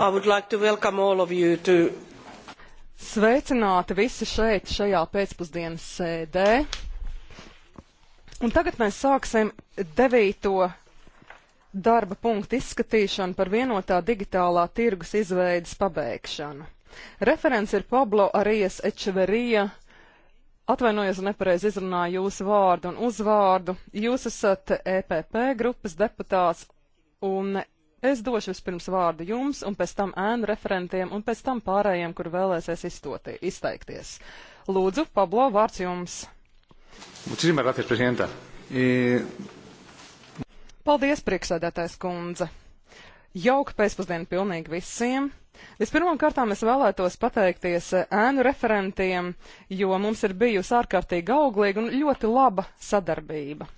Like to... Sveicināti visi šeit, šajā pēcpusdienas sēdē. Un tagad mēs sāksim devīto darba punktu izskatīšanu par vienotā digitālā tirgus izveidas pabeigšanu. Referents ir Pablo Arijas Ečeverija. Atvainojos, nepareiz izrunāju jūsu vārdu un uzvārdu. Jūs esat EPP grupas deputāts un Es došu vispirms vārdu jums, un pēc tam ēnu referentiem, un pēc tam pārējiem, kur vēlēsies izstoti, izteikties. Lūdzu, Pablo, vārds jums. Muchísimas gracias, presidenta. E... Paldies, priekšsēdētājs kundze. Jauka pēcpusdiena pilnīgi visiem. Vispirmām kārtām es vēlētos pateikties ēnu referentiem, jo mums ir bijusi ārkārtīgi auglīga un ļoti laba sadarbība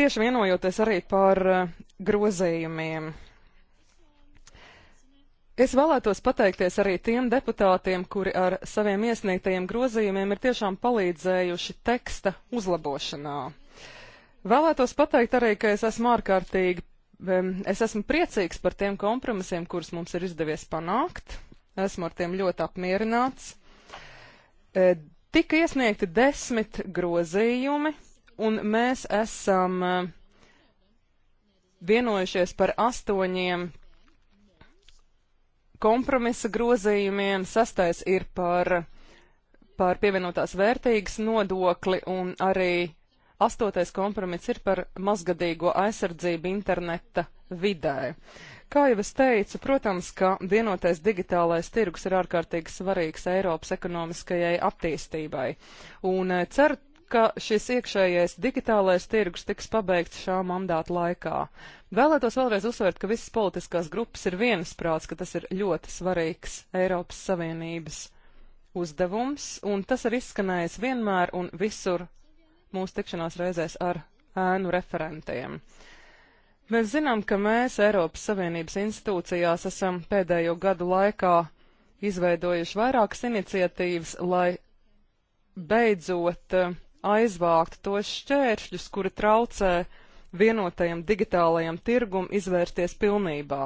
tieši vienojoties arī par eh, grozējumiem. Es vēlētos pateikties arī tiem deputātiem, kuri ar saviem iesniegtajiem grozījumiem ir tiešām palīdzējuši teksta uzlabošanā. Vēlētos pateikt arī, ka es esmu ārkārtīgi, es esmu priecīgs par tiem kompromisiem, kurus mums ir izdevies panākt. Esmu ar tiem ļoti apmierināts. E, tika iesniegti desmit grozījumi, un mēs esam eh, vienojušies par astoņiem kompromisa grozījumiem. Sastais ir par, par pievienotās vērtīgas nodokli un arī astotais kompromiss ir par mazgadīgo aizsardzību interneta vidē. Kā jau es teicu, protams, ka vienotais digitālais tirgus ir ārkārtīgi svarīgs Eiropas ekonomiskajai attīstībai, un eh, ceru ka šis iekšējais digitālais tirgus tiks pabeigts šā mandāta laikā. Vēlētos vēlreiz uzsvērt, ka visas politiskās grupas ir viensprāts, ka tas ir ļoti svarīgs Eiropas Savienības uzdevums, un tas ir izskanējis vienmēr un visur mūsu tikšanās reizēs ar ēnu referentiem. Mēs zinām, ka mēs Eiropas Savienības institūcijās esam pēdējo gadu laikā izveidojuši vairākas iniciatīvas, lai beidzot uh, aizvākt tos šķēršļus, kuri traucē vienotajam digitālajam tirgum izvērsties pilnībā.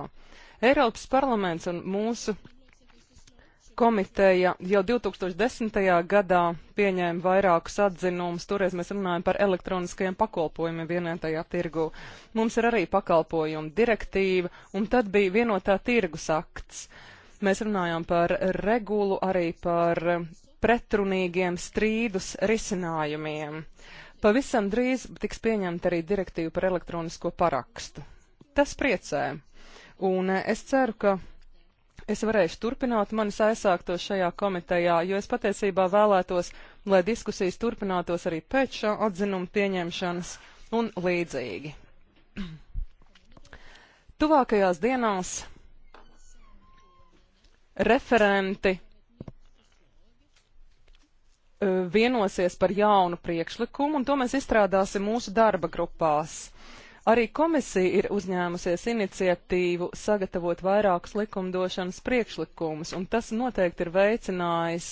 Eiropas parlaments un mūsu komiteja jau 2010. gadā pieņēma vairākus atzinumus. Toreiz mēs runājam par elektroniskajiem pakalpojumiem vienotajā tirgu. Mums ir arī pakalpojumu direktīva, un tad bija vienotā tirgus akts. Mēs runājām par regulu, arī par pretrunīgiem strīdus risinājumiem. Pavisam drīz tiks pieņemta arī direktīva par elektronisko parakstu. Tas priecē, un eh, es ceru, ka es varēšu turpināt manis aizsākto šajā komitejā, jo es patiesībā vēlētos, lai diskusijas turpinātos arī pēc šā atzinuma pieņemšanas un līdzīgi. Tuvākajās dienās referenti E, vienosies par jaunu priekšlikumu, un to mēs izstrādāsim mūsu darba grupās. Arī komisija ir uzņēmusies iniciatīvu sagatavot vairākus likumdošanas priekšlikumus, un tas noteikti ir veicinājis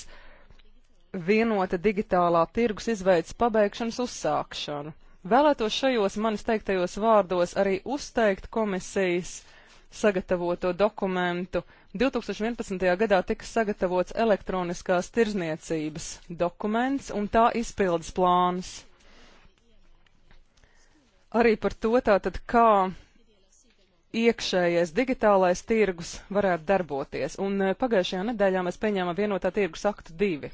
vienota digitālā tirgus izveids pabeigšanas uzsākšanu. Vēlētos šajos manis teiktajos vārdos arī uzteikt komisijas uh, sagatavoto dokumentu. 2011. gadā tika sagatavots elektroniskās tirzniecības dokuments un tā izpildes plāns. Arī par to tātad, kā iekšējais digitālais tirgus varētu darboties. Un e, pagājušajā nedēļā mēs pieņēmām vienotā tirgus aktu divi.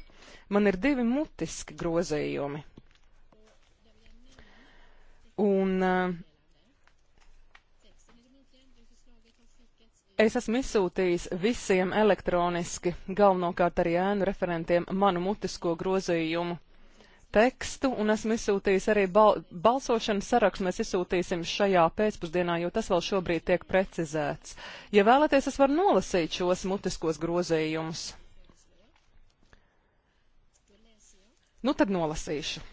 Man ir divi mutiski grozījumi. Un uh, Es esmu izsūtījis visiem elektroniski, galvenokārt arī ēnu referentiem, manu mutisko grozījumu tekstu, un esmu izsūtījis arī bal balsošanas sarakstu. Mēs izsūtīsim šajā pēcpusdienā, jo tas vēl šobrīd tiek precizēts. Ja vēlaties, es varu nolasīt šos mutiskos grozījumus. Nu tad nolasīšu.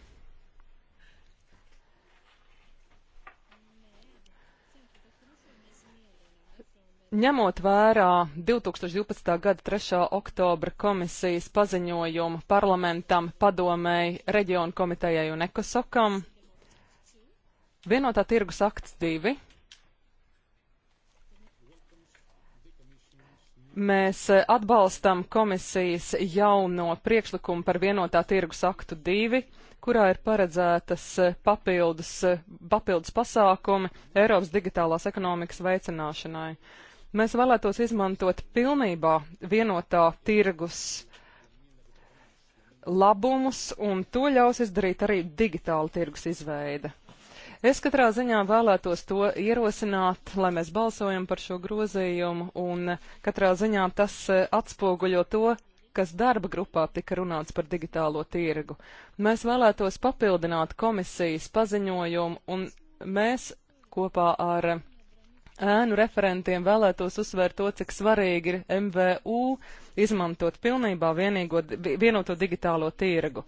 Ņemot vērā 2012. gada 3. oktobra komisijas paziņojumu parlamentam, padomēji, reģionu komitejai un ekosokam, vienotā tirgus akts 2, mēs atbalstam komisijas jauno priekšlikumu par vienotā tirgus aktu 2, kurā ir paredzētas papildus, papildus pasākumi Eiropas digitālās ekonomikas veicināšanai. Mēs vēlētos izmantot pilnībā vienotā tirgus labumus, un to ļaus izdarīt arī digitāla tirgus izveide. Es katrā ziņā vēlētos to ierosināt, lai mēs balsojam par šo grozījumu, un katrā ziņā tas eh, atspoguļo to, kas darba grupā tika runāts par digitālo tirgu. Mēs vēlētos papildināt komisijas paziņojumu, un mēs kopā ar ēnu referentiem vēlētos uzsvērt to, cik svarīgi ir MVU izmantot pilnībā vienīgo, vienoto digitālo tirgu.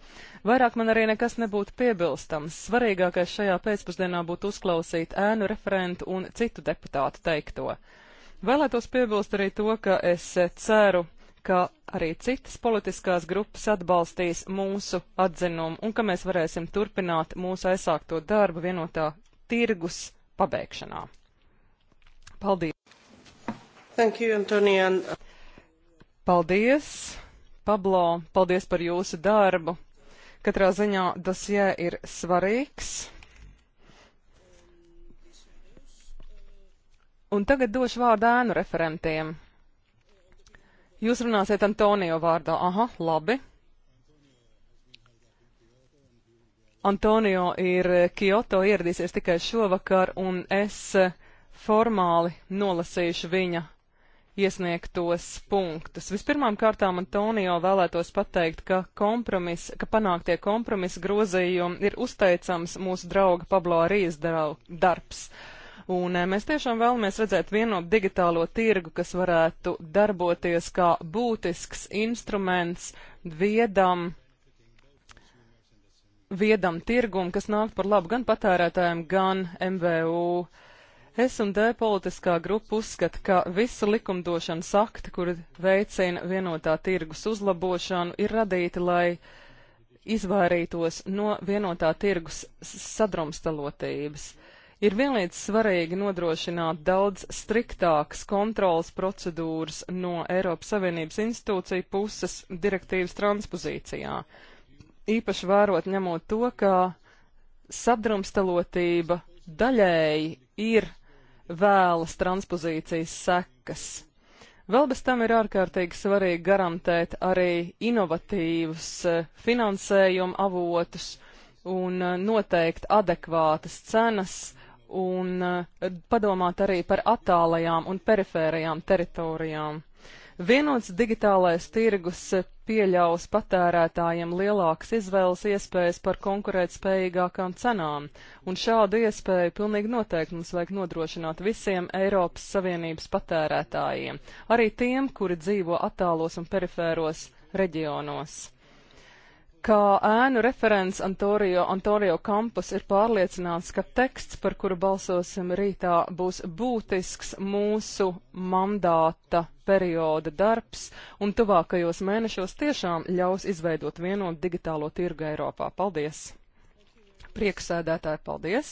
Vairāk man arī nekas nebūtu piebilstams. Svarīgākais šajā pēcpusdienā būtu uzklausīt ēnu referentu un citu deputātu teikto. Vēlētos piebilst arī to, ka es ceru, ka arī citas politiskās grupas atbalstīs mūsu atzinumu un ka mēs varēsim turpināt mūsu aizsākto darbu vienotā tirgus pabeigšanā. Paldies! Thank you, Antonian. Paldies, Pablo, paldies par jūsu darbu. Katrā ziņā dosie ir svarīgs. Un tagad došu vārdu ēnu referentiem. Jūs runāsiet Antonio vārdā. Aha, labi. Antonio ir Kyoto ieradīsies tikai šovakar, un es uh, formāli nolasīšu viņa iesniegtos punktus. Vispirmām kārtām Antonio vēlētos pateikt, ka, kompromis, ka panāktie kompromisa grozījumi ir uzteicams mūsu drauga Pablo Arijas darbs. Un e, mēs tiešām vēlamies redzēt vienotu digitālo tirgu, kas varētu darboties kā būtisks instruments viedam viedam tirgumu, kas nāk par labu gan patērētājiem, gan MVU. Es un D politiskā grupa uzskata, ka visa likumdošanas akta, kur veicina vienotā tirgus uzlabošanu, ir radīta, lai izvairītos no vienotā tirgus sadrumstalotības. Ir vienlīdz svarīgi nodrošināt daudz striktākas kontrolas procedūras no Eiropas Savienības institūciju puses direktīvas transpozīcijā. Īpaši vērot ņemot to, ka sadrumstalotība daļēji ir vēlas transpozīcijas sekas. Vēl bez tam ir ārkārtīgi svarīgi garantēt arī inovatīvus e, finansējumu avotus un e, noteikt adekvātas cenas un e, padomāt arī par attālajām un perifērajām teritorijām. Vienots digitālais tirgus pieļaus patērētājiem lielākas izvēles iespējas par konkurētspējīgākām cenām, un šādu iespēju pilnīgi noteikti mums vajag nodrošināt visiem Eiropas Savienības patērētājiem, arī tiem, kuri dzīvo attālos un perifēros reģionos ka ēnu referents Antorio, Antorio Kampus ir pārliecināts, ka teksts, par kuru balsosim rītā, būs būtisks mūsu mandāta perioda darbs un tuvākajos mēnešos tiešām ļaus izveidot vienotu digitālo tirgu Eiropā. Paldies! Prieksēdētāji, paldies!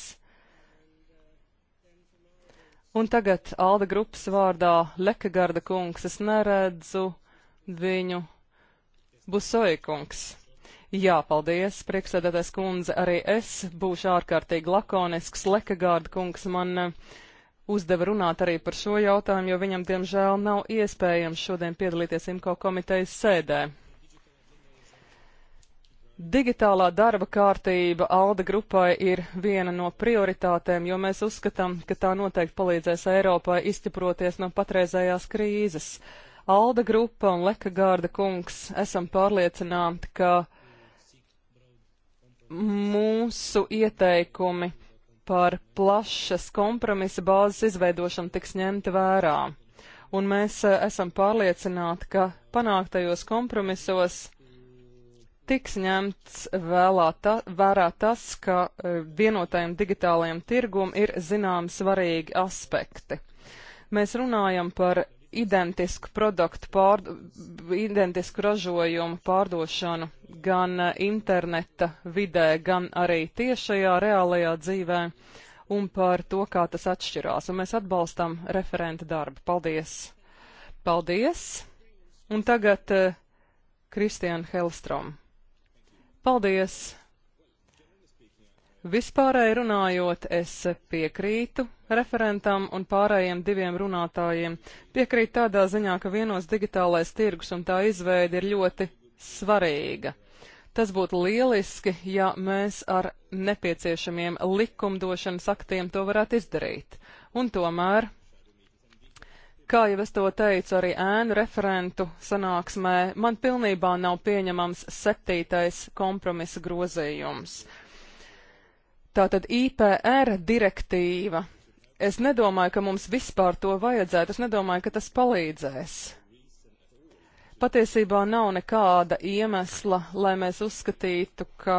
Un tagad Alda grupas vārdā Lekagarda kungs, es neredzu viņu. Busoja kungs. Jā, paldies, priekšsēdētājs kundze. Arī es būšu ārkārtīgi lakonisks. Lekagārda kungs man eh, uzdeva runāt arī par šo jautājumu, jo viņam, diemžēl, nav iespējams šodien piedalīties IMCO komitejas sēdē. Digitālā darba kārtība ALDE grupai ir viena no prioritātēm, jo mēs uzskatām, ka tā noteikti palīdzēs Eiropai izķeproties no patreizējās krīzes. ALDE grupa un Lekagārda kungs esam pārliecināti, ka mūsu ieteikumi par plašas kompromisa bāzes izveidošanu tiks ņemti vērā. Un mēs eh, esam pārliecināti, ka panāktajos kompromisos tiks ņemts ta, vērā tas, ka eh, vienotajam digitālajam tirgum ir zinām svarīgi aspekti. Mēs runājam par identisku produktu, pārd identisku ražojumu pārdošanu gan eh, interneta vidē, gan arī tiešajā reālajā dzīvē un par to, kā tas atšķirās. Un mēs atbalstam referenta darbu. Paldies! Paldies! Un tagad eh, Kristiāna uh, Helstrom. Paldies! Vispārēji runājot, es piekrītu referentam un pārējiem diviem runātājiem. Piekrīt tādā ziņā, ka vienos digitālais tirgus un tā izveida ir ļoti svarīga. Tas būtu lieliski, ja mēs ar nepieciešamiem likumdošanas aktiem to varētu izdarīt. Un tomēr, kā jau es to teicu arī ēnu referentu sanāksmē, man pilnībā nav pieņemams septītais kompromisa grozījums. Tātad IPR direktīva es nedomāju, ka mums vispār to vajadzētu, es nedomāju, ka tas palīdzēs. Patiesībā nav nekāda iemesla, lai mēs uzskatītu, ka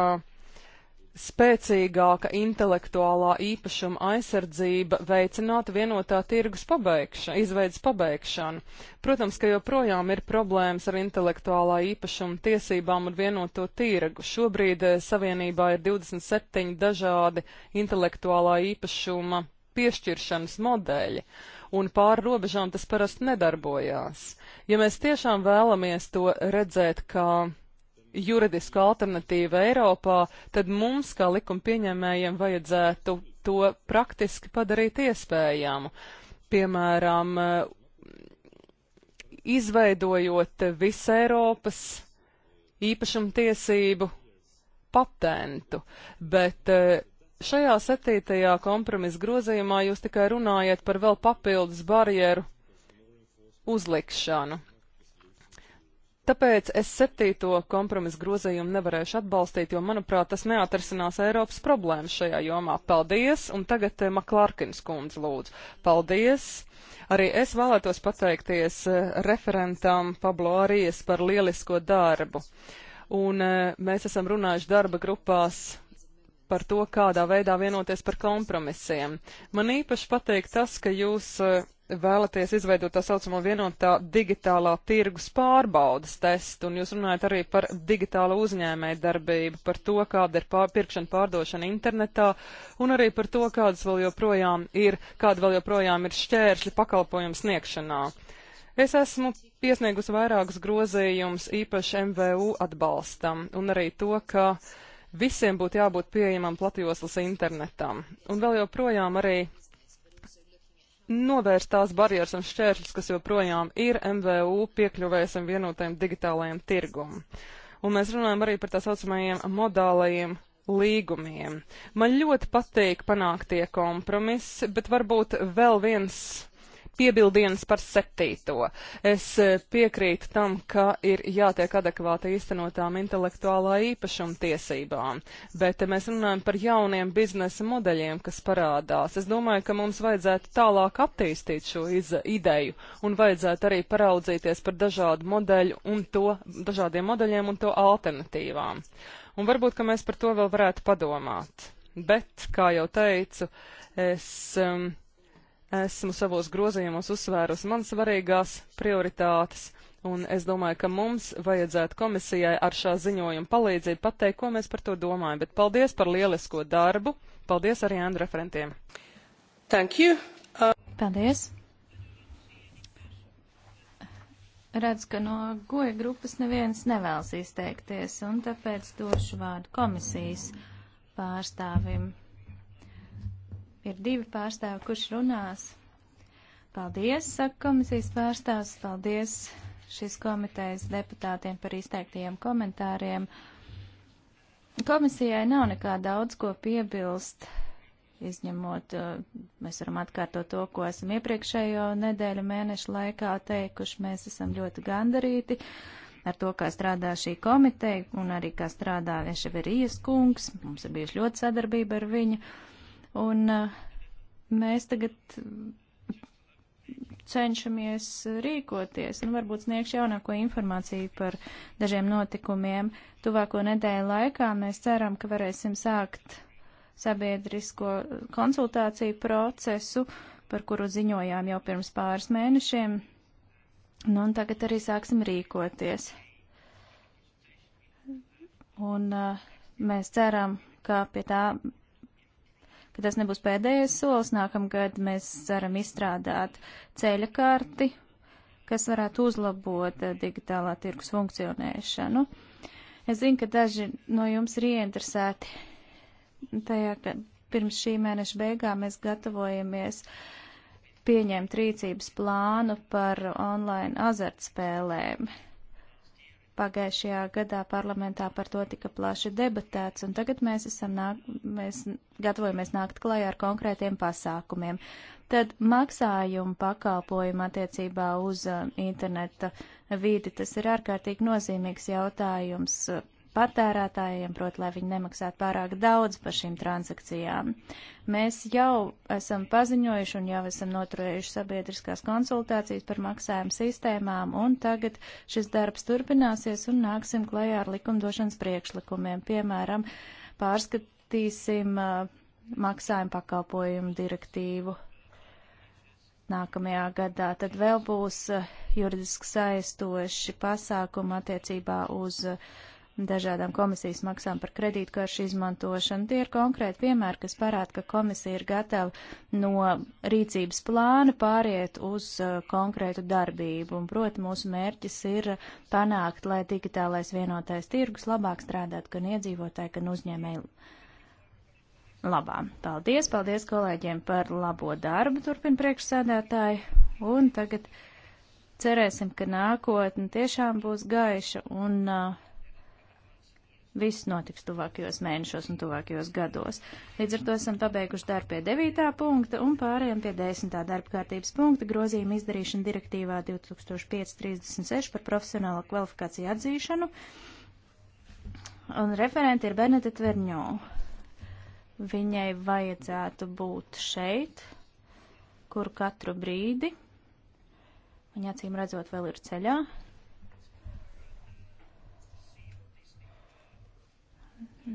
spēcīgāka intelektuālā īpašuma aizsardzība veicinātu vienotā tirgus pabeigšanu, izveidas pabeigšanu. Protams, ka joprojām ir problēmas ar intelektuālā īpašuma tiesībām un vienoto tirgu. Šobrīd eh, Savienībā ir 27 dažādi intelektuālā īpašuma piešķiršanas modeļi, un pāri robežām tas parasti nedarbojās. Ja mēs tiešām vēlamies to redzēt kā juridisku alternatīvu Eiropā, tad mums, kā likuma pieņēmējiem, vajadzētu to praktiski padarīt iespējamu. Piemēram, izveidojot visu Eiropas īpašumtiesību patentu, bet Šajā septītajā kompromisa grozījumā jūs tikai runājat par vēl papildus barjeru uzlikšanu. Tāpēc es septīto kompromisu grozījumu nevarēšu atbalstīt, jo, manuprāt, tas neatrisinās Eiropas problēmas šajā jomā. Paldies! Un tagad eh, Maklārkins kundze lūdzu. Paldies! Arī es vēlētos pateikties eh, referentam Pablo Arijas par lielisko darbu. Un eh, mēs esam runājuši darba grupās par to, kādā veidā vienoties par kompromisiem. Man īpaši patīk tas, ka jūs eh, vēlaties izveidot tā saucamo vienotā digitālā tirgus pārbaudas testu, un jūs runājat arī par digitālu uzņēmēju darbību, par to, kāda ir pār, pirkšana pārdošana internetā, un arī par to, kādas vēl joprojām ir, kāda vēl joprojām ir šķēršļi pakalpojumu sniegšanā. Es esmu piesniegusi vairākus grozījumus īpaši MVU atbalstam, un arī to, ka uh, visiem būtu jābūt pieejamam platjoslas internetam. Un vēl joprojām arī novērst tās barjeras un šķēršļus, kas joprojām ir MVU piekļuvējas un vienotajam digitālajam tirgumam. Un mēs runājam arī par tā saucamajiem modālajiem līgumiem. Man ļoti patīk panāktie kompromisi, bet varbūt vēl viens piebildienas par septīto. Es e, piekrītu tam, ka ir jātiek adekvāti īstenotām intelektuālā īpašuma tiesībām, bet e, mēs runājam par jauniem biznesa modeļiem, kas parādās. Es domāju, ka mums vajadzētu tālāk attīstīt šo ideju un vajadzētu arī paraudzīties par dažādu modeļu un to, dažādiem modeļiem un to alternatīvām. Un varbūt, ka mēs par to vēl varētu padomāt. Bet, kā jau teicu, es. Um, esmu savos grozījumos uzsvērusi man svarīgās prioritātes, un es domāju, ka mums vajadzētu komisijai ar šā ziņojuma palīdzību pateikt, ko mēs par to domājam. Bet paldies par lielisko darbu, paldies arī Andru referentiem. Thank you. Uh... Paldies. Redz, ka no goja grupas neviens nevēlas izteikties, un tāpēc došu vārdu komisijas pārstāvim ir divi pārstāvi, kurš runās. Paldies, saka komisijas pārstāvs, paldies šīs komitejas deputātiem par izteiktajiem komentāriem. Komisijai nav nekā daudz ko piebilst, izņemot, uh, mēs varam atkārtot to, ko esam iepriekšējo nedēļu mēnešu laikā teikuši, mēs esam ļoti gandarīti ar to, kā strādā šī komiteja un arī kā strādā Eševerijas kungs. Mums ir bijuši ļoti sadarbība ar viņu. Uh, Un uh, mēs tagad cenšamies rīkoties un varbūt sniegšu jaunāko informāciju par dažiem notikumiem. Tuvāko nedēļu laikā mēs ceram, ka varēsim sākt sabiedrisko konsultāciju procesu, par kuru ziņojām jau pirms pāris mēnešiem. Nu, un tagad arī sāksim rīkoties. Un uh, mēs ceram, ka pie tā ka tas nebūs pēdējais solis. Nākamgad mēs ceram izstrādāt ceļa karti, kas varētu uzlabot eh, digitālā tirkus funkcionēšanu. Es zinu, ka daži no jums ir ieinteresēti tajā, ka pirms šī mēneša beigām mēs gatavojamies pieņemt rīcības plānu par online azartspēlēm. Pagājušajā gadā parlamentā par to tika plaši debatēts, un tagad mēs, esam nāk, mēs gatavojamies nākt klajā ar konkrētiem pasākumiem. Tad maksājumu pakalpojumu attiecībā uz uh, interneta vīdi, tas ir ārkārtīgi nozīmīgs jautājums. Uh, patērētājiem, proti, lai viņi nemaksātu pārāk daudz par šīm transakcijām. Mēs jau esam paziņojuši un jau esam noturējuši sabiedriskās konsultācijas par maksājumu sistēmām, un tagad šis darbs turpināsies un nāksim klajā ar likumdošanas priekšlikumiem. Piemēram, pārskatīsim uh, maksājumu pakalpojumu direktīvu nākamajā gadā. Tad vēl būs juridiski saistoši pasākumi attiecībā uz dažādām komisijas maksām par kredītkaršu izmantošanu. Tie ir konkrēti piemēri, kas parāda, ka komisija ir gatava no rīcības plāna pāriet uz uh, konkrētu darbību. Un, proti, mūsu mērķis ir panākt, lai digitālais vienotais tirgus labāk strādātu gan iedzīvotāji, gan uzņēmēji. Labā. Paldies, paldies kolēģiem par labo darbu, turpina priekšsēdētāji. Un tagad cerēsim, ka nākotne tiešām būs gaiša un uh, Viss notiks tuvākajos mēnešos un tuvākajos gados. Līdz ar to esam pabeiguši darbu pie 9. punkta un pārējām pie 10. darba kārtības punkta grozījuma izdarīšana direktīvā 2536 par profesionālo kvalifikāciju atzīšanu. Un referenti ir Bernadette Verņo. Viņai vajadzētu būt šeit, kur katru brīdi, viņa acīm redzot vēl ir ceļā,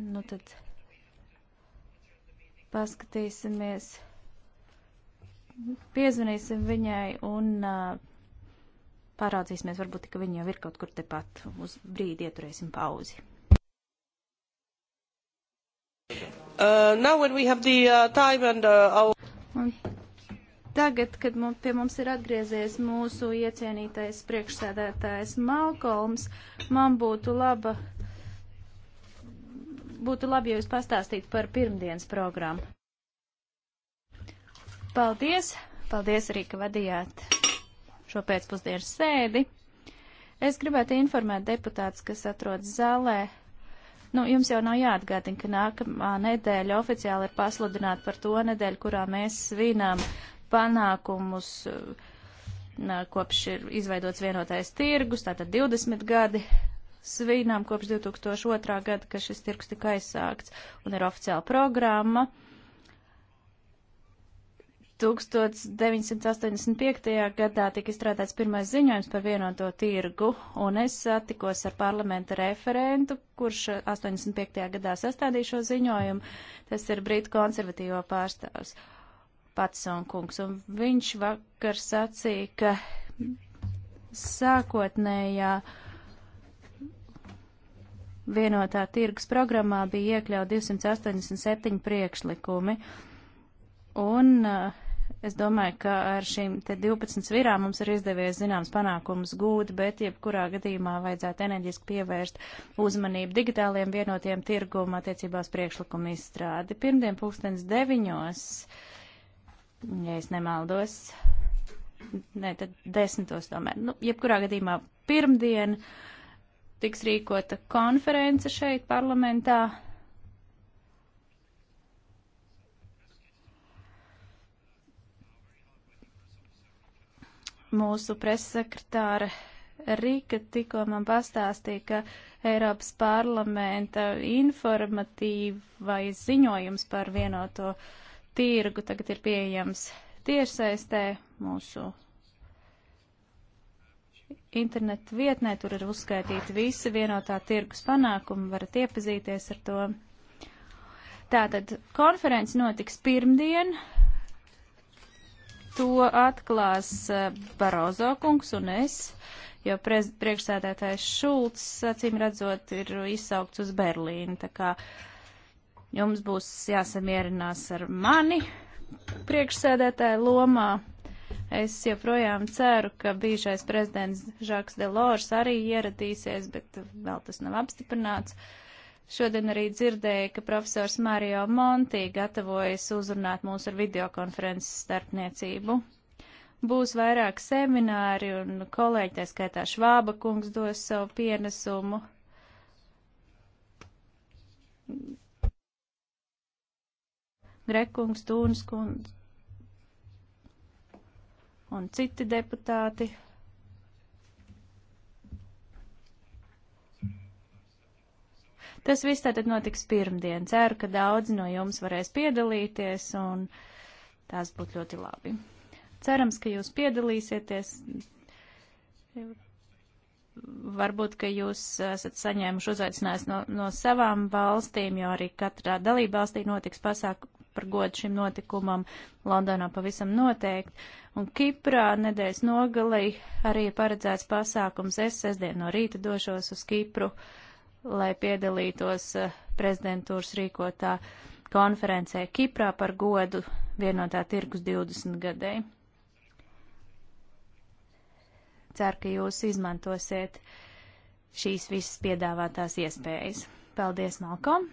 Nu tad paskatīsimies, piezvanīsim viņai un uh, pārādzīsimies, varbūt, ka viņa jau ir kaut kur tepat. Uz brīdi ieturēsim pauzi. Uh, now when we have the uh, time and uh, our... Un tagad, kad mums, pie mums ir atgriezies mūsu iecienītais priekšsēdētājs Malkolms, man būtu laba būtu labi, ja jūs pastāstītu par pirmdienas programmu. Paldies! Paldies arī, ka vadījāt šo pēcpusdienas sēdi. Es gribētu informēt deputātus, kas atrodas zālē. Nu, jums jau nav jāatgādina, ka nākamā nedēļa oficiāli ir pasludināta par to nedēļu, kurā mēs svinām panākumus, uh, kopš ir izveidots vienotais tirgus, tātad 20 gadi svinām kopš 2002. gada, ka šis tirgus tika aizsākts un ir oficiāla programma. 1985. gadā tika izstrādāts pirmais ziņojums par vienoto tirgu, un es satikos ar parlamenta referentu, kurš 85. gadā sastādīja šo ziņojumu. Tas ir Brītu konservatīvo pārstāvs Patsona kungs, un viņš vakar sacīja, ka sākotnējā. Ja vienotā tirgus programmā bija iekļaut 287 priekšlikumi. Un uh, es domāju, ka ar šīm te 12 virām mums ir izdevies zināms panākums gūt, bet jebkurā gadījumā vajadzētu enerģiski pievērst uzmanību digitāliem vienotiem tirguma attiecībās priekšlikumu izstrādi. Pirmdien pūkstens deviņos, ja es nemaldos, ne, tad desmitos tomēr, nu, jebkurā gadījumā pirmdien. Uh, tiks rīkota konference šeit parlamentā. Mūsu presesekretāra Rika tikko man pastāstīja, ka Eiropas parlamenta informatīvais ziņojums par vienoto tirgu tagad ir pieejams tiešsaistē mūsu internetu vietnē, tur ir uzskaitīti visi vienotā tirgus panākumi, varat iepazīties ar to. Tātad konferences notiks pirmdien, to atklās eh, Barozo kungs un es, jo priekšsēdētājs Šulcs, acīm redzot, ir izsaukts uz Berlīnu, tā kā jums būs jāsamierinās ar mani priekšsēdētāju lomā. Es joprojām ceru, ka bijušais prezidents Žaks Delors arī ieradīsies, bet vēl tas nav apstiprināts. Šodien arī dzirdēju, ka profesors Mario Monti gatavojas uzrunāt mūs ar videokonferences starpniecību. Būs vairāk semināri un kolēģi, tā skaitā Švāba kungs dos savu pienesumu. Grekungs, Tūnas kungs, un citi deputāti. Tas viss tātad notiks pirmdien. Ceru, ka daudzi no jums varēs piedalīties un tās būtu ļoti labi. Cerams, ka jūs piedalīsieties. Varbūt, ka jūs esat saņēmuši uzaicinājums no, no savām valstīm, jo arī katrā dalība valstī notiks pasāku par godu šim notikumam Londonā pavisam noteikti. Un Kiprā nedēļas nogalī arī paredzēts pasākums. Es sestdien no rīta došos uz Kipru, lai piedalītos eh, prezidentūras rīkotā konferencē Kiprā par godu vienotā tirkus 20 gadēji. Ceru, ka jūs izmantosiet šīs visas piedāvātās iespējas. Paldies, Malkom!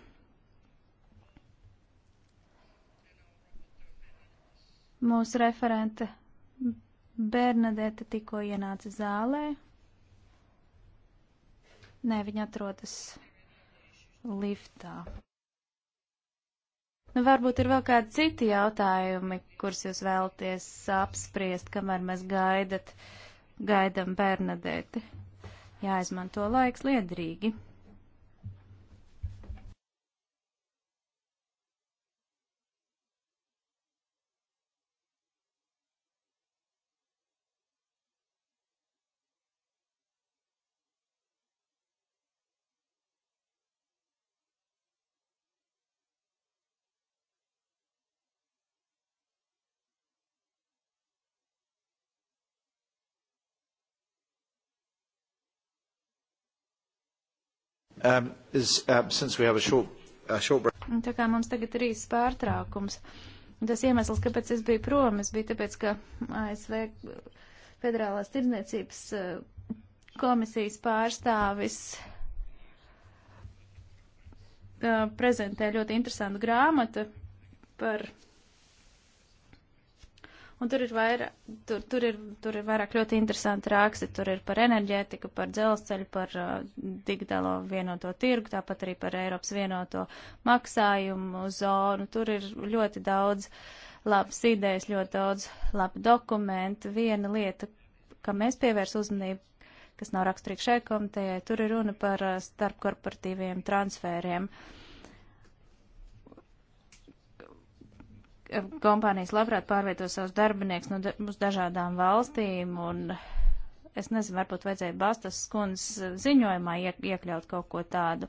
Mūsu referente Bernadete tikko ienāca zālē. Nē, viņa atrodas liftā. Nu, varbūt ir vēl kādi citi jautājumi, kurus jūs vēlaties apspriest, kamēr mēs gaidat, gaidam Bernadeti. Jāizmanto laiks liedrīgi. Um, is, um, since we have a short, a short break. Tā kā mums tagad ir īsts pārtraukums. Tas iemesls, kāpēc es biju prom, es biju tāpēc, ka ASV federālās tirdzniecības uh, komisijas pārstāvis uh, prezentē ļoti interesantu grāmatu par Un tur ir vairāk, tur, tur ir, tur ir vairāk ļoti interesanti raksti, tur ir par enerģētiku, par dzelzceļu, par uh, digitālo vienoto tirgu, tāpat arī par Eiropas vienoto maksājumu zonu. Tur ir ļoti daudz labas idejas, ļoti daudz labu dokumentu. Viena lieta, kam mēs pievērs uzmanību, kas nav raksturīga šai komitejai, tur ir runa par uh, starpkorporatīviem transfēriem. Uh, kompānijas labprāt pārvieto savus darbinieks no da uz dažādām valstīm, un es nezinu, varbūt vajadzēja Bastas skundas ziņojumā iek iekļaut kaut ko tādu.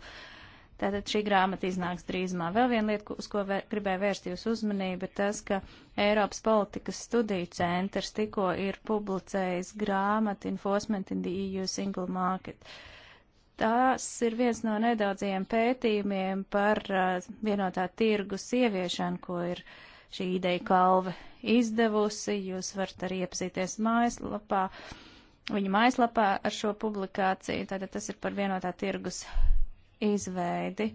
Tātad šī grāmata iznāks drīzumā. Vēl viena lieta, uz ko vēr, gribēju vērst jūs uzmanību, ir tas, ka Eiropas politikas studiju centrs tikko ir publicējis grāmatu Enforcement in the EU Single Market. Uh, tās ir viens no nedaudzajiem pētījumiem par uh, vienotā tirgus ieviešanu, ko ir uh, šī ideja kalve izdevusi. Jūs varat arī iepazīties mājaslapā, viņa mājaslapā ar šo publikāciju. Tātad tas ir par vienotā tirgus izveidi.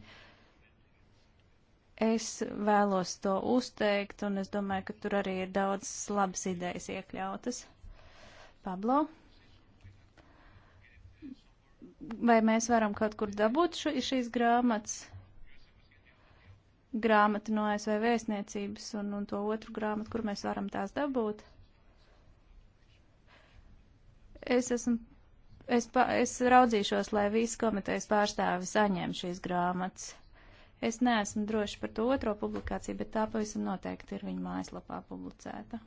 Es vēlos to uzteikt, un es domāju, ka tur arī ir daudz labas idejas iekļautas. Pablo? vai mēs varam kaut kur dabūt šo, šīs grāmatas? grāmatu no ASV vēstniecības un, un to otru grāmatu, kur mēs varam tās dabūt. Es esmu, es, pa, es raudzīšos, lai visi komitejas pārstāvi saņem šīs grāmatas. Es neesmu droši par to otro publikāciju, bet tā pavisam noteikti ir viņa mājaslapā publicēta.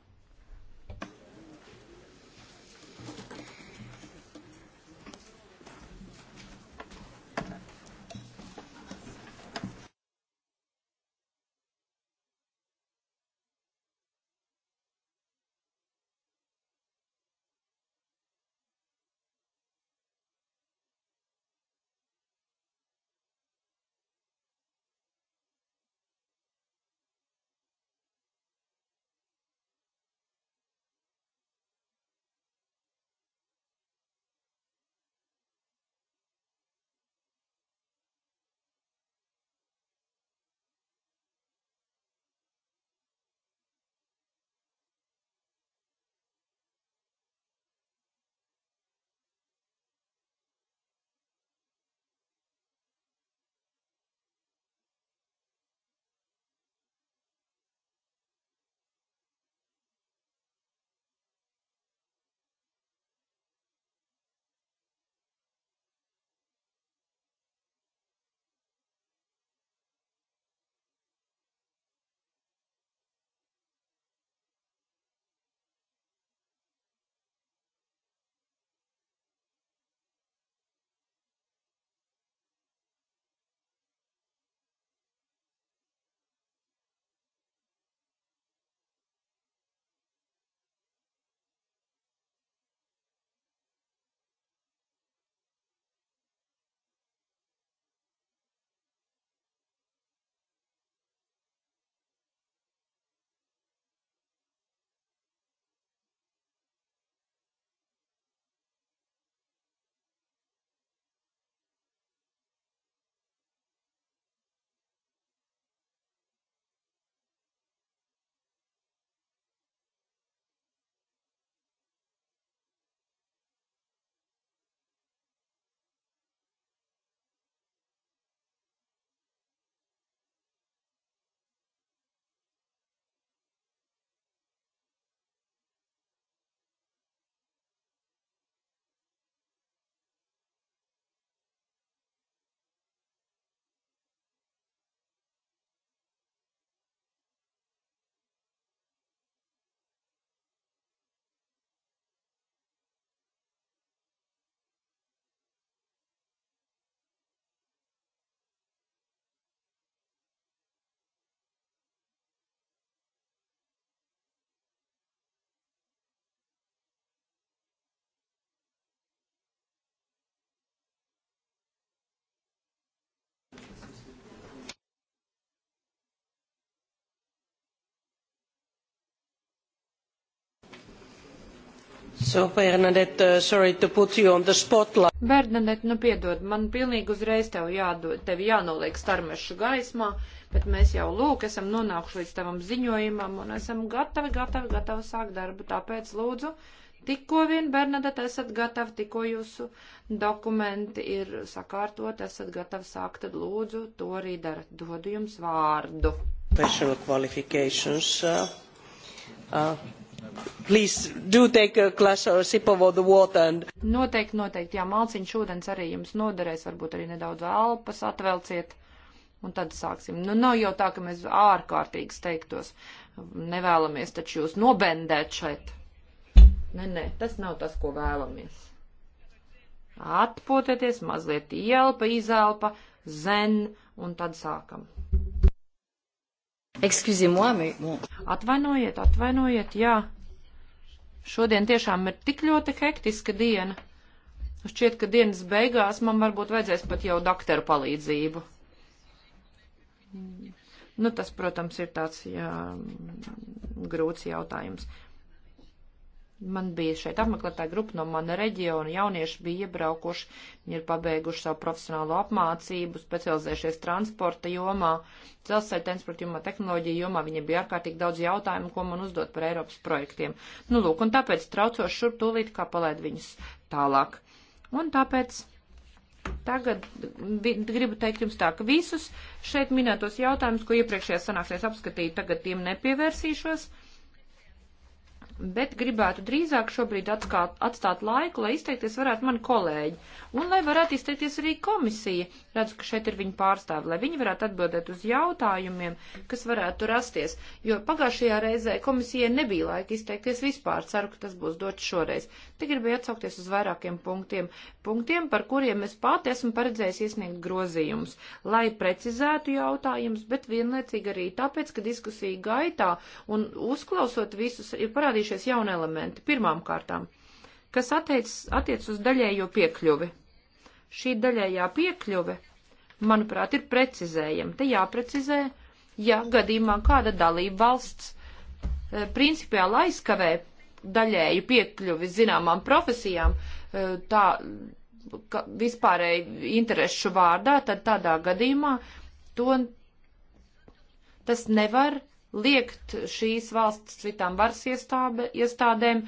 So, Bernadette, uh, sorry to put you on the spotlight. Bernadette, nu piedod, man pilnīgi uzreiz tev jādod, tev jānoliek starmešu gaismā, bet mēs jau lūk esam nonākuši līdz tavam ziņojumam un esam gatavi, gatavi, gatavi sākt darbu. Tāpēc lūdzu, tikko vien, Bernadette, esat gatavi, tikko jūsu dokumenti ir sakārtot, esat gatavi sākt, tad lūdzu, to arī darat. Dodu jums vārdu. Special qualifications. Uh, uh. Please do take a glass or a sip of the water and... Noteikti, noteikti, jā, malciņš ūdens arī jums noderēs, varbūt arī nedaudz elpas atvelciet, un tad sāksim. Nu, nav jau tā, ka mēs ārkārtīgi steigtos, nevēlamies taču jūs nobendēt šeit. Nē, nē, tas nav tas, ko vēlamies. Atpūtieties, mazliet ielpa, izelpa, zen, un tad sākam. Atvainojiet, atvainojiet, jā. Šodien tiešām ir tik ļoti hektiska diena. Šķiet, ka dienas beigās man varbūt vajadzēs pat jau doktoru palīdzību. Nu, tas, protams, ir tāds jā, grūts jautājums. Man bija šeit apmeklētāja grupa no mana reģiona, jaunieši bija iebraukuši, viņi ir pabeiguši savu profesionālo apmācību, specializējušies transporta jomā, dzelzceļa transporta jomā, tehnoloģija jomā, viņiem bija ārkārtīgi daudz jautājumu, ko man uzdot par Eiropas projektiem. Nu, lūk, un tāpēc traucoši šur tūlīt, kā palaid viņus tālāk. Un tāpēc tagad gribu teikt jums tā, ka visus šeit minētos jautājumus, ko iepriekšējā sanāksies apskatīt, tagad tiem nepievērsīšos bet gribētu drīzāk šobrīd atskāt, atstāt laiku, lai izteikties varētu mani kolēģi un lai varētu izteikties arī komisija. Redzu, ka šeit ir viņa pārstāvi, lai viņi varētu atbildēt uz jautājumiem, kas varētu rasties, jo pagājušajā reizē komisijai nebija laika izteikties vispār. Ceru, ka tas būs dots šoreiz. Te gribēju atsaukties uz vairākiem punktiem, punktiem, par kuriem es pati esmu paredzējis iesniegt grozījumus, lai precizētu jautājumus, bet vienlaicīgi arī tāpēc, ka diskusija gaitā un uzklausot visus ir parādījušies jauni elementi. Pirmām kārtām, kas attiec, attiec uz daļējo piekļuvi. Šī daļējā piekļuve, manuprāt, ir precizējama. Te jāprecizē, ja gadījumā kāda dalība valsts eh, principiāli aizkavē daļēju piekļuvi zināmām profesijām, eh, tā vispārēji interesu vārdā, tad tādā gadījumā to, tas nevar liekt šīs valsts citām varas iestābe, iestādēm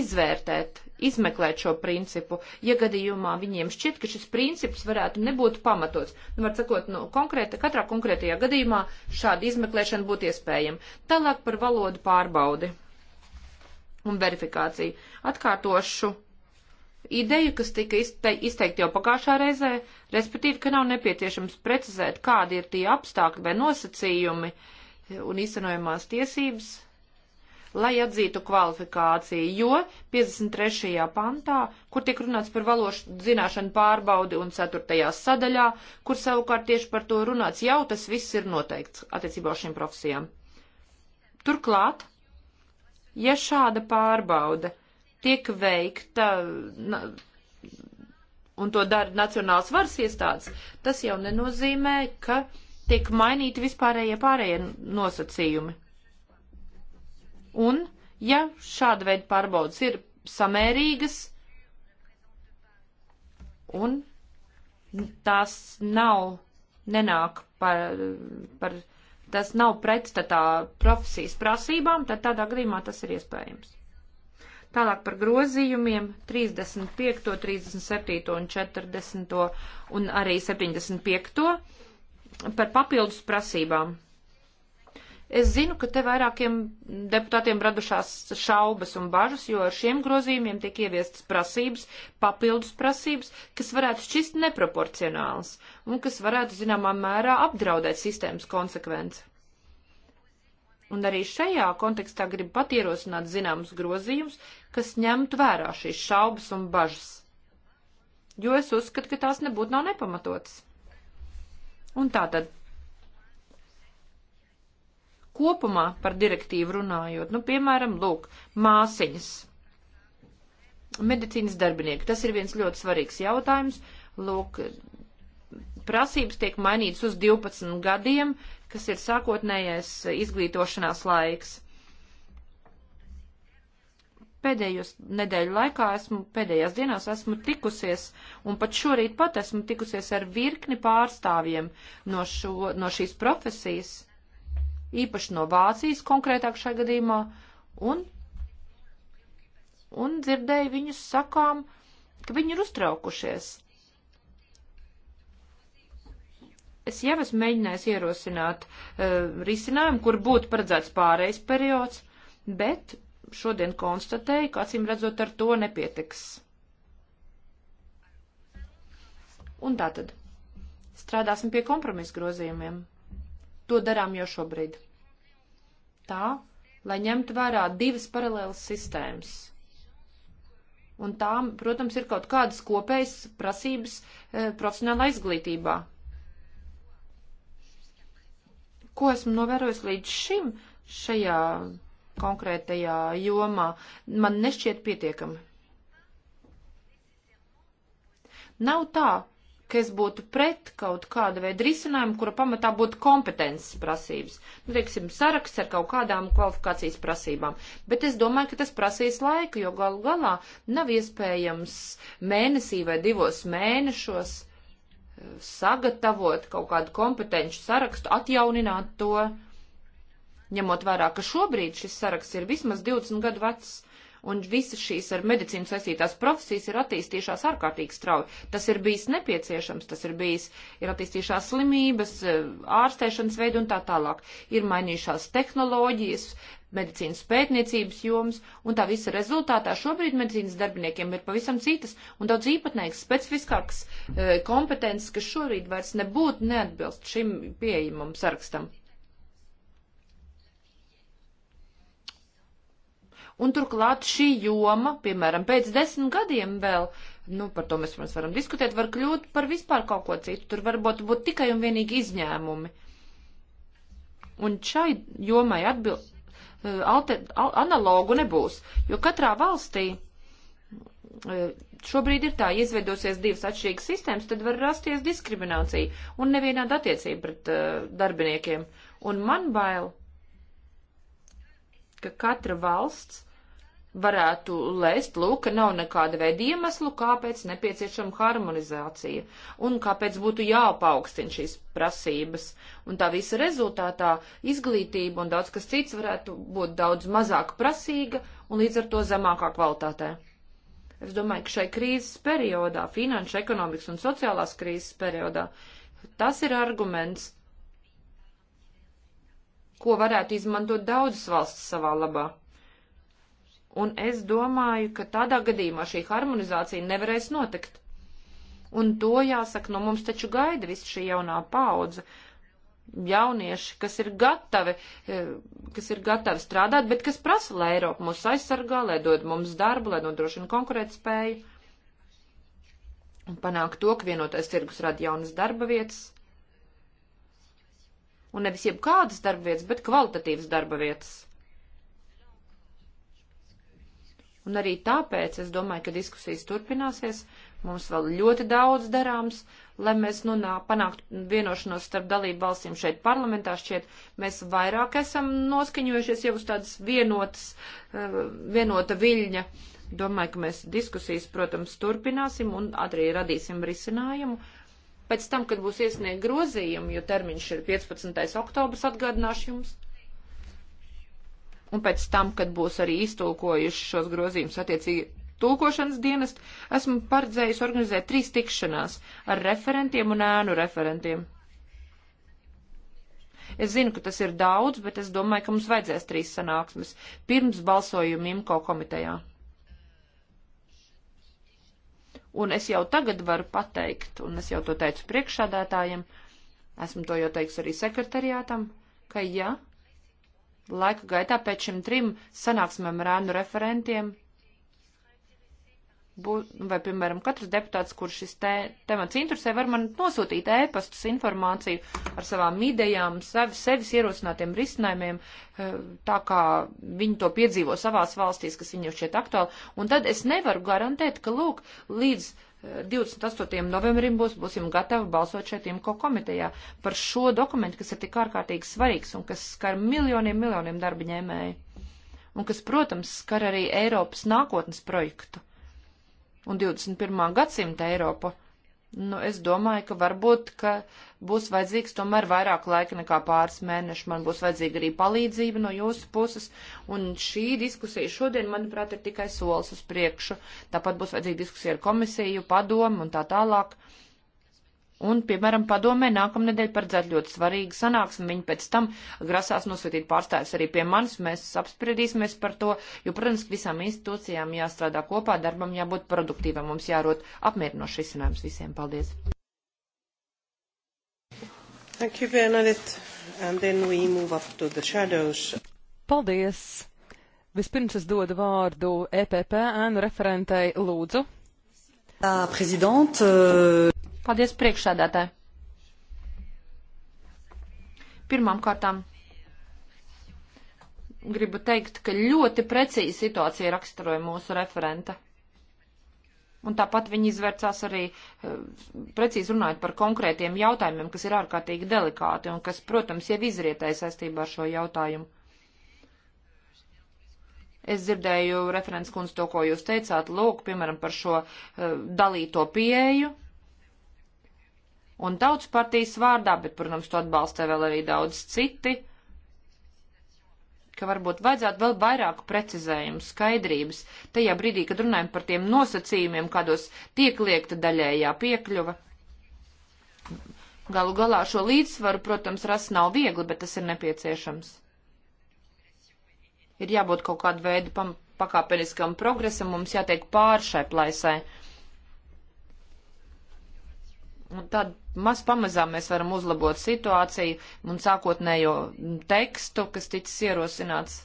izvērtēt izmeklēt šo principu, ja gadījumā viņiem šķiet, ka šis princips varētu nebūt pamatots. Nu, var sakot, nu, konkrēta, katrā konkrētajā gadījumā šāda izmeklēšana būtu iespējama. Tālāk par valodu pārbaudi un verifikāciju. Atkārtošu ideju, kas tika izteikti jau pagājušā reizē, respektīvi, ka nav nepieciešams precizēt, kādi ir tie apstākļi vai nosacījumi un īstenojumās tiesības lai atzītu kvalifikāciju, jo 53. pantā, kur tiek runāts par valošu zināšanu pārbaudi un 4. sadaļā, kur savukārt tieši par to runāts, jau tas viss ir noteikts attiecībā uz šīm profesijām. Turklāt, ja šāda pārbauda tiek veikta na, un to dara nacionāls varas iestādes, tas jau nenozīmē, ka tiek mainīti vispārējie pārējie nosacījumi. Un, ja šāda veida pārbaudas ir samērīgas un tās nav, nenāk par, par tas nav pretstatā profesijas prasībām, tad tādā gadījumā tas ir iespējams. Tālāk par grozījumiem 35, 37 un 40 un arī 75 par papildus prasībām. Es zinu, ka te vairākiem deputātiem radušās šaubas un bažas, jo ar šiem grozījumiem tiek ieviestas prasības, papildus prasības, kas varētu šķist neproporcionāls un kas varētu zināmā mērā apdraudēt sistēmas konsekvenci. Un arī šajā kontekstā gribu pat ierosināt zināmus grozījumus, kas ņemtu vērā šīs šaubas un bažas, jo es uzskatu, ka tās nebūtu nav nepamatotas. Un tātad Kopumā par direktīvu runājot, nu, piemēram, lūk, māsiņas, medicīnas darbinieki. Tas ir viens ļoti svarīgs jautājums. Lūk, prasības tiek mainītas uz 12 gadiem, kas ir sākotnējais izglītošanās laiks pēdējos nedēļu laikā esmu, pēdējās dienās esmu tikusies, un pat šorīt pat esmu tikusies ar virkni pārstāvjiem no, šo, no šīs profesijas īpaši no Vācijas konkrētāk šajā gadījumā, un, un dzirdēju viņus sakām, ka viņi ir uztraukušies. Es jau esmu mēģinājis ierosināt uh, risinājumu, kur būtu paredzēts pārejas periods, bet šodien konstatēju, ka acīm redzot ar to nepietiks. Un tātad strādāsim pie kompromisa grozījumiem. To darām jau šobrīd. Tā, lai ņemtu vērā divas paralēlas sistēmas. Un tām, protams, ir kaut kādas kopējas prasības e, profesionālā izglītībā. Ko esmu novērojis līdz šim šajā konkrētajā jomā, man nešķiet pietiekami. Nav tā, ka es būtu pret kaut kāda veida risinājumu, kura pamatā būtu kompetences prasības. Nu, teiksim, saraksts ar kaut kādām kvalifikācijas prasībām. Bet es domāju, ka tas prasīs laiku, jo galu galā nav iespējams mēnesī vai divos mēnešos eh, sagatavot kaut kādu kompetenci sarakstu, atjaunināt to ņemot vērā, ka šobrīd šis saraksts ir vismaz 20 gadu vecs, un visas šīs ar medicīnu saistītās profesijas ir attīstījušās ārkārtīgi strauji. Tas ir bijis nepieciešams, tas ir bijis, ir attīstījušās slimības, eh, ārstēšanas veidi un tā tālāk. Ir mainījušās tehnoloģijas, medicīnas pētniecības jomas, un tā visa rezultātā šobrīd medicīnas darbiniekiem ir pavisam citas un daudz īpatnēks, specifiskāks e, eh, kompetences, kas šorīt vairs nebūtu neatbilst šim pieejamam sarakstam. Un turklāt šī joma, piemēram, pēc desmit gadiem vēl, nu, par to mēs, protams, varam diskutēt, var kļūt par vispār kaut ko citu. Tur varbūt būt tikai un vienīgi izņēmumi. Un šai jomai atbil, eh, alter, al, analogu nebūs, jo katrā valstī eh, šobrīd ir tā, ja izveidosies divas atšķirīgas sistēmas, tad var rasties diskriminācija un nevienāda attiecība pret uh, darbiniekiem. Un man bail, ka katra valsts varētu lēst, lūk, ka nav nekāda veida iemeslu, kāpēc nepieciešama harmonizācija un kāpēc būtu jāpaukstina šīs prasības. Un tā visa rezultātā izglītība un daudz kas cits varētu būt daudz mazāk prasīga un līdz ar to zemākā kvalitātē. Es domāju, ka šai krīzes periodā, finanšu, ekonomikas un sociālās krīzes periodā, tas ir arguments, ko varētu izmantot daudzas valsts savā labā. Un es domāju, ka tādā gadījumā šī harmonizācija nevarēs notikt. Un to jāsaka, no nu, mums taču gaida viss šī jaunā paudze, jaunieši, kas ir gatavi, eh, kas ir gatavi strādāt, bet kas prasa, lai Eiropa mūs aizsargā, lai dod mums darbu, lai nodrošina konkurētspēju un panāk to, ka vienotais tirgus rada jaunas darba vietas. Un nevis jebkādas darba vietas, bet kvalitatīvas darba vietas. Un arī tāpēc es domāju, ka diskusijas turpināsies. Mums vēl ļoti daudz darāms, lai mēs nu, nā, panāktu vienošanos starp dalību valstīm šeit parlamentā. Šķiet, mēs vairāk esam noskaņojušies jau uz tādas vienotas, eh, vienota viļņa. Domāju, ka mēs diskusijas, protams, turpināsim un arī radīsim risinājumu. Pēc tam, kad būs iesniegt grozījumi, jo termiņš ir 15. oktobrs, atgādināšu jums, un pēc tam, kad būs arī iztulkojuši šos grozījumus attiecīgi tulkošanas dienest, esmu paredzējis organizēt trīs tikšanās ar referentiem un ēnu referentiem. Es zinu, ka tas ir daudz, bet es domāju, ka mums vajadzēs trīs sanāksmes pirms balsojuma IMCO komitejā. Un es jau tagad varu pateikt, un es jau to teicu priekšādātājiem, esmu to jau teiks arī sekretariātam, ka ja laika gaitā pēc šim trim sanāksmēm ar ēnu referentiem, bū, vai, piemēram, katrs deputāts, kurš šis te, temats interesē, var man nosūtīt ēpastus informāciju ar savām idejām, sev, sevis ierosinātiem risinājumiem, eh, tā kā viņi to piedzīvo savās valstīs, kas viņiem šķiet aktuāli. Un tad es nevaru garantēt, ka, lūk, līdz 28. novembrim būs, būsim gatavi balsot šeit IMCO komitejā par šo dokumentu, kas ir tik ārkārtīgi svarīgs un kas skar miljoniem, miljoniem darba ņēmēju. Un kas, protams, skar arī Eiropas nākotnes projektu un 21. gadsimta Eiropu. Nu, es domāju, ka varbūt, ka būs vajadzīgs tomēr vairāk laika nekā pāris mēneši. Man būs vajadzīga arī palīdzība no jūsu puses. Un šī diskusija šodien, manuprāt, ir tikai solis uz priekšu. Tāpat būs vajadzīga diskusija ar komisiju, padomu un tā tālāk. Uh, Un, piemēram, padomē nākamnedēļ paredzēt ļoti svarīgu sanāksmi. Viņi pēc tam grasās nosūtīt pārstāvis arī pie manis. Mēs apspriedīsimies par to, jo, protams, visām institūcijām jāstrādā kopā, darbam jābūt produktīvam. Mums jārot apmierinošs risinājums visiem. Paldies! Thank you, Bernadette. And then we move up to the shadows. Paldies! Vispirms es dodu vārdu EPP ēnu referentei Lūdzu. Tā, prezident. Uh... Paldies priekšsēdētāji. Pirmām kārtām gribu teikt, ka ļoti precīzi situācija raksturoja mūsu referenta. Un tāpat viņi izvērcās arī eh, precīzi runājot par konkrētiem jautājumiem, kas ir ārkārtīgi delikāti un kas, protams, jau izrietēja saistībā ar šo jautājumu. Es dzirdēju referents kundz to, ko jūs teicāt, lūk, piemēram, par šo uh, dalīto pieeju, un tautas partijas vārdā, bet, protams, to atbalsta vēl arī daudz citi, ka varbūt vajadzētu vēl vairāku precizējumu, skaidrības, tajā brīdī, kad runājam par tiem nosacījumiem, kādos tiek liekta daļējā piekļuva. Galu galā šo līdzsvaru, protams, rast nav viegli, bet tas ir nepieciešams. Ir jābūt kaut kādu veidu pakāpeniskam progresam, mums jātiek pār šai plaisai. Un tad maz pamazām mēs varam uzlabot situāciju un sākotnējo tekstu, kas ticis ierosināts.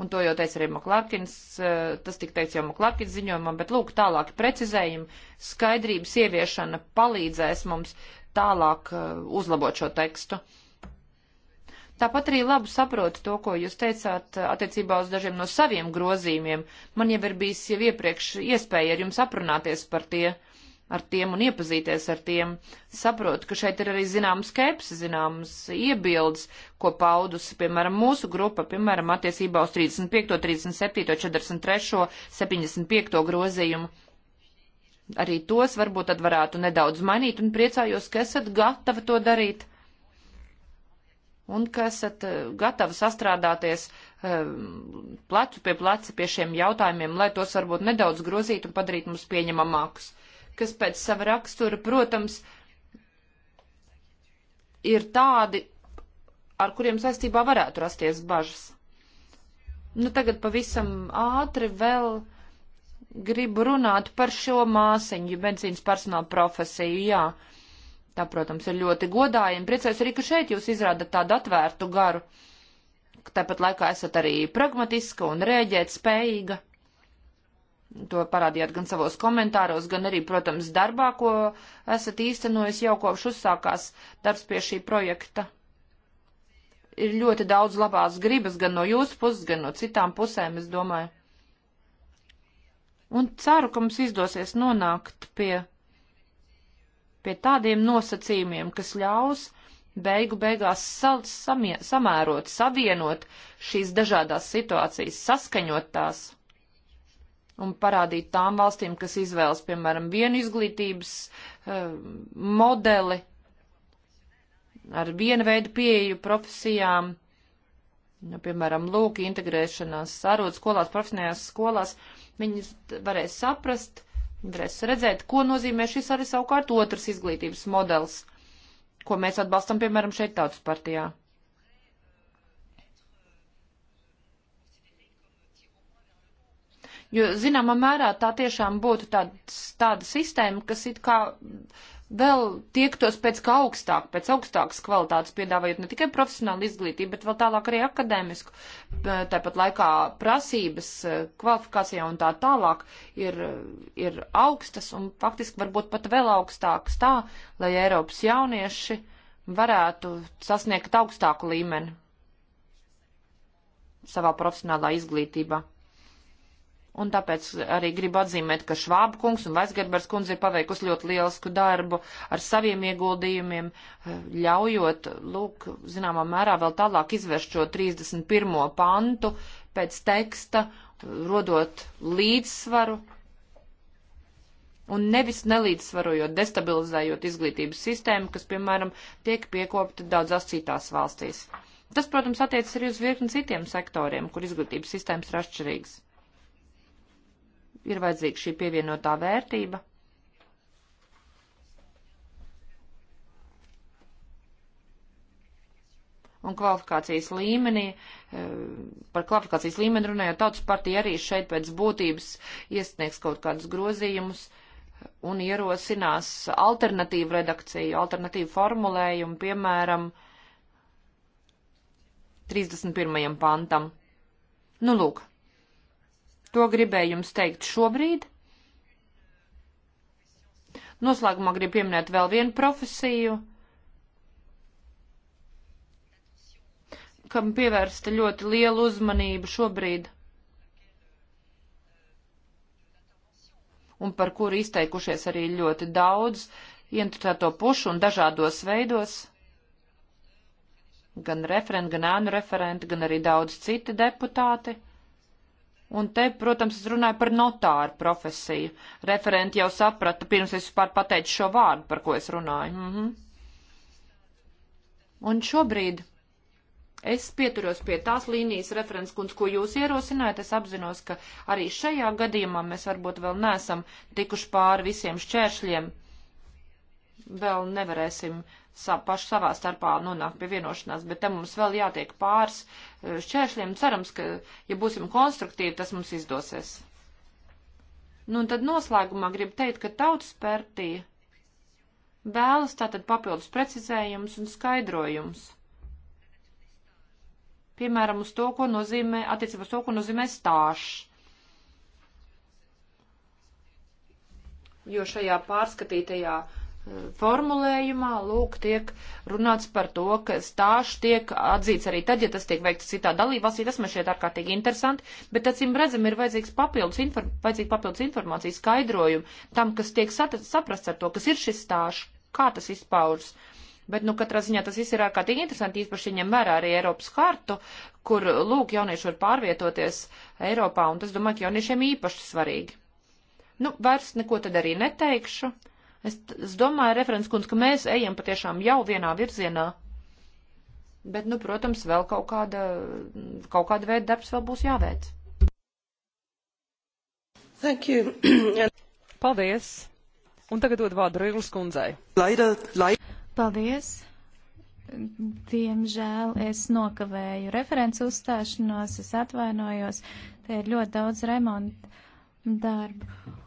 Un to jau teica arī Maklārkins, eh, tas tika teikts jau Maklārkins ziņojumā, bet lūk, tālāk precizējumi, skaidrības ieviešana palīdzēs mums tālāk eh, uzlabot šo tekstu. Tāpat arī labi saprotu to, ko jūs teicāt eh, attiecībā uz dažiem no saviem grozījumiem. Man jau ir bijis jau iepriekš iespēja ar jums aprunāties par tie. Uh, ar tiem un iepazīties ar tiem, saprotu, ka šeit ir arī zināmas skepsi, zināmas iebildes, ko paudusi, piemēram, mūsu grupa, piemēram, attiecībā uz 35, 37, 43, 75 grozījumu. Arī tos varbūt tad varētu nedaudz mainīt un priecājos, ka esat gatavi to darīt un ka esat eh, gatavi sastrādāties eh, plecu pie pleca pie šiem jautājumiem, lai tos varbūt nedaudz grozītu un padarītu mums pieņemamākus kas pēc sava rakstura, protams, ir tādi, ar kuriem saistībā varētu rasties bažas. Nu, tagad pavisam ātri vēl gribu runāt par šo māsiņu, medicīnas personāla profesiju, jā. Tā, protams, ir ļoti godājami. Priecājos arī, ka šeit jūs izrādat tādu atvērtu garu. Tāpat laikā esat arī pragmatiska un rēģēt spējīga. To parādījāt gan savos komentāros, gan arī, protams, darbā, ko esat īstenojis jau kopš uzsākās darbs pie šī projekta. Ir ļoti daudz labās gribas gan no jūsu puses, gan no citām pusēm, es domāju. Un ceru, ka mums izdosies nonākt pie, pie tādiem nosacījumiem, kas ļaus beigu beigās sal, samie, samērot, savienot šīs dažādās situācijas, saskaņot tās un parādīt tām valstīm, kas izvēlas, piemēram, vienu izglītības uh, modeli ar vienu veidu pieeju profesijām, nu, piemēram, lūk, integrēšanās sarūdas skolās, profesionālās skolās, viņi varēs saprast, varēs redzēt, ko nozīmē šis arī savukārt otrs izglītības modelis, ko mēs atbalstam, piemēram, šeit tautas partijā. Jo, zināmā mērā, tā tiešām būtu tāds, tāda sistēma, kas it kā vēl tiektos pēc kā augstāk, pēc augstākas kvalitātes piedāvājot ne tikai profesionālu izglītību, bet vēl tālāk arī akadēmisku, eh, tāpat laikā prasības, eh, kvalifikācijā un tā tālāk ir, ir augstas un faktiski varbūt pat vēl augstākas tā, lai Eiropas jaunieši varētu sasniegt augstāku līmeni savā profesionālā izglītībā. Un tāpēc arī gribu atzīmēt, ka Švāba kungs un Vaisgerbers kundze ir paveikusi ļoti lielisku darbu ar saviem ieguldījumiem, eh, ļaujot, lūk, zināmā mērā vēl tālāk izvērst šo 31. pantu pēc teksta, rodot līdzsvaru un nevis nelīdzsvarojot, destabilizējot izglītības sistēmu, kas, piemēram, tiek piekopta daudzās citās valstīs. Tas, protams, attiecas arī uz virkni citiem sektoriem, kur izglītības sistēmas ir atšķirīgas ir vajadzīga šī pievienotā vērtība. un kvalifikācijas līmenī, eh, par kvalifikācijas līmeni runājot, tautas partija arī šeit pēc būtības iesniegs kaut kādus grozījumus un ierosinās alternatīvu redakciju, alternatīvu formulējumu, piemēram, 31. pantam. Nu, lūk, To gribēju jums teikt šobrīd. Noslēgumā gribu pieminēt vēl vienu profesiju, kam pievērsta ļoti liela uzmanība šobrīd. un par kuru izteikušies arī ļoti daudz ientucēto pušu un dažādos veidos, gan referenti, gan ēnu referenti, gan arī daudz citi deputāti. Un te, protams, es runāju par notāru profesiju. Referenti jau saprata, pirms es vispār pateicu šo vārdu, par ko es runāju. Mm -hmm. Un šobrīd es pieturos pie tās līnijas referents, kundz, ko jūs ierosinājat. Es apzinos, ka arī šajā gadījumā mēs varbūt vēl neesam tikuši pāri visiem šķēršļiem. Vēl nevarēsim sav, paši savā starpā nonākt pie vienošanās, bet te mums vēl jātiek pāris eh, šķēršļiem. Cerams, ka, ja būsim konstruktīvi, tas mums izdosies. Nu, un tad noslēgumā gribu teikt, ka tautas pērtija vēlas tātad papildus precizējums un skaidrojums. Piemēram, uz to, ko nozīmē, attiecībā uz to, ko nozīmē stāšs. Jo šajā pārskatītajā uh, formulējumā, lūk, tiek runāts par to, ka stāžs tiek atzīts arī tad, ja tas tiek veikts citā dalībvalstī. Tas man šķiet ārkārtīgi interesanti, bet acīm redzam, ir vajadzīgs papildus, inform vajadzīga papildus informācija skaidrojumu tam, kas tiek saprasts ar to, kas ir šis stāžs, kā tas izpaužas. Bet, nu, katrā ziņā tas viss ir ārkārtīgi interesanti, īpaši ņem vērā arī Eiropas hartu, kur, lūk, jaunieši var pārvietoties Eiropā, un tas, domāju, ka jauniešiem īpaši svarīgi. Nu, vairs neko tad arī neteikšu. Es, es domāju, referents kundz, ka mēs ejam patiešām jau vienā virzienā. Bet, nu, protams, vēl kaut kāda, kaut kāda veida darbs vēl būs jāveic. Thank you. Paldies. Un tagad dod vārdu Rīgas kundzei. Laida, laida. Paldies. Diemžēl es nokavēju referents uzstāšanos, es atvainojos. Te ir ļoti daudz remonta darbu.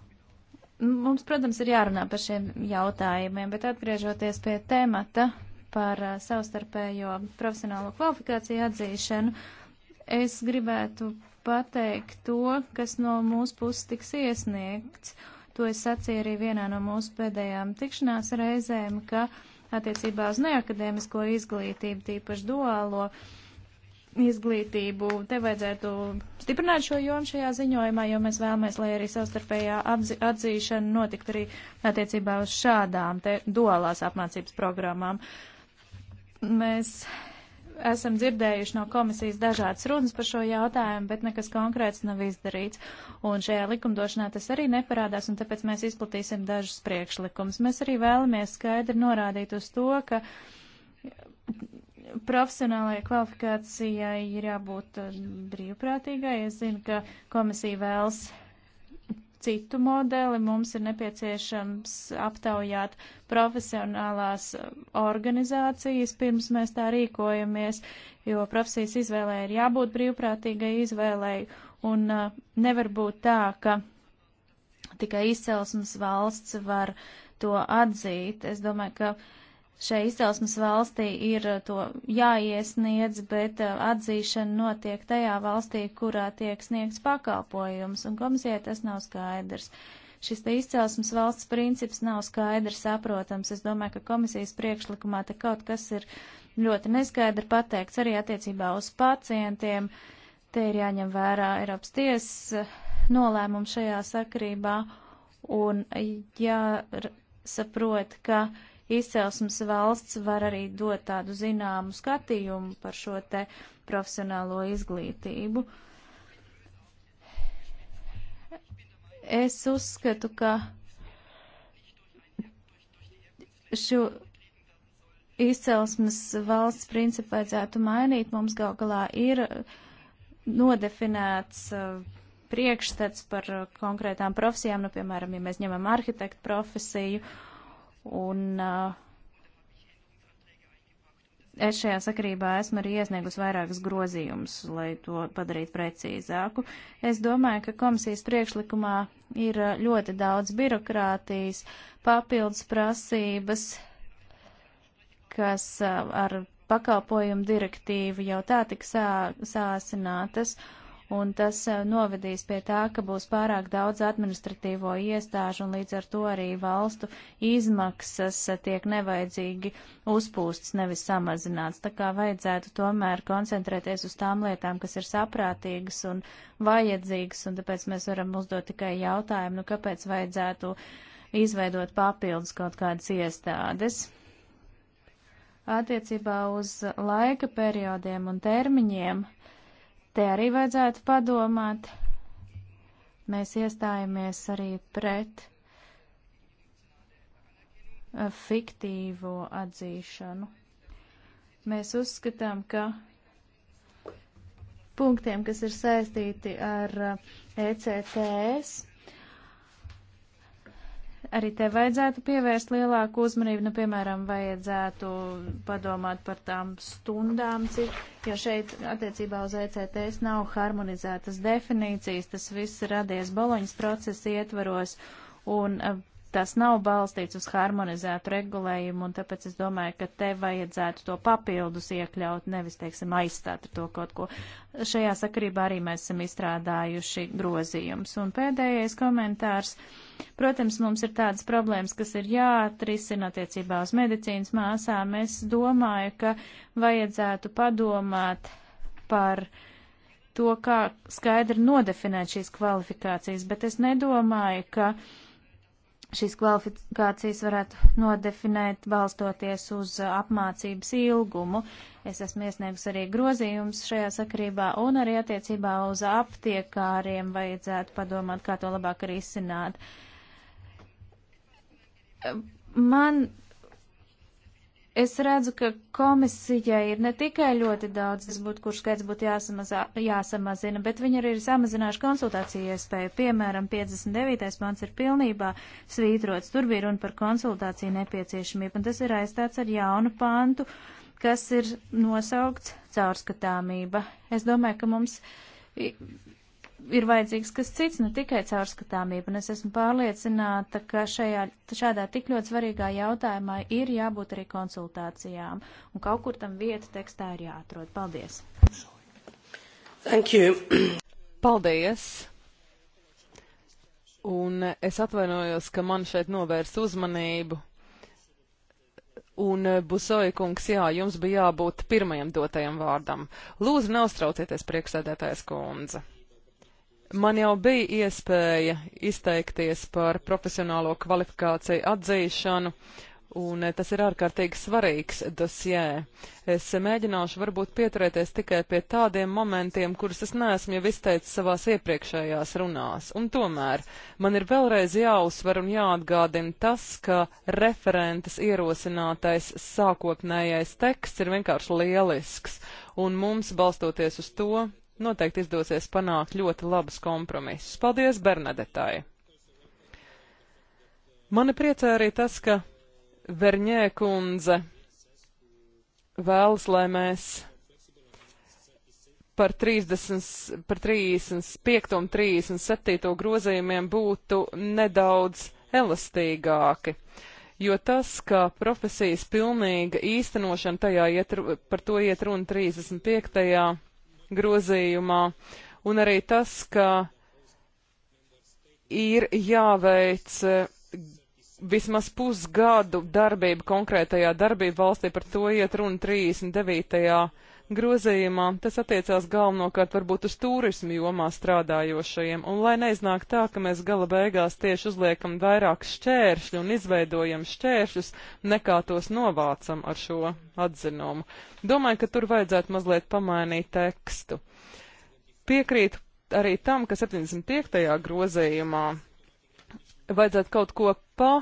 Mums, protams, ir jārunā par šiem jautājumiem, bet atgriežoties pie temata par uh, savstarpējo profesionālo kvalifikāciju atzīšanu, es gribētu pateikt to, kas no mūsu puses tiks iesniegts. To es sacīju arī vienā no mūsu pēdējām tikšanās reizēm, ka attiecībā uz neakadēmisko izglītību, tīpaši duālo, uh, izglītību. Te vajadzētu stiprināt šo jomu šajā ziņojumā, jo mēs vēlamies, lai arī savstarpējā atzīšana notikt arī attiecībā uz šādām te duālās apmācības programmām. Mēs esam dzirdējuši no komisijas dažādas runas par šo jautājumu, bet nekas konkrēts nav izdarīts. Un šajā likumdošanā tas arī neparādās, un tāpēc mēs izplatīsim dažus priekšlikumus. Mēs arī vēlamies skaidri norādīt uz to, ka profesionālajai kvalifikācijai ir jābūt eh, brīvprātīgai. Es zinu, ka komisija vēlas citu modeli. Mums ir nepieciešams aptaujāt profesionālās eh, organizācijas, pirms mēs tā rīkojamies, jo profesijas izvēlē ir jābūt brīvprātīgai izvēlēji. Un eh, nevar būt tā, ka tikai izcelsmes valsts var to atzīt. Es domāju, ka šai izcelsmes valstī ir eh, to jāiesniedz, bet eh, atzīšana notiek tajā valstī, kurā tiek sniegts pakalpojums, un komisijai tas nav skaidrs. Šis te izcelsmes valsts princips nav skaidrs, saprotams. Es domāju, ka komisijas priekšlikumā te kaut kas ir ļoti neskaidri pateikts arī attiecībā uz pacientiem. Te ir jāņem vērā Eiropas tiesas eh, nolēmums šajā sakarībā un jāsaprot, ka izcelsmes valsts var arī dot tādu zināmu skatījumu par šo te profesionālo izglītību. Es uzskatu, ka šo izcelsmes valsts principu vajadzētu mainīt. Mums gal galā ir nodefinēts uh, priekšstats par uh, konkrētām profesijām, nu, piemēram, ja mēs ņemam arhitektu profesiju, uh, Un uh, es šajā sakarībā esmu arī iesniegus vairākus grozījumus, lai to padarītu precīzāku. Es domāju, ka komisijas priekšlikumā ir uh, ļoti daudz birokrātijas, papildus prasības, kas uh, ar pakalpojumu direktīvu jau tā tik sā, sāsinātas. Uh, un tas eh, novedīs pie tā, ka būs pārāk daudz administratīvo iestāžu, un līdz ar to arī valstu izmaksas eh, tiek nevajadzīgi uzpūsts, nevis samazināts. Tā kā vajadzētu tomēr koncentrēties uz tām lietām, kas ir saprātīgas un vajadzīgas, un tāpēc mēs varam uzdot tikai jautājumu, nu kāpēc vajadzētu izveidot papildus kaut kādas iestādes. Attiecībā uz laika periodiem un termiņiem Te arī vajadzētu padomāt. Mēs iestājamies arī pret eh, fiktīvo atzīšanu. Mēs uzskatām, ka punktiem, kas ir saistīti ar ECTS, eh, e arī te vajadzētu pievērst lielāku uzmanību, nu, piemēram, vajadzētu padomāt par tām stundām, cik, jo šeit attiecībā uz ECTS nav harmonizētas definīcijas, tas viss radies Boloņas procesa ietvaros, un tas nav balstīts uz harmonizētu regulējumu, un tāpēc es domāju, ka te vajadzētu to papildus iekļaut, nevis, teiksim, aizstāt ar to kaut ko. Šajā sakarībā arī mēs esam izstrādājuši grozījums. Un pēdējais komentārs. Protams, mums ir tādas problēmas, kas ir jāatrisina attiecībā uz medicīnas māsām. Es domāju, ka vajadzētu padomāt par to, kā skaidri nodefinēt šīs kvalifikācijas, bet es nedomāju, ka uh, šīs kvalifikācijas varētu nodefinēt balstoties uz apmācības ilgumu. Es esmu iesniegus arī grozījums šajā sakarībā un arī attiecībā uz aptiekāriem vajadzētu padomāt, kā to labāk arī izsināt. Man Es redzu, ka komisijai ir ne tikai ļoti daudz, tas būtu, kurš skaits būtu jāsamazā, jāsamazina, bet viņi arī ir samazinājuši konsultāciju iespēju. Piemēram, 59. pants ir pilnībā svītrots. Tur bija runa par konsultāciju nepieciešamību, un tas ir aizstāts ar jaunu pantu, kas ir nosaukts caurskatāmība. Es domāju, ka mums ir vajadzīgs kas cits, ne nu tikai caurskatāmība, un es esmu pārliecināta, ka šajā, šādā tik ļoti svarīgā jautājumā ir jābūt arī konsultācijām, un kaut kur tam vieta tekstā ir jāatrod. Paldies! Thank you! Paldies! Un es atvainojos, ka man šeit novērs uzmanību. Un eh, Busoja kungs, jā, jums bija jābūt pirmajam dotajam vārdam. Lūdzu, neuztraucieties, prieksēdētājs kundze. Man jau bija iespēja izteikties par profesionālo kvalifikāciju atzīšanu, un eh, tas ir ārkārtīgi svarīgs dosjē. Es mēģināšu varbūt pieturēties tikai pie tādiem momentiem, kurus es neesmu jau izteicis savās iepriekšējās runās. Un tomēr man ir vēlreiz jāuzsver un jāatgādina tas, ka referentes ierosinātais sākotnējais teksts ir vienkārši lielisks, un mums balstoties uz to noteikti izdosies panākt ļoti labus kompromisus. Paldies Bernadetai! Mani priecē arī tas, ka Verņē kundze vēlas, lai mēs par 30, par 35 un 37 grozījumiem būtu nedaudz elastīgāki. Jo tas, ka profesijas pilnīga īstenošana tajā iet, par to iet runa 35 grozījumā, un arī tas, ka ir jāveic eh, vismaz pusgadu darbība konkrētajā darbība valstī, par to iet runa 39 grozījumā tas attiecās galvenokārt varbūt uz turismu jomā strādājošajiem, un lai neiznāk tā, ka mēs gala beigās tieši uzliekam vairāk šķēršļu un izveidojam šķēršļus, nekā tos novācam ar šo atzinumu. Domāju, ka tur vajadzētu mazliet pamainīt tekstu. Piekrītu arī tam, ka 75. grozījumā vajadzētu kaut ko pa,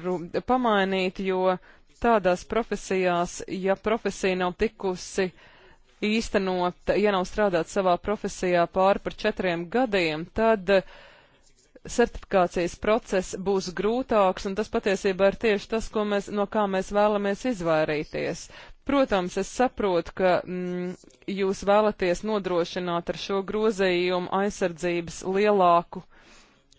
ru, pamainīt, jo tādās profesijās, ja profesija nav tikusi uh, īstenot, ja nav strādāt savā profesijā pāri par četriem gadiem, tad eh, certifikācijas process būs grūtāks, un tas patiesībā ir tieši tas, mēs, no kā mēs vēlamies izvairīties. Protams, es saprotu, ka mm, jūs vēlaties nodrošināt ar šo grozījumu aizsardzības lielāku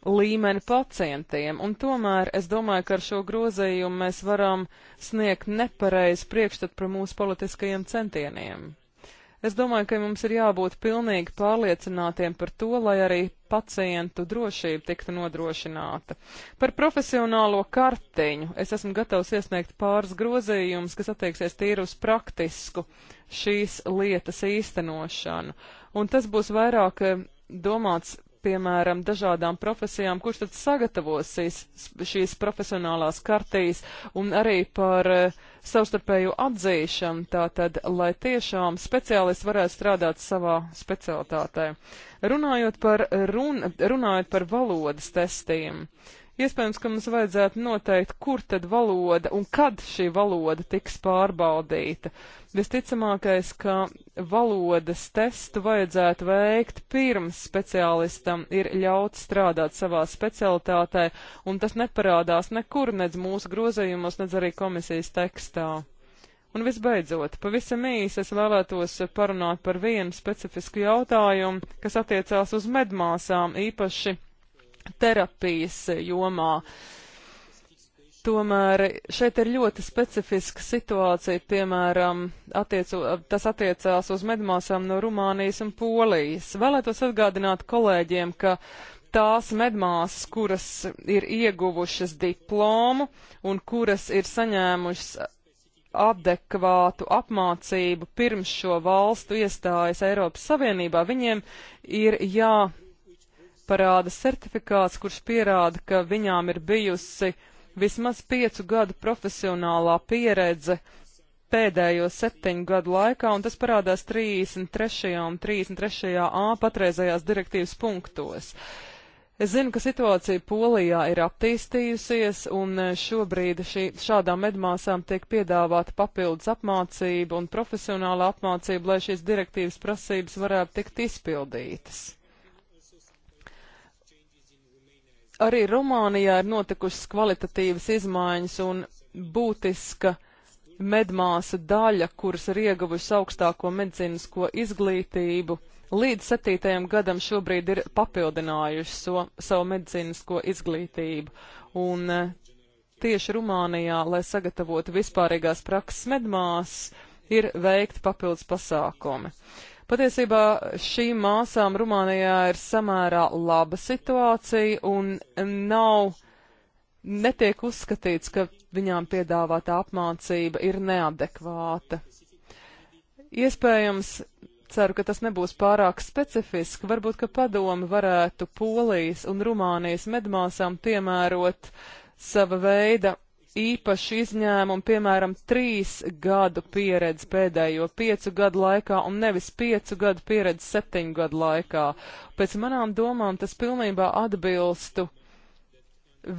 līmeni pacientiem, un tomēr es domāju, ka ar šo grozījumu mēs varam sniegt nepareizu priekšstatu par mūsu politiskajiem centieniem. Es domāju, ka mums ir jābūt pilnīgi pārliecinātiem par to, lai arī pacientu drošība tiktu nodrošināta. Par profesionālo kartiņu es esmu gatavs iesniegt pāris grozījumus, kas attieksies tīri uz praktisku šīs lietas īstenošanu. Un tas būs vairāk eh, domāts piemēram, dažādām profesijām, kurš tad sagatavos šīs, šīs profesionālās kartīs un arī par uh, savstarpēju atzīšanu, tātad, lai tiešām speciālists varētu strādāt savā specialitātē. Runājot par, run, runājot par valodas testiem, Iespējams, ka mums vajadzētu noteikt, kur tad valoda un kad šī valoda tiks pārbaudīta. Visticamākais, ka valodas testu vajadzētu veikt pirms speciālistam ir ļauts strādāt savā specialitātē, un tas neparādās nekur, nedz mūsu grozījumos, nedz arī komisijas tekstā. Un visbeidzot, pavisam īsi es vēlētos parunāt par vienu specifisku jautājumu, kas attiecās uz medmāsām īpaši terapijas jomā. Tomēr šeit ir ļoti specifiska situācija, piemēram, attiecu, tas attiecās uz medmāsām no Rumānijas un Polijas. Vēlētos atgādināt kolēģiem, ka tās medmāsas, kuras ir ieguvušas diplomu un kuras ir saņēmušas adekvātu apmācību pirms šo valstu iestājas Eiropas Savienībā, viņiem ir jā. Ja parāda certifikāts, kurš pierāda, ka viņām ir bijusi vismaz piecu gadu profesionālā pieredze pēdējo septiņu gadu laikā, un tas parādās 33. un 33. a patreizējās direktīvas punktos. Es zinu, ka situācija Polijā ir attīstījusies, un e, šobrīd šī, šādām medmāsām tiek piedāvāta papildus apmācība un profesionāla apmācība, lai šīs direktīvas prasības varētu tikt izpildītas. Arī Rumānijā ir notikušas kvalitatīvas izmaiņas un būtiska medmāsa daļa, kuras ir ieguvusi augstāko medicīnisko izglītību, līdz septītajam gadam šobrīd ir papildinājuši so, savu medicīnisko izglītību. Un e, tieši Rumānijā, lai sagatavotu vispārīgās prakses medmās, ir veikti papildus pasākumi. Patiesībā šīm māsām Rumānijā ir samērā laba situācija un nav, netiek uzskatīts, ka viņām piedāvāta apmācība ir neadekvāta. Iespējams, ceru, ka tas nebūs pārāk specifiski. Varbūt, ka padomi varētu Polijas un Rumānijas medmāsām piemērot sava veida īpaši izņēmumi, piemēram, trīs gadu pieredze pēdējo piecu gadu laikā un nevis piecu gadu pieredze septiņu gadu laikā. Pēc manām domām tas pilnībā atbilstu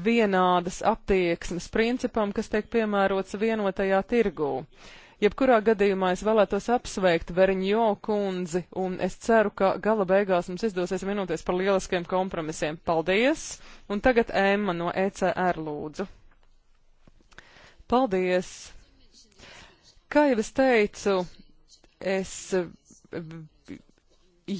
vienādas attieksmes principam, kas tiek piemērots vienotajā tirgū. Jebkurā gadījumā es vēlētos apsveikt Veriņo kundzi, un es ceru, ka gala beigās mums izdosies vienoties par lieliskiem kompromisiem. Paldies! Un tagad Emma no ECR lūdzu. Paldies! Kā jau es teicu, es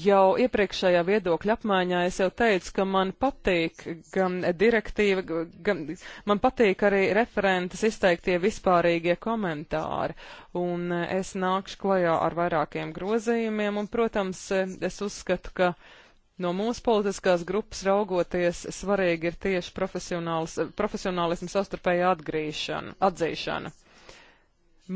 jau iepriekšējā viedokļa apmaiņā es jau teicu, ka man patīk gan direktīva, gan man patīk arī referentes izteiktie vispārīgie komentāri. Un es nākšu klajā ar vairākiem grozījumiem, un, protams, es uzskatu, ka uh, No mūsu politiskās grupas raugoties, svarīgi ir tieši profesionālismu sastarpēja atzīšana.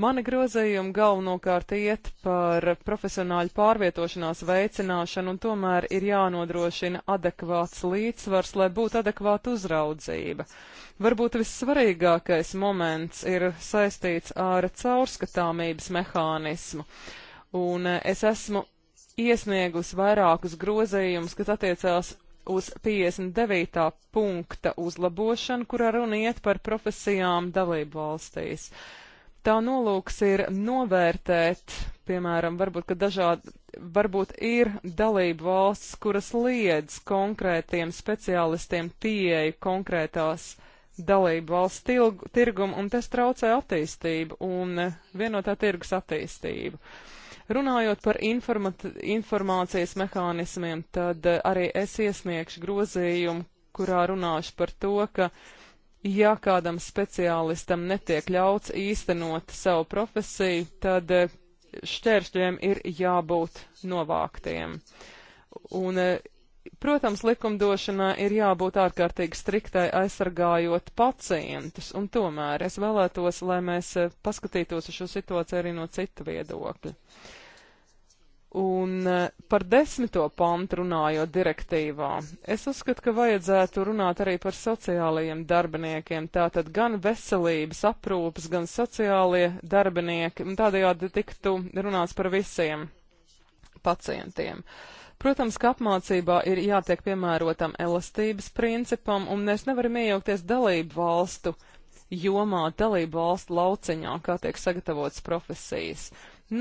Mani grozījumi galvenokārt iet par profesionāļu pārvietošanās veicināšanu, un tomēr ir jānodrošina adekvāts līdzsvars, lai būtu adekvāta uzraudzība. Varbūt vissvarīgākais moments ir saistīts ar caurskatāmības mehānismu, un es esmu iesniegusi vairākus grozījumus, kas attiecās uz 59. punkta uzlabošanu, kurā runa iet par profesijām dalību valstīs. Tā nolūks ir novērtēt, piemēram, varbūt, ka dažādi, varbūt ir dalību valsts, kuras liedz konkrētiem speciālistiem pieeju konkrētās dalību valsts tilgu, tirgumu, un tas traucē attīstību un vienotā tirgus attīstību. Uh, Runājot par informācijas mehānismiem, tad eh, arī es iesniegšu grozījumu, kurā runāšu par to, ka ja kādam speciālistam netiek ļauts īstenot savu profesiju, tad eh, šķēršļiem ir jābūt novāktiem. Un eh, Protams, likumdošanai ir jābūt ārkārtīgi striktai aizsargājot pacientus, un tomēr es vēlētos, lai mēs eh, paskatītos uz šo situāciju arī no cita viedokļa. Un eh, par desmito pantu runājot direktīvā, es uzskatu, ka vajadzētu runāt arī par sociālajiem darbiniekiem, tātad gan veselības aprūpas, gan sociālie darbinieki, un tādējādi tiktu runāts par visiem pacientiem. Uh, Protams, ka apmācībā ir jātiek piemērotam elastības principam, un mēs nevaram iejaukties dalību valstu jomā, dalību valstu lauciņā, kā tiek sagatavotas profesijas.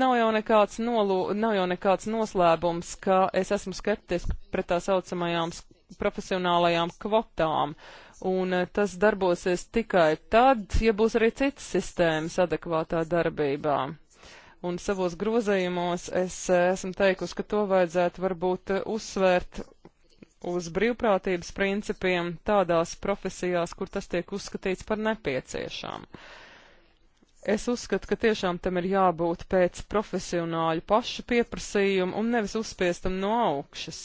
Nav jau, nekāds nolū, nav jau nekāds noslēpums, ka es esmu skeptiski pret tā saucamajām profesionālajām kvotām, un eh, tas darbosies tikai tad, ja būs arī citas sistēmas adekvātā darbībā un savos grozējumos es eh, esmu teikusi, ka to vajadzētu varbūt eh, uzsvērt uz brīvprātības principiem tādās profesijās, kur tas tiek uzskatīts par nepieciešamu. Es uzskatu, ka tiešām tam ir jābūt pēc profesionāļu pašu pieprasījumu un nevis uzspiestam no augšas.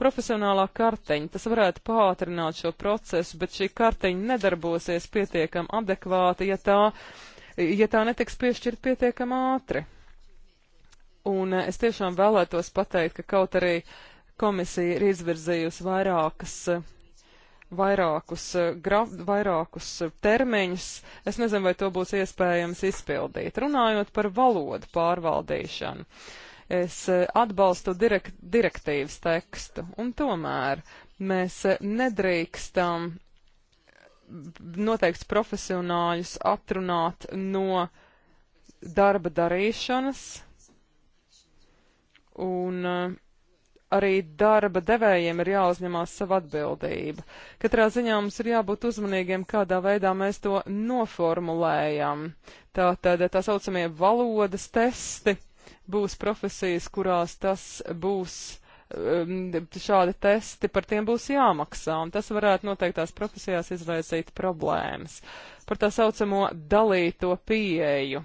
Profesionālā karteņa, tas varētu pātrināt šo procesu, bet šī karteņa nedarbosies pietiekam adekvāti, ja tā, ja tā netiks piešķirt pietiekam ātri. Un eh, es tiešām vēlētos pateikt, ka kaut arī komisija ir izvirzījusi vairākas eh, vairākus, eh, graf, vairākus termiņus. Es nezinu, vai to būs iespējams izpildīt. Runājot par valodu pārvaldīšanu, es atbalstu direkt, direktīvas tekstu, un tomēr mēs nedrīkstam noteikts profesionāļus atrunāt no darba darīšanas, un eh, arī darba devējiem ir jāuzņemās sava atbildība. Katrā ziņā mums ir jābūt uzmanīgiem, kādā veidā mēs to noformulējam. Tātad tā saucamie valodas testi būs profesijas, kurās tas būs um, šādi testi, par tiem būs jāmaksā, un tas varētu noteiktās profesijās izraisīt problēmas. Par tā saucamo dalīto pieeju,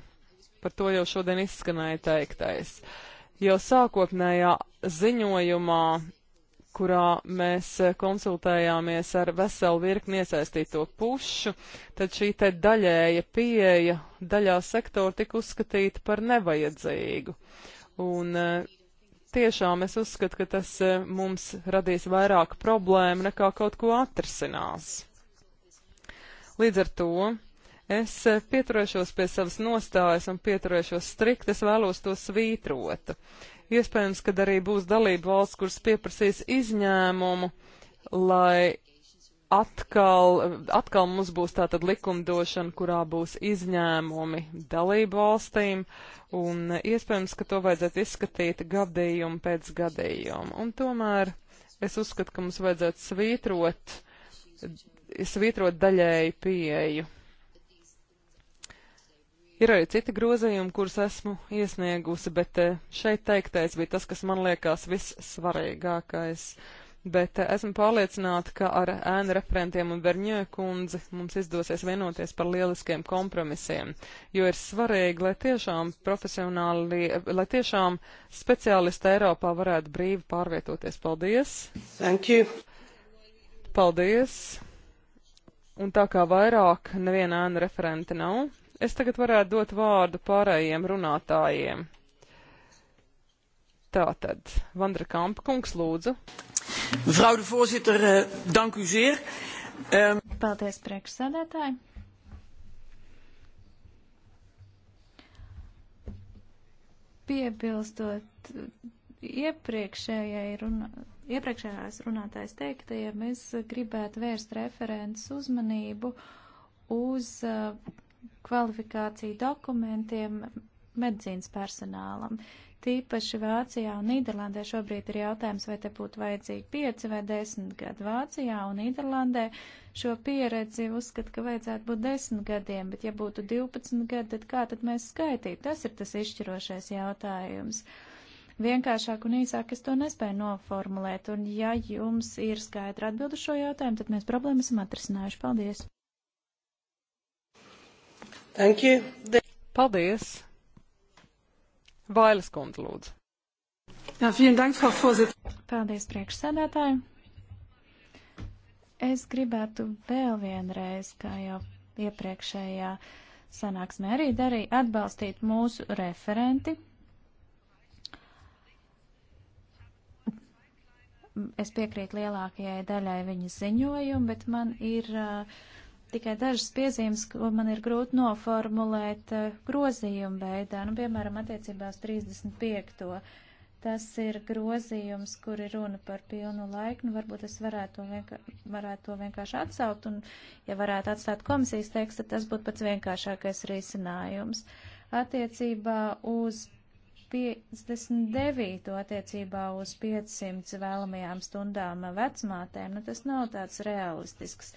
par to jau šodien izskanēja teiktais. Uh, jau sākotnējā ziņojumā, kurā mēs konsultējāmies ar veselu virkni iesaistīto pušu, tad šī te daļēja pieeja daļā sektora tika uzskatīta par nevajadzīgu. Un eh, tiešām es uzskatu, ka tas eh, mums radīs vairāk problēmu nekā kaut ko atrisinās. Līdz ar to Es eh, pieturēšos pie savas nostājas un pieturēšos strikt, es vēlos to svītrot. Iespējams, ka arī būs dalība valsts, kuras pieprasīs izņēmumu, lai atkal, atkal mums būs tātad likumdošana, kurā būs izņēmumi dalību valstīm, un eh, iespējams, ka to vajadzētu izskatīt gadījumu pēc gadījumu. Un tomēr es uzskatu, ka mums vajadzētu svītrot, svītrot daļēju pieeju. Ir arī citi grozījumi, kurus esmu iesniegusi, bet eh, šeit teiktais bija tas, kas man liekas vissvarīgākais. Bet eh, esmu pārliecināta, ka ar ēnu referentiem un Verņē kundzi mums izdosies vienoties par lieliskiem kompromisiem, jo ir svarīgi, lai tiešām profesionāli, lai tiešām speciālisti Eiropā varētu brīvi pārvietoties. Paldies! Thank you! Paldies! Un tā kā vairāk neviena ēna referenta nav, Es tagad varētu dot vārdu pārējiem runātājiem. Tātad, Vandra Kampa kungs, lūdzu. Mevrouw de voorzitter, eh, dank u zeer. Um... Paldies, priekšsēdētāji. Piebilstot iepriekšējai runa, iepriekšējās runātājs teiktajiem, es gribētu vērst referents uzmanību uz uh, kvalifikāciju dokumentiem medicīnas personālam. Tīpaši Vācijā un Nīderlandē šobrīd ir jautājums, vai te būtu vajadzīgi 5 vai 10 gadi. Vācijā un Nīderlandē šo pieredzi uzskata, ka vajadzētu būt 10 gadiem, bet ja būtu 12 gadi, tad kā tad mēs skaitītu? Tas ir tas izšķirošais jautājums. Vienkāršāk un īsāk es to nespēju noformulēt, un ja jums ir skaidra atbildu šo jautājumu, tad mēs problēmu esam atrisinājuši. Paldies! Thank you. De... Paldies. Vailes kundze, lūdzu. Jā, vielen dank, Frau Vorsitz. Paldies, priekšsēdētāji. Es gribētu vēl vienreiz, kā jau iepriekšējā sanāksmē arī darīja, atbalstīt mūsu referenti. Es piekrītu lielākajai daļai viņas ziņojumu, bet man ir uh, tikai dažas piezīmes, ko man ir grūti noformulēt eh, grozījumu veidā, nu, piemēram, attiecībā uz 35. Tas ir grozījums, kur ir runa par pilnu laiku. Nu, varbūt es varētu to, vienka, varētu to vienkārši atsaukt, un, ja varētu atstāt komisijas tekstu, tas būtu pats vienkāršākais risinājums. Attiecībā uz 59. attiecībā uz 500 vēlamajām stundām vecmātēm, nu, tas nav tāds realistisks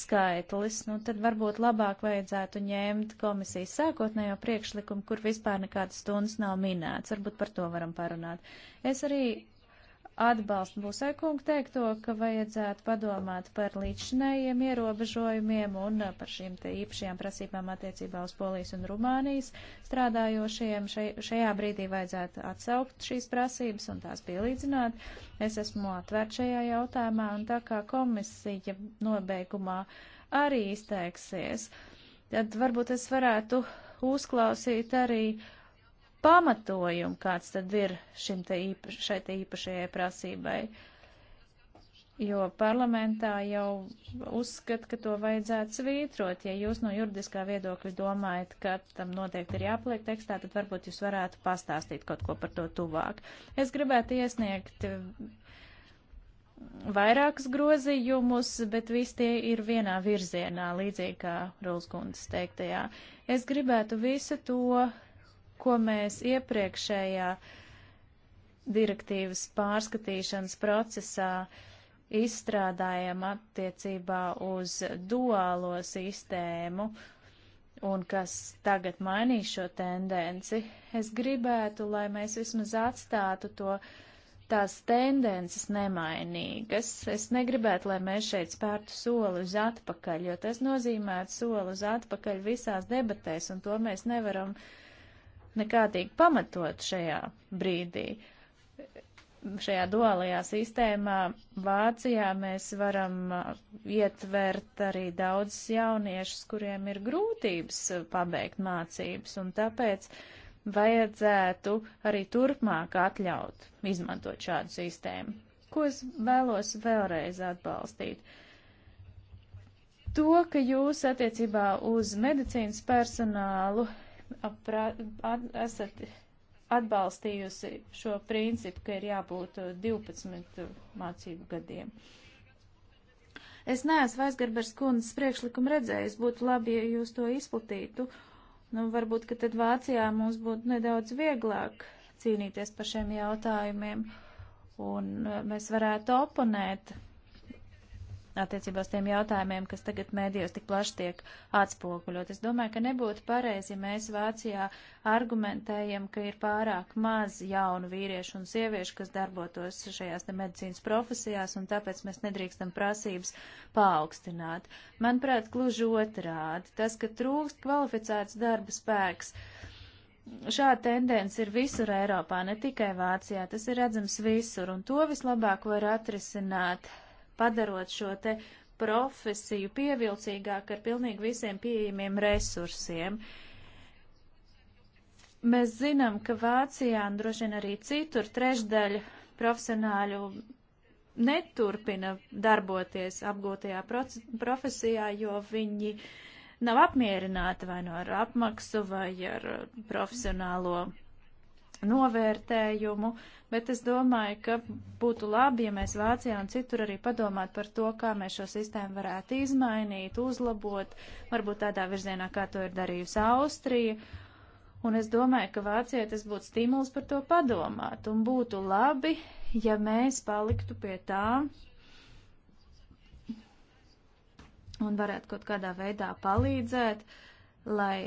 skaitlis, nu tad varbūt labāk vajadzētu ņemt komisijas sākotnējo priekšlikumu, kur vispār nekādas stundas nav minēts. Varbūt par to varam parunāt. Es arī atbalstu Busaikungu teikto, ka vajadzētu padomāt par līdzšinējiem ierobežojumiem un uh, par šīm te īpašajām prasībām attiecībā uz Polijas un Rumānijas strādājošajiem. Šai, šajā brīdī vajadzētu atsaukt šīs prasības un tās pielīdzināt. Es esmu atvērt šajā jautājumā un tā kā komisija nobeigumā arī izteiksies, tad varbūt es varētu uzklausīt arī uh, pamatojumu, kāds tad ir šim te īpaš, šai te īpašajai prasībai, jo parlamentā jau uzskat, ka to vajadzētu svītrot. Ja jūs no juridiskā viedokļa domājat, ka tam noteikti ir jāpaliek tekstā, tad varbūt jūs varētu pastāstīt kaut ko par to tuvāk. Es gribētu iesniegt vairākus grozījumus, bet visi tie ir vienā virzienā, līdzīgi kā Rūskundas teiktajā. Es gribētu visu to ko mēs iepriekšējā direktīvas pārskatīšanas procesā izstrādājam attiecībā uz duālo sistēmu un kas tagad mainīs šo tendenci, es gribētu, lai mēs vismaz atstātu to tās tendences nemainīgas. Es negribētu, lai mēs šeit spērtu soli uz atpakaļ, jo tas nozīmētu soli uz atpakaļ visās debatēs, un to mēs nevaram uh, nekādīgi pamatot šajā brīdī. Šajā duālajā sistēmā Vācijā mēs varam ietvert arī daudzus jauniešus, kuriem ir grūtības pabeigt mācības, un tāpēc vajadzētu arī turpmāk atļaut izmantot šādu sistēmu. Ko es vēlos vēlreiz atbalstīt? To, ka jūs attiecībā uz medicīnas personālu aprā, at, esat atbalstījusi šo principu, ka ir jābūt 12 uh, uh, mācību gadiem. Es neesmu Vaisgarbers kundzes priekšlikumu redzējis, būtu labi, ja jūs to izplatītu. Nu, varbūt, ka tad Vācijā mums būtu nedaudz vieglāk cīnīties par šiem jautājumiem, un uh, mēs varētu oponēt attiecībās tiem jautājumiem, kas tagad mēdījos tik plaši tiek atspoguļot. Es domāju, ka nebūtu pareizi, ja mēs Vācijā argumentējam, ka ir pārāk maz jaunu vīriešu un sieviešu, kas darbotos šajās te medicīnas profesijās, un tāpēc mēs nedrīkstam prasības paaugstināt. Manuprāt, gluži otrādi. Tas, ka trūkst kvalificēts darba spēks. Šāda tendence ir visur Eiropā, ne tikai Vācijā, tas ir redzams visur, un to vislabāk var atrisināt padarot šo te profesiju pievilcīgāk ar pilnīgi visiem pieejamiem resursiem. Mēs zinām, ka Vācijā un droši vien arī citur trešdaļa profesionāļu neturpina darboties apgūtajā profesijā, jo viņi nav apmierināti vai no nu ar apmaksu vai ar profesionālo novērtējumu bet es domāju, ka būtu labi, ja mēs Vācijā un citur arī padomāt par to, kā mēs šo sistēmu varētu izmainīt, uzlabot, varbūt tādā virzienā, kā to ir darījusi Austrija. Un es domāju, ka Vācijai tas būtu stimuls par to padomāt, un būtu labi, ja mēs paliktu pie tā un varētu kaut kādā veidā palīdzēt, lai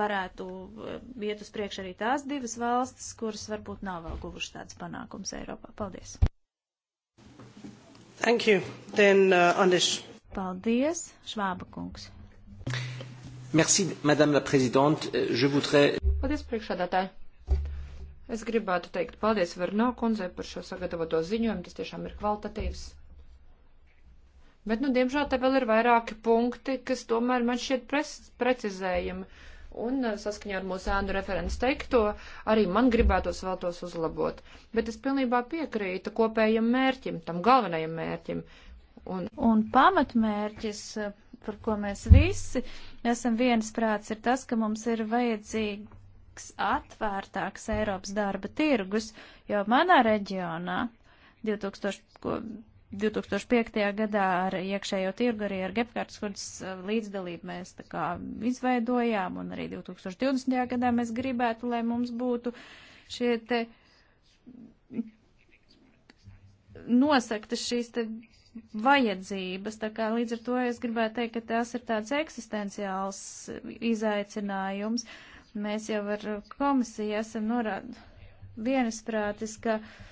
varētu eh, iet uz priekšu arī tās divas valstis, kuras varbūt nav vēl guvušas tādas panākumas Eiropā. Paldies! Thank you. Then, uh, Andes. Paldies, Švāba kungs. Merci, Madame la Présidente. Euh, je voudrais. Paldies, priekšādātāji. Es gribētu teikt paldies Vernau kundzei par šo sagatavoto ziņojumu. Tas tiešām ir kvalitatīvs. Bet, nu, diemžēl te vēl ir vairāki punkti, kas tomēr man šķiet precizējami. Un eh, saskaņā ar mūsu ēnu referents teikto, arī man gribētos vēl tos uzlabot. Bet es pilnībā piekrītu kopējam mērķim, tam galvenajam mērķim. Un, un pamatmērķis, eh, par ko mēs visi esam viensprāts, ir tas, ka mums ir vajadzīgs atvērtāks Eiropas darba tirgus, jo manā reģionā 2000, ko, 2005. gadā ar iekšējo tirgu, arī ar Gepkārtas kundzes uh, līdzdalību mēs tā kā izveidojām, un arī 2020. gadā mēs gribētu, lai mums būtu šie te nosaktas šīs te vajadzības, tā kā līdz ar to es gribētu teikt, ka tas ir tāds eksistenciāls izaicinājums. Mēs jau ar komisiju esam norādu vienisprātis, ka uh,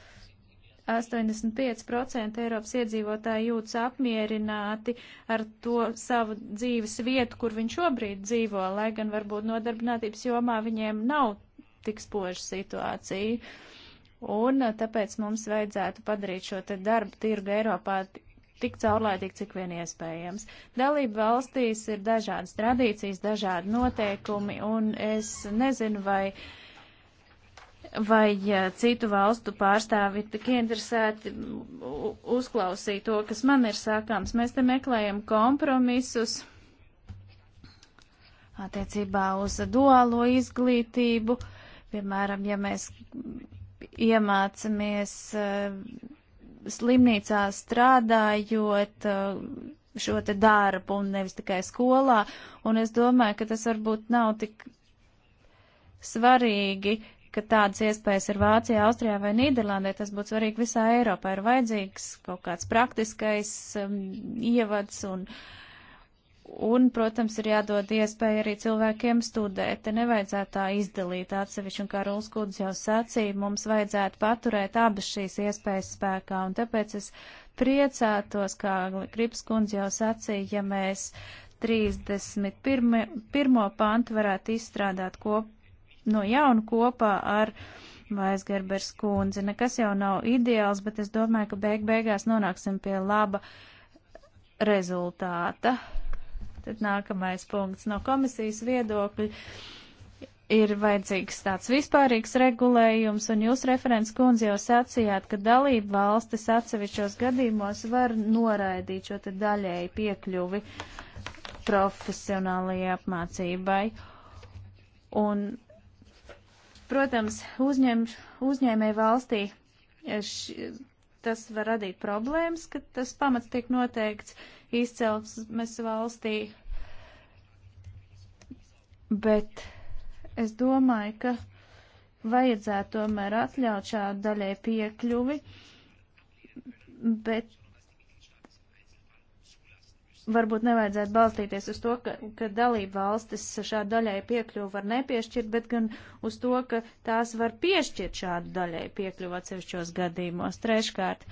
85% Eiropas iedzīvotāji jūtas apmierināti ar to savu dzīves vietu, kur viņi šobrīd dzīvo, lai gan varbūt nodarbinātības jomā viņiem nav tik spoža situācija. Un eh, tāpēc mums vajadzētu padarīt šo te darbu tirgu Eiropā tik caurlaidīgi, cik vien iespējams. Dalība valstīs ir dažādas tradīcijas, dažādi noteikumi, un es nezinu, vai uh, vai citu valstu pārstāvi tik interesēti uzklausīt to, kas man ir sākāms. Mēs te meklējam kompromisus attiecībā uz duālo izglītību. Piemēram, ja mēs iemācamies eh, slimnīcā strādājot eh, šo te darbu un nevis tikai skolā, un es domāju, ka tas varbūt nav tik svarīgi, ka tādas iespējas ir Vācijā, Austrijā vai Nīderlandē, tas būtu svarīgi visā Eiropā. Ir vajadzīgs kaut kāds praktiskais um, ievads un, un, protams, ir jādod iespēja arī cilvēkiem studēt. Te nevajadzētu tā izdalīt atsevišķi, un kā Rūls Kūdus jau sacīja, mums vajadzētu paturēt abas šīs iespējas spēkā, un tāpēc es priecātos, kā Grips Kundze jau sacīja, ja mēs 31. pantu varētu izstrādāt kopā no jauna kopā ar Vaisgerbers kundzi. Nekas jau nav ideāls, bet es domāju, ka beig beigās nonāksim pie laba rezultāta. Tad nākamais punkts no komisijas viedokļa ir vajadzīgs tāds vispārīgs regulējums, un jūs, referents kundze, jau sacījāt, ka dalība valstis atsevišķos gadījumos var noraidīt šo te daļēji piekļuvi profesionālajai apmācībai. Un Protams, uzņem, uzņēmē valstī e, š, tas var radīt problēmas, ka tas pamats tiek noteikts izcelsmes valstī. Bet es domāju, ka vajadzētu tomēr atļaut šādu daļai piekļuvi, bet varbūt nevajadzētu balstīties uz to, ka, ka dalība valstis šādu daļai piekļuvu var nepiešķirt, bet gan uz to, ka tās var piešķirt šādu daļai piekļuvu atsevišķos gadījumos. Treškārt,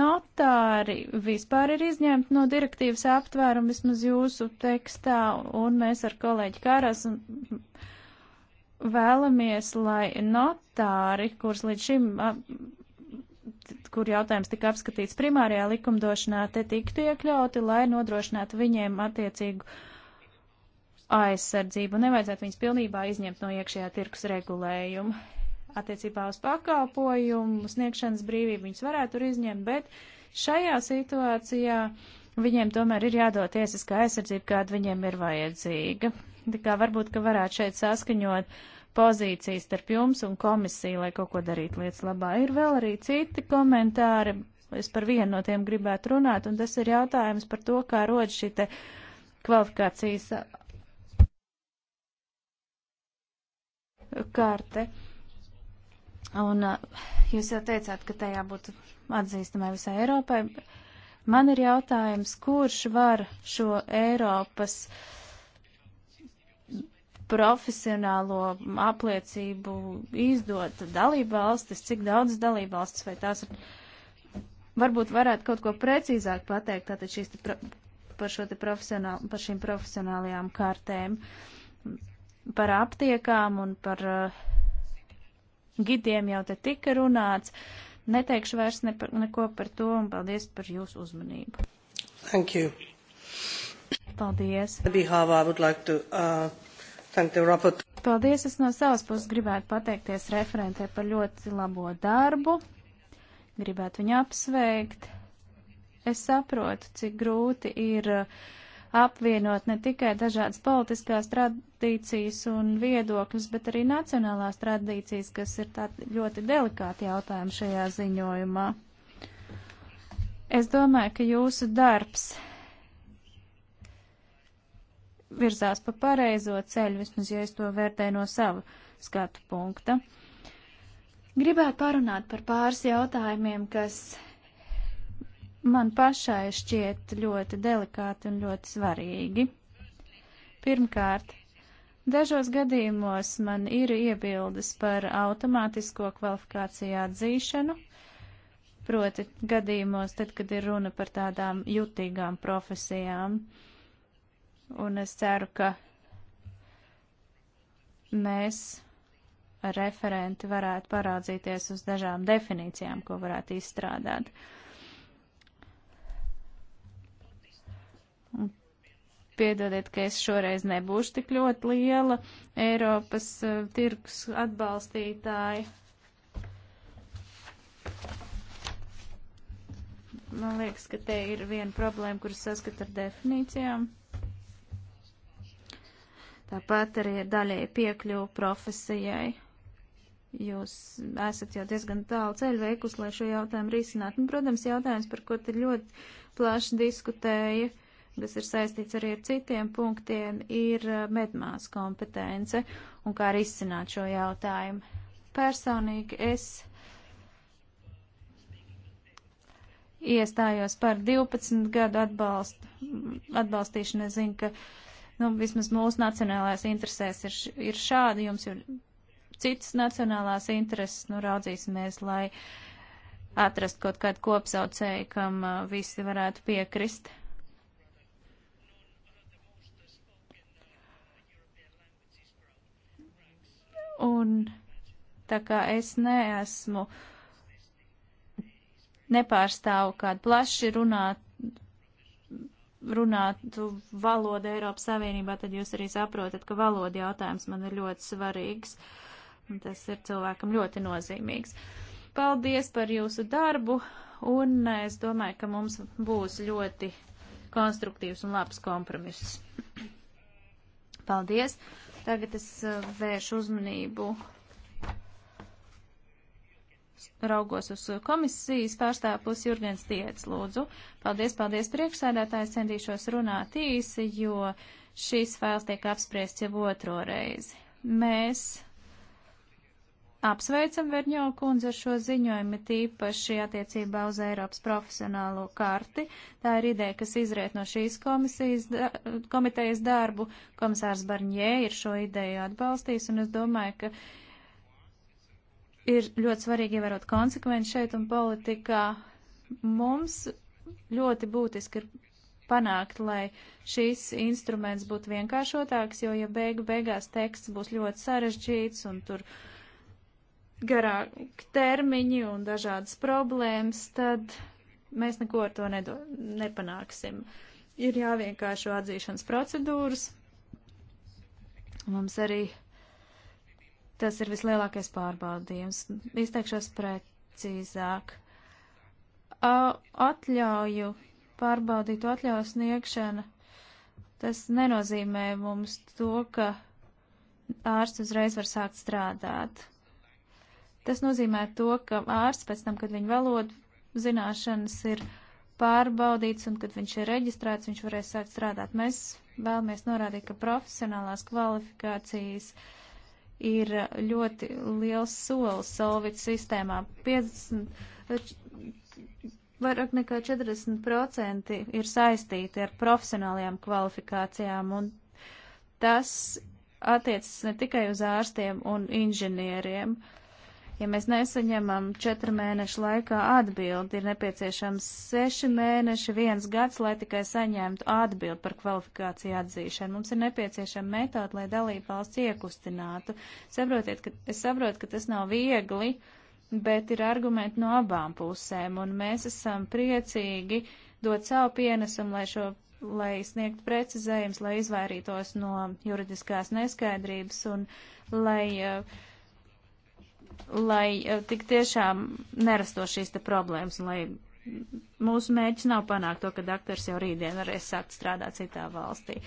notāri vispār ir izņemti no direktīvas aptvērumu vismaz jūsu tekstā, un mēs ar kolēģi Kāras un vēlamies, lai notāri, kurus līdz šim kur jautājums tika apskatīts primārajā likumdošanā, te tiktu iekļauti, lai nodrošinātu viņiem attiecīgu aizsardzību. Nevajadzētu viņus pilnībā izņemt no iekšējā tirkus regulējuma. Attiecībā uz pakalpojumu, sniegšanas brīvību viņus varētu tur izņemt, bet šajā situācijā viņiem tomēr ir jādod tiesiskā aizsardzība, kāda viņiem ir vajadzīga. Tā kā varbūt, ka varētu šeit saskaņot uh, pozīcijas starp jums un komisiju, lai kaut ko darītu lietas labā. Ir vēl arī citi komentāri, es par vienu no tiem gribētu runāt, un tas ir jautājums par to, kā rod šī te kvalifikācijas uh, kārte. Un uh, jūs jau teicāt, ka tajā būtu atzīstamai visai Eiropai. Man ir jautājums, kurš var šo Eiropas uh, profesionālo apliecību izdot dalībvalstis, cik daudz dalībvalstis vai tās ir. Varbūt varētu kaut ko precīzāk pateikt tātad šīs te pro, par, šo te profesionāl, par šīm profesionālajām kartēm, par aptiekām un par uh, gidiem jau te tika runāts. Neteikšu vairs ne par, neko par to un paldies par jūsu uzmanību. Thank you. Paldies. On behalf, I would like to uh, Paldies, es no savas puses gribētu pateikties referentē par ļoti labo darbu, gribētu viņu apsveikt. Es saprotu, cik grūti ir uh, apvienot ne tikai dažādas politiskās tradīcijas un viedokļus, bet arī nacionālās tradīcijas, kas ir tā ļoti delikāti jautājumi šajā ziņojumā. Es domāju, ka jūsu darbs virzās pa pareizo ceļu, vismaz, ja es to vērtēju no sava skatu punkta. Gribētu parunāt par pāris jautājumiem, kas man pašai šķiet ļoti delikāti un ļoti svarīgi. Pirmkārt, dažos gadījumos man ir iebildes par automātisko kvalifikāciju atzīšanu, proti gadījumos, tad, kad ir runa par tādām jutīgām profesijām. Uh, Un es ceru, ka mēs referenti varētu parādzīties uz dažām definīcijām, ko varētu izstrādāt. Un piedodiet, ka es šoreiz nebūšu tik ļoti liela Eiropas uh, tirgus atbalstītāja. Man liekas, ka te ir viena problēma, kuras saskat ar definīcijām. Tāpat arī ir daļai piekļuvu profesijai. Jūs esat jau diezgan tālu ceļu veikus, lai šo jautājumu risinātu. Un, nu, protams, jautājums, par ko te ļoti plaši diskutēja, kas ir saistīts arī ar citiem punktiem, ir eh, medmās kompetence un kā risināt šo jautājumu. Personīgi es iestājos par 12 gadu atbalstu, atbalstīšanu. Es zinu, ka nu, vismaz mūsu nacionālās interesēs ir, ir šādi, jums ir citas nacionālās intereses, nu, raudzīsimies, lai atrast kaut kādu kopsaucēju, kam uh, visi varētu piekrist. Un tā kā es neesmu, nepārstāvu kādu plaši runāt runātu valodu Eiropas Savienībā, tad jūs arī saprotat, ka valoda jautājums man ir ļoti svarīgs. Un tas ir cilvēkam ļoti nozīmīgs. Paldies par jūsu darbu, un es domāju, ka mums būs ļoti konstruktīvs un labs kompromiss. Paldies! Tagad es eh, vēršu uzmanību raugos uz komisijas pārstāvus Jurgens Diets, lūdzu. Paldies, paldies priekšsēdētājs, centīšos runāt īsi, jo šīs fails tiek apspriests jau otro reizi. Mēs apsveicam Verņo kundzi ar šo ziņojumu, tīpaši attiecībā uz Eiropas profesionālo karti. Tā ir ideja, kas izriet no šīs komisijas, da komitejas darbu. Komisārs Barņē ir šo ideju atbalstījis, un es domāju, ka ir ļoti svarīgi ievērot konsekvenci šeit un politikā. Mums ļoti būtiski ir panākt, lai šīs instruments būtu vienkāršotāks, jo ja beigu beigās teksts būs ļoti sarežģīts un tur garāki termiņi un dažādas problēmas, tad mēs neko ar to nedo, nepanāksim. Ir jāvienkāršo atzīšanas procedūras. Mums arī Tas ir vislielākais pārbaudījums. Izteikšos precīzāk. Atļauju, pārbaudītu atļauju sniegšana, tas nenozīmē mums to, ka ārsts uzreiz var sākt strādāt. Tas nozīmē to, ka ārsts pēc tam, kad viņa valodu zināšanas ir pārbaudīts un kad viņš ir reģistrēts, viņš varēs sākt strādāt. Mēs vēlamies norādīt, ka profesionālās kvalifikācijas uh, ir ļoti liels solis solvit sistēmā. 50, vairāk nekā 40% ir saistīti ar profesionālajām kvalifikācijām, un tas attiecas ne tikai uz ārstiem un inženieriem. Uh, Ja mēs nesaņemam četru mēnešu laikā atbildi, ir nepieciešams seši mēneši, viens gads, lai tikai saņemtu atbildi par kvalifikāciju atzīšanu. Mums ir nepieciešama metode, lai dalību valsts iekustinātu. Saprotiet, ka, es saprotu, ka tas nav viegli, bet ir argumenti no abām pusēm, un mēs esam priecīgi dot savu pienesumu, lai šo lai sniegtu precizējums, lai izvairītos no juridiskās neskaidrības un lai uh, lai eh, tik tiešām nerastos šīs te problēmas, lai mūsu mērķis nav panākt to, ka doktors jau rītdien varēs sākt strādāt citā valstī.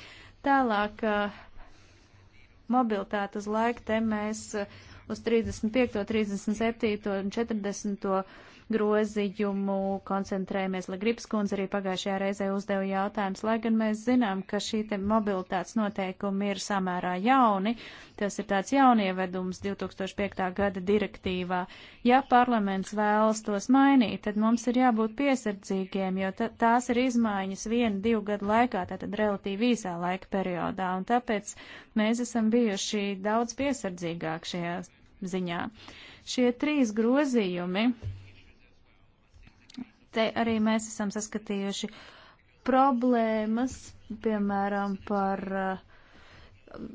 Tālāk, eh, mobilitāte uz laiku, te mēs eh, uz 35., 37. un 40 grozījumu koncentrējamies. Legribs kundze arī pagājušajā reizē uzdeva jautājumus, lai gan mēs zinām, ka šī mobilitātes noteikumi ir samērā jauni. Tas ir tāds jaunievedums 2005. gada direktīvā. Ja parlaments vēlas tos mainīt, tad mums ir jābūt piesardzīgiem, jo tās ir izmaiņas vienu, divu gadu laikā, tātad relatīvi īsā laika periodā, un tāpēc mēs esam bijuši daudz piesardzīgāk šajā ziņā. Šie trīs grozījumi te arī mēs esam saskatījuši problēmas, piemēram, par uh,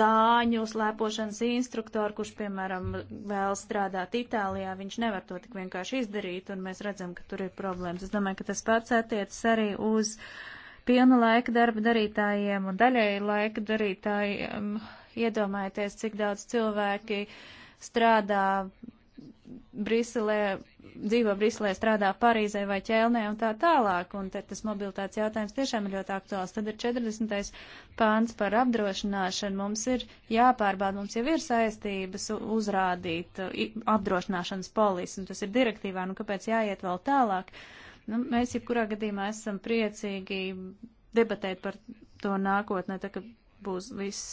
dāņu slēpošanas instruktoru, kurš, piemēram, vēl strādāt Itālijā, viņš nevar to tik vienkārši izdarīt, un mēs redzam, ka tur ir problēmas. Es domāju, ka tas pats attiecas arī uz pilna laika darba darītājiem un daļēji laika darītājiem. Iedomājieties, cik daudz cilvēki strādā Briselē, dzīvo Briselē, strādā Parīzē vai Ķelnē un tā tālāk, un tad tas mobilitātes jautājums tiešām ir ļoti aktuāls. Tad ir 40. pāns par apdrošināšanu. Mums ir jāpārbauda, mums jau ir saistības uzrādīt apdrošināšanas polis, un tas ir direktīvā, nu kāpēc jāiet vēl tālāk? Nu, mēs jebkurā gadījumā esam priecīgi debatēt par to nākotnē, tā ka būs viss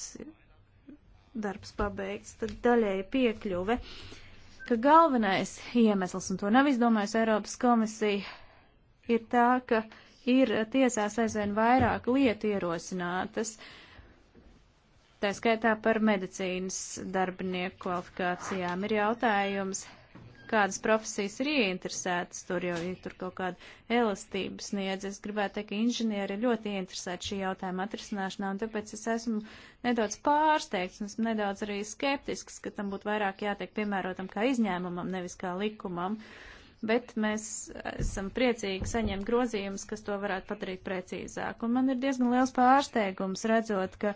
darbs pabeigts, tad daļēji piekļuve. Uh, ka galvenais iemesls, un to nav izdomājusi Eiropas komisija, ir tā, ka ir tiesās aizvien vairāk lietu ierosinātas, tā skaitā par medicīnas darbinieku kvalifikācijām. Ir jautājums, kādas profesijas ir ieinteresētas, tur jau ir tur kaut kāda elastība sniedz. Es gribētu teikt, ka inženieri ir ļoti ieinteresēti šī jautājuma atrisināšanā, un tāpēc es esmu nedaudz pārsteigts, un esmu nedaudz arī skeptisks, ka tam būtu vairāk jātiek piemērotam kā izņēmumam, nevis kā likumam. Bet mēs esam priecīgi saņemt grozījumus, kas to varētu padarīt precīzāk. Un man ir diezgan liels pārsteigums redzot, ka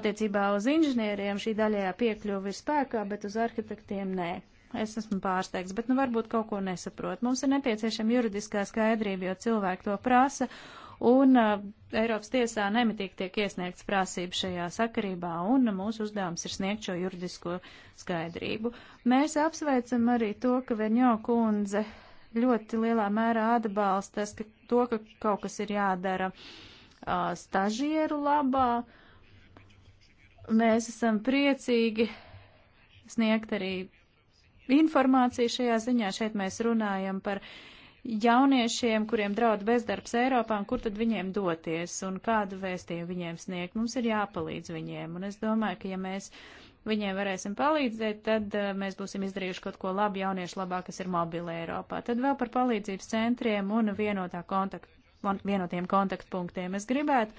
attiecībā uz inženieriem šī daļējā piekļuva ir spēkā, bet uz arhitektiem nē es esmu pārsteigts, bet nu varbūt kaut ko nesaprot. Mums ir nepieciešama juridiskā skaidrība, jo cilvēki to prasa, un uh, Eiropas tiesā nemitīgi tiek iesniegts prasības šajā sakarībā, un uh, mūsu uzdevums ir sniegt šo juridisko skaidrību. Mēs apsveicam arī to, ka Verņo kundze ļoti lielā mērā atbalsta ka to, ka kaut kas ir jādara uh, stažieru labā. Mēs esam priecīgi sniegt arī informāciju šajā ziņā. Šeit mēs runājam par jauniešiem, kuriem draud bezdarbs Eiropā, un kur tad viņiem doties un kādu vēstījumu viņiem sniegt. Mums ir jāpalīdz viņiem, un es domāju, ka ja mēs viņiem varēsim palīdzēt, tad uh, mēs būsim izdarījuši kaut ko labu jauniešu labā, kas ir mobila Eiropā. Tad vēl par palīdzības centriem un vienotā kontaktu, vienotiem kontaktpunktiem. Es gribētu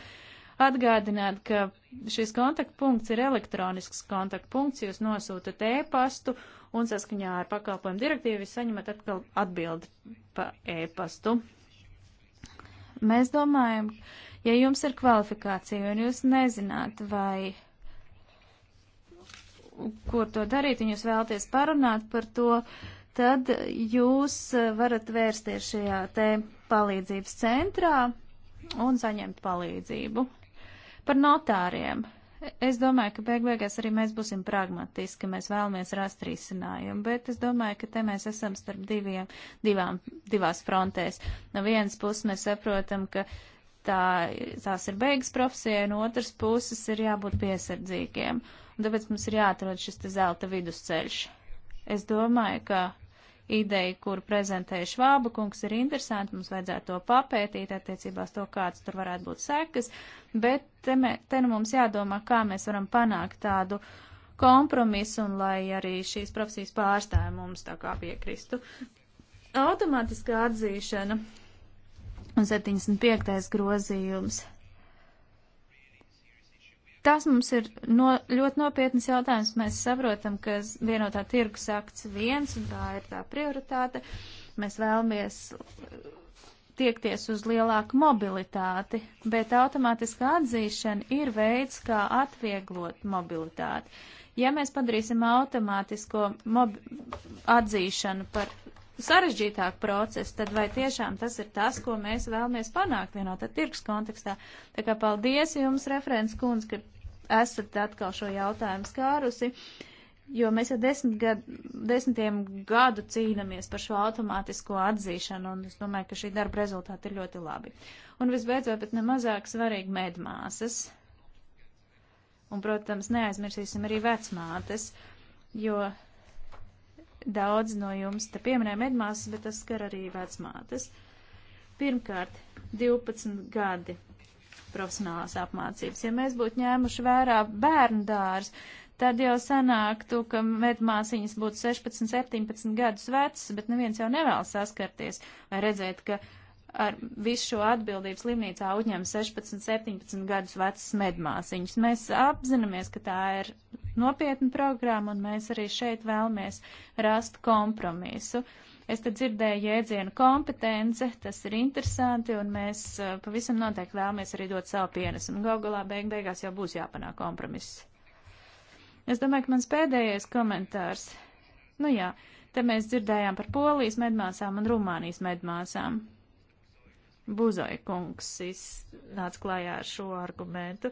atgādināt, ka šis kontaktpunkts ir elektronisks kontaktpunkts, jūs nosūtat e-pastu un saskaņā ar pakalpojumu direktīvu jūs saņemat atkal atbildi pa e-pastu. Mēs domājam, ja jums ir kvalifikācija un jūs nezināt, vai kur to darīt, un jūs vēlaties parunāt par to, tad jūs varat vērsties šajā te palīdzības centrā un saņemt palīdzību. Par notāriem. Es domāju, ka beig beigās arī mēs būsim pragmatiski, mēs vēlamies rast risinājumu, bet es domāju, ka te mēs esam starp diviem, divām, divās frontēs. No vienas puses mēs saprotam, ka tā, tās ir beigas profesijai, no otras puses ir jābūt piesardzīgiem. Un tāpēc mums ir jāatrod šis zelta vidusceļš. Es domāju, ka ideja, kur prezentēja Švāba kungs, ir interesanti, mums vajadzētu to papētīt attiecībās to, kāds tur varētu būt sekas, bet te, me, te nu mums jādomā, kā mēs varam panākt tādu kompromisu un lai arī šīs profesijas pārstāja mums tā kā piekristu. Automātiskā atzīšana un 75. grozījums. Tas mums ir no, ļoti nopietnas jautājums. Mēs saprotam, ka vienotā tirgus akts viens, un tā ir tā prioritāte. Mēs vēlamies tiekties uz lielāku mobilitāti, bet automātiskā atzīšana ir veids, kā atvieglot mobilitāti. Ja mēs padarīsim automātisko atzīšanu par sarežģītāk process, tad vai tiešām tas ir tas, ko mēs vēlamies panākt vienotā tirgus kontekstā. Tā kā paldies jums, referents kundz, ka esat atkal šo jautājumu skārusi, jo mēs jau desmit gadu, desmitiem gadu cīnamies par šo automātisko atzīšanu, un es domāju, ka šī darba rezultāti ir ļoti labi. Un visbeidzot, bet nemazāk svarīgi medmāsas. Un, protams, neaizmirsīsim arī vecmātes, jo daudz no jums te pieminēja medmāsas, bet tas skar arī vecmātes. Pirmkārt, 12 gadi profesionālās apmācības. Ja mēs būtu ņēmuši vērā bērnu dārs, tad jau sanāktu, ka medmāsiņas būtu 16, 17 gadus vecas, bet neviens jau nevēlas saskarties vai redzēt, ka ar visu šo atbildību slimnīcā uzņem 16, 17 gadus vecas medmāsiņas. Mēs apzināmies, ka tā ir nopietna programma, un mēs arī šeit vēlamies rast kompromisu. Es te dzirdēju jēdzienu kompetence, tas ir interesanti, un mēs uh, pavisam noteikti vēlamies arī dot savu pienesumu. Gaugalā beig beigās jau būs jāpanāk kompromiss. Es domāju, ka mans pēdējais komentārs. Nu jā, te mēs dzirdējām par Polijas medmāsām un Rumānijas medmāsām Buzai kungs iznāca klājā ar šo argumentu.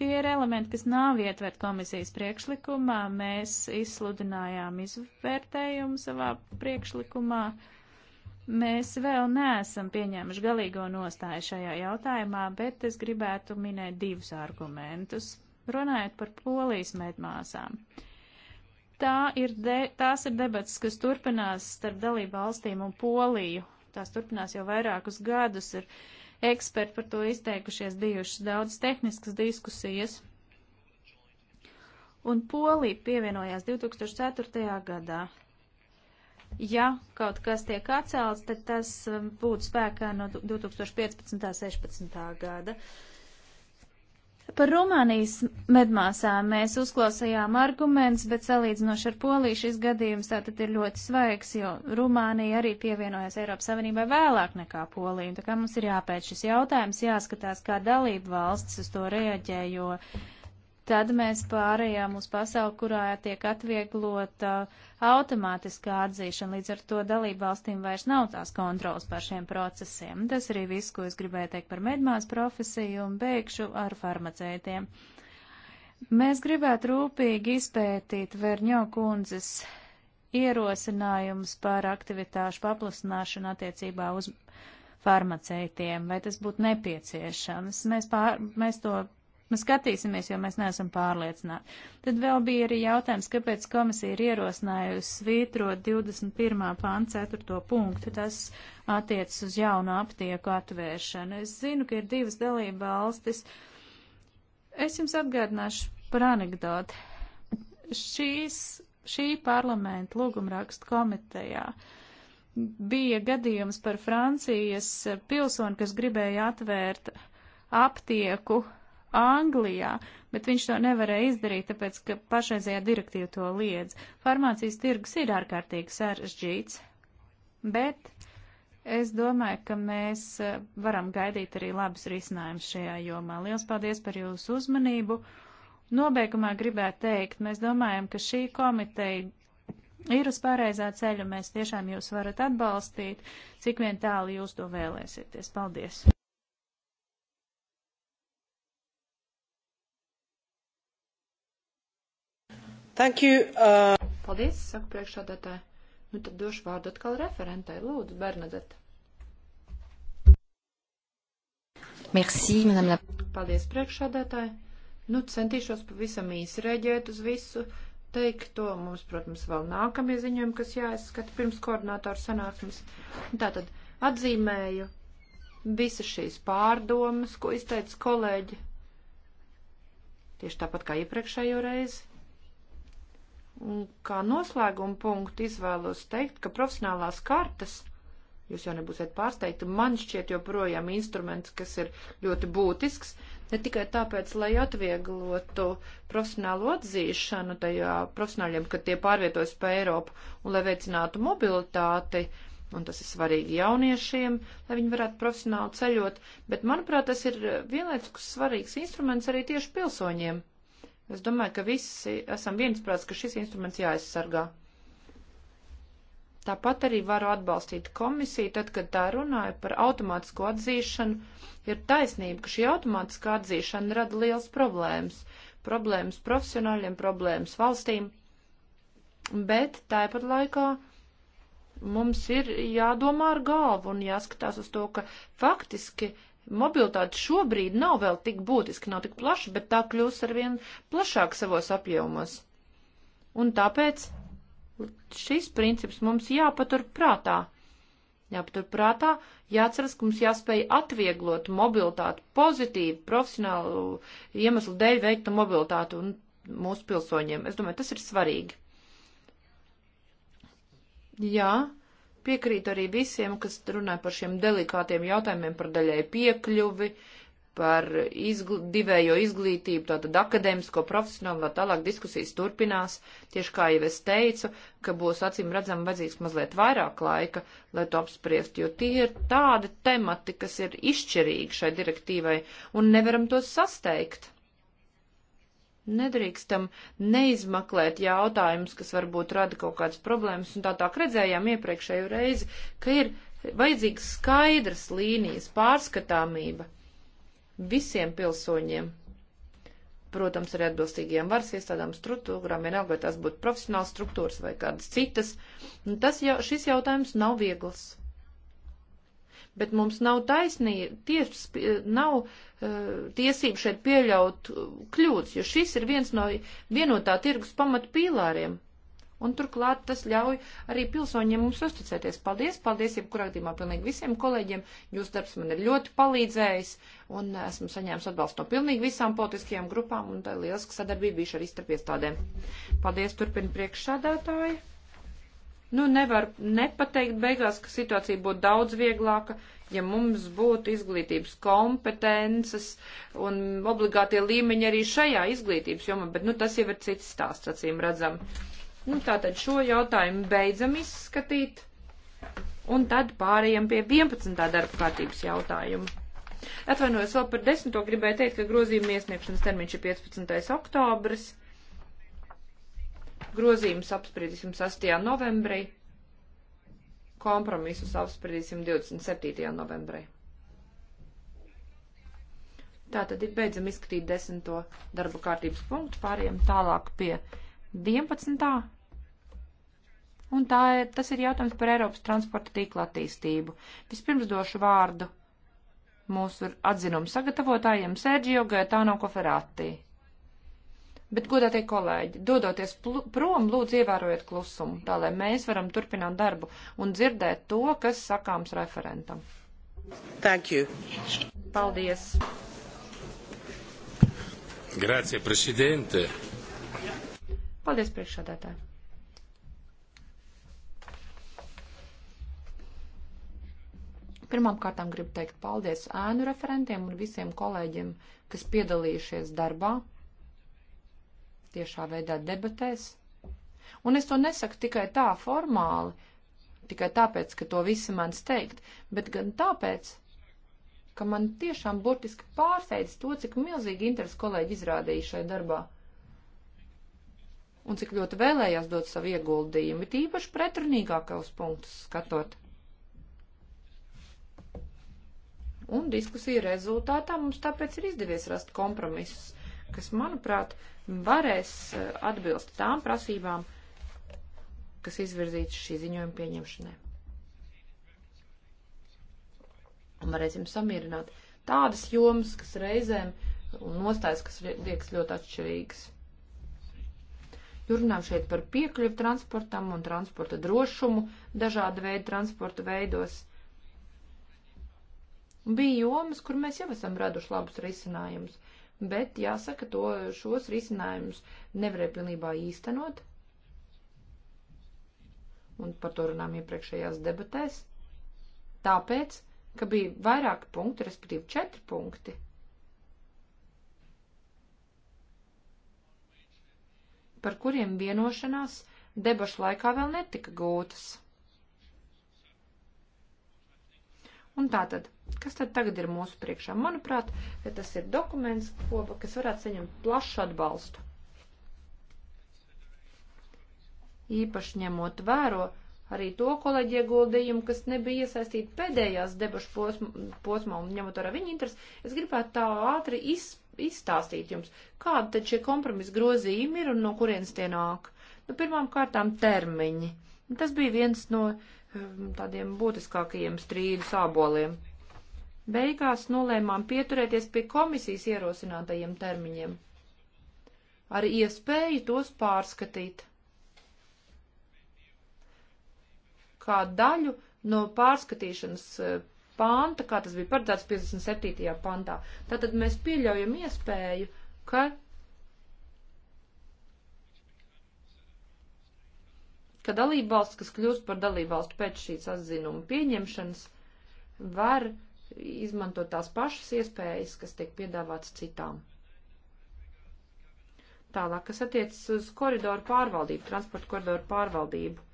Tie ir elementi, kas nav ietvert komisijas priekšlikumā. Mēs izsludinājām izvērtējumu savā priekšlikumā. Mēs vēl neesam pieņēmuši galīgo nostāju šajā jautājumā, bet es gribētu minēt divus argumentus. Runājot par polijas medmāsām. Tā ir de, tās ir debats, kas turpinās starp dalību valstīm un poliju tās turpinās jau vairākus gadus, ir eksperti par to izteikušies, bijušas daudz tehniskas diskusijas. Un Polija pievienojās 2004. gadā. Ja kaut kas tiek atcelts, tad tas um, būtu spēkā no 2015. un 16. gada. Uh, Par Rumānijas medmāsām mēs uzklausījām arguments, bet salīdzinoši ar Poliju šis gadījums tātad ir ļoti svaigs, jo Rumānija arī pievienojas Eiropas Savienībai vēlāk nekā Polija. Tā kā mums ir jāpēc šis jautājums, jāskatās, kā dalība valsts uz to reaģē, jo Tad mēs pārējām uz pasauli, kurā tiek atvieglota automātiskā atzīšana, līdz ar to dalību valstīm vairs nav tās kontrols pār šiem procesiem. Tas arī viss, ko es gribēju teikt par medmās profesiju un beigšu ar farmaceitiem. Mēs gribētu rūpīgi izpētīt Verņo kundzes ierosinājums par aktivitāšu paplasināšanu attiecībā uz farmaceitiem, vai tas būtu nepieciešams. Mēs, pār, mēs to Mēs skatīsimies, jo mēs neesam pārliecināti. Tad vēl bija arī jautājums, kāpēc komisija ir ierosinājusi svītrot 21. pāns 4. punktu. Tas attiecas uz jaunu aptieku atvēršanu. Es zinu, ka ir divas dalība valstis. Es jums atgādināšu par anekdoti. Šīs, šī parlamenta lūgumrakstu komitejā bija gadījums par Francijas pilsoni, kas gribēja atvērt aptieku Anglijā, bet viņš to nevarēja izdarīt, tāpēc, ka pašreizējā direktīva to liedz. Farmācijas tirgus ir ārkārtīgi sarežģīts, bet es domāju, ka mēs eh, varam gaidīt arī labus risinājumus šajā jomā. Liels paldies par jūsu uzmanību. Nobeigumā gribētu teikt, mēs domājam, ka šī komiteja ir uz pareizā ceļa, un mēs tiešām jūs varat atbalstīt, cik vien tālu jūs to vēlēsieties. Paldies! Thank you. Uh... Paldies, saka priekšādātāji. Nu tad došu vārdu atkal referentai. Lūdzu, Bernadette. Merci, madame la... Paldies, priekšādātāji. Nu, centīšos pavisam īsi rēģēt uz visu teikto. Mums, protams, vēl nākamie ziņojumi, kas jāizskata pirms koordinātoru sanāksmes. Tātad atzīmēju visas šīs pārdomas, ko izteica kolēģi. Tieši tāpat kā iepriekšējo reizi kā noslēguma punktu izvēlos teikt, ka profesionālās kartas, jūs jau nebūsiet pārsteigti, man šķiet joprojām instruments, kas ir ļoti būtisks, ne tikai tāpēc, lai atvieglotu profesionālu atzīšanu tajā profesionāļiem, kad tie pārvietojas pa Eiropu un lai veicinātu mobilitāti, un tas ir svarīgi jauniešiem, lai viņi varētu profesionāli ceļot, bet, manuprāt, tas ir vienlaicīgs svarīgs instruments arī tieši pilsoņiem Es domāju, ka visi esam viensprāts, ka šis instruments jāaizsargā. Tāpat arī varu atbalstīt komisiju, tad, kad tā runāja par automātisko atzīšanu, ir taisnība, ka šī automātiskā atzīšana rada liels problēmas. Problēmas profesionāļiem, problēmas valstīm, bet tāpat laikā mums ir jādomā ar galvu un jāskatās uz to, ka faktiski uh, mobilitāte šobrīd nav vēl tik būtiska, nav tik plaša, bet tā kļūs arvien plašāk savos apjomos. Un tāpēc šis princips mums jāpatur prātā. Jāpatur prātā, jāatceras, ka mums jāspēj atvieglot mobilitāti pozitīvi, profesionālu iemeslu dēļ veiktu mobilitāti un mūsu pilsoņiem. Es domāju, tas ir svarīgi. Jā, Piekrītu arī visiem, kas runāja par šiem delikātiem jautājumiem, par daļai piekļuvi, par izgl divējo izglītību, tātad akadēmisko, profesionālu, lai tālāk diskusijas turpinās. Tieši kā jau es teicu, ka būs acīm redzam vajadzīgs mazliet vairāk laika, lai to apspriest, jo tie ir tādi temati, kas ir izšķirīgi šai direktīvai, un nevaram tos sasteigt. Nedrīkstam neizmeklēt jautājumus, kas varbūt rada kaut kādas problēmas, un tā tā redzējām iepriekšēju reizi, ka ir vajadzīgs skaidrs līnijas pārskatāmība visiem pilsoņiem. Protams, arī atbilstīgiem varas iestādām struktūrām, vienalga, vai tās būtu profesionāls struktūras vai kādas citas. Un tas jau, šis jautājums nav viegls bet mums nav taisnība, ties, nav uh, tiesību šeit pieļaut eh, kļūdas, jo šis ir viens no vienotā tirgus pamatpīlāriem. Un turklāt tas ļauj arī pilsoņiem mums uzticēties. Paldies, paldies, jebkurā gadījumā pilnīgi visiem kolēģiem. Jūsu darbs man ir ļoti palīdzējis, un esmu saņēmis atbalstu no pilnīgi visām politiskajām grupām, un tā lieliska sadarbība bija arī starp iestādēm. Paldies, turpina priekšsādātāji. Nu, nevar nepateikt beigās, ka situācija būtu daudz vieglāka, ja mums būtu izglītības kompetences un obligātie līmeņi arī šajā izglītības jomā, bet, nu, tas jau ir cits stāsts, acīm redzam. Nu, tātad šo jautājumu beidzam izskatīt un tad pārējiem pie 11. darba kārtības jautājumu. Atvainojos vēl par 10. gribēju teikt, ka grozījuma iesniegšanas termiņš ir 15. oktobris. Grozījumus apspriedīsim 6. novembrī. Kompromisus apspriedīsim 27. novembrī. Tātad ir beidzam izskatīt desmito darba kārtības punktu, pāriem tālāk pie 11. Un tā, tas ir jautājums par Eiropas transporta tīkla attīstību. Vispirms došu vārdu mūsu atzinumu sagatavotājiem Sergio Gaetano Koferati. Bet, godātie kolēģi, dodoties prom, lūdzu ievērojiet klusumu, tā lai mēs varam turpināt darbu un dzirdēt to, kas sakāms referentam. Thank you. Paldies. Grazie, prezidente. Paldies, priekšsādātāji. Pirmām kārtām gribu teikt paldies ēnu referentiem un visiem kolēģiem, kas piedalījušies darbā tiešā veidā debatēs. Un es to nesaku tikai tā formāli, tikai tāpēc, ka to visi man steigt, bet gan tāpēc, ka man tiešām burtiski pārsteidz to, cik milzīgi interesi kolēģi izrādīja šai darbā. Un cik ļoti vēlējās dot savu ieguldījumu, it īpaši pretrunīgākos punktus skatot. Un diskusiju rezultātā mums tāpēc ir izdevies rast kompromisus, kas, manuprāt, varēs eh, atbilst tām prasībām, kas izvirzītas šī ziņojuma pieņemšanai. Un varēsim samierināt tādas jomas, kas reizēm un nostājas, kas liekas ļoti atšķirīgas. Runājam šeit par piekļuvu transportam un transporta drošumu dažāda veida transporta veidos. Bija jomas, kur mēs jau esam raduši labus risinājumus bet jāsaka, to šos risinājumus nevarēja pilnībā īstenot. Un par to runām iepriekšējās debatēs. Tāpēc, ka bija vairāki punkti, respektīvi četri punkti. par kuriem vienošanās debašu laikā vēl netika gūtas. Un tātad Kas tad tagad ir mūsu priekšā? Manuprāt, ja tas ir dokuments, ko, kas varētu saņemt plašu atbalstu. Īpaši ņemot vēro arī to kolēģi ieguldījumu, kas nebija iesaistīti pēdējās debašu posmā, posmā un ņemot vērā viņa interesi, es gribētu tā ātri iz, izstāstīt jums, kāda tad šie kompromisa grozījumi ir un no kurienes tie nāk. Nu, pirmām kārtām termiņi. Tas bija viens no um, tādiem būtiskākajiem strīdu sāboliem. Beigās nolēmām pieturēties pie komisijas ierosinātajiem termiņiem, ar iespēju tos pārskatīt. Kā daļu no pārskatīšanas e, panta, kā tas bija paredzēts 57. pantā. Tātad mēs pieļaujam iespēju, ka ka dalībvalsts, kas kļūst par dalībvalstu pēc šīs atzinuma pieņemšanas, var uh, izmantot tās pašas iespējas, kas tiek piedāvāts citām. Tālāk, kas attiecas uz koridoru pārvaldību, transporta koridoru pārvaldību.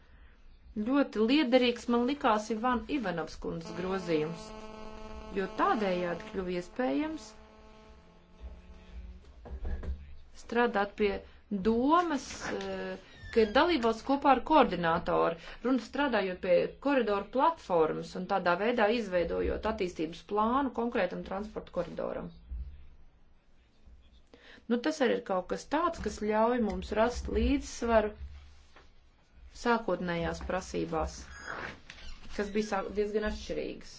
Ļoti liederīgs man likās Ivan Ivanovs kundzes grozījums, jo tādējādi kļuva iespējams strādāt pie domas, uh, ka ir dalībvalsts kopā ar koordinātoru, runa strādājot pie koridoru platformas un tādā veidā izveidojot attīstības plānu konkrētam transporta koridoram. Nu, tas arī ir kaut kas tāds, kas ļauj mums rast līdzsvaru sākotnējās prasībās, kas bija diezgan atšķirīgas.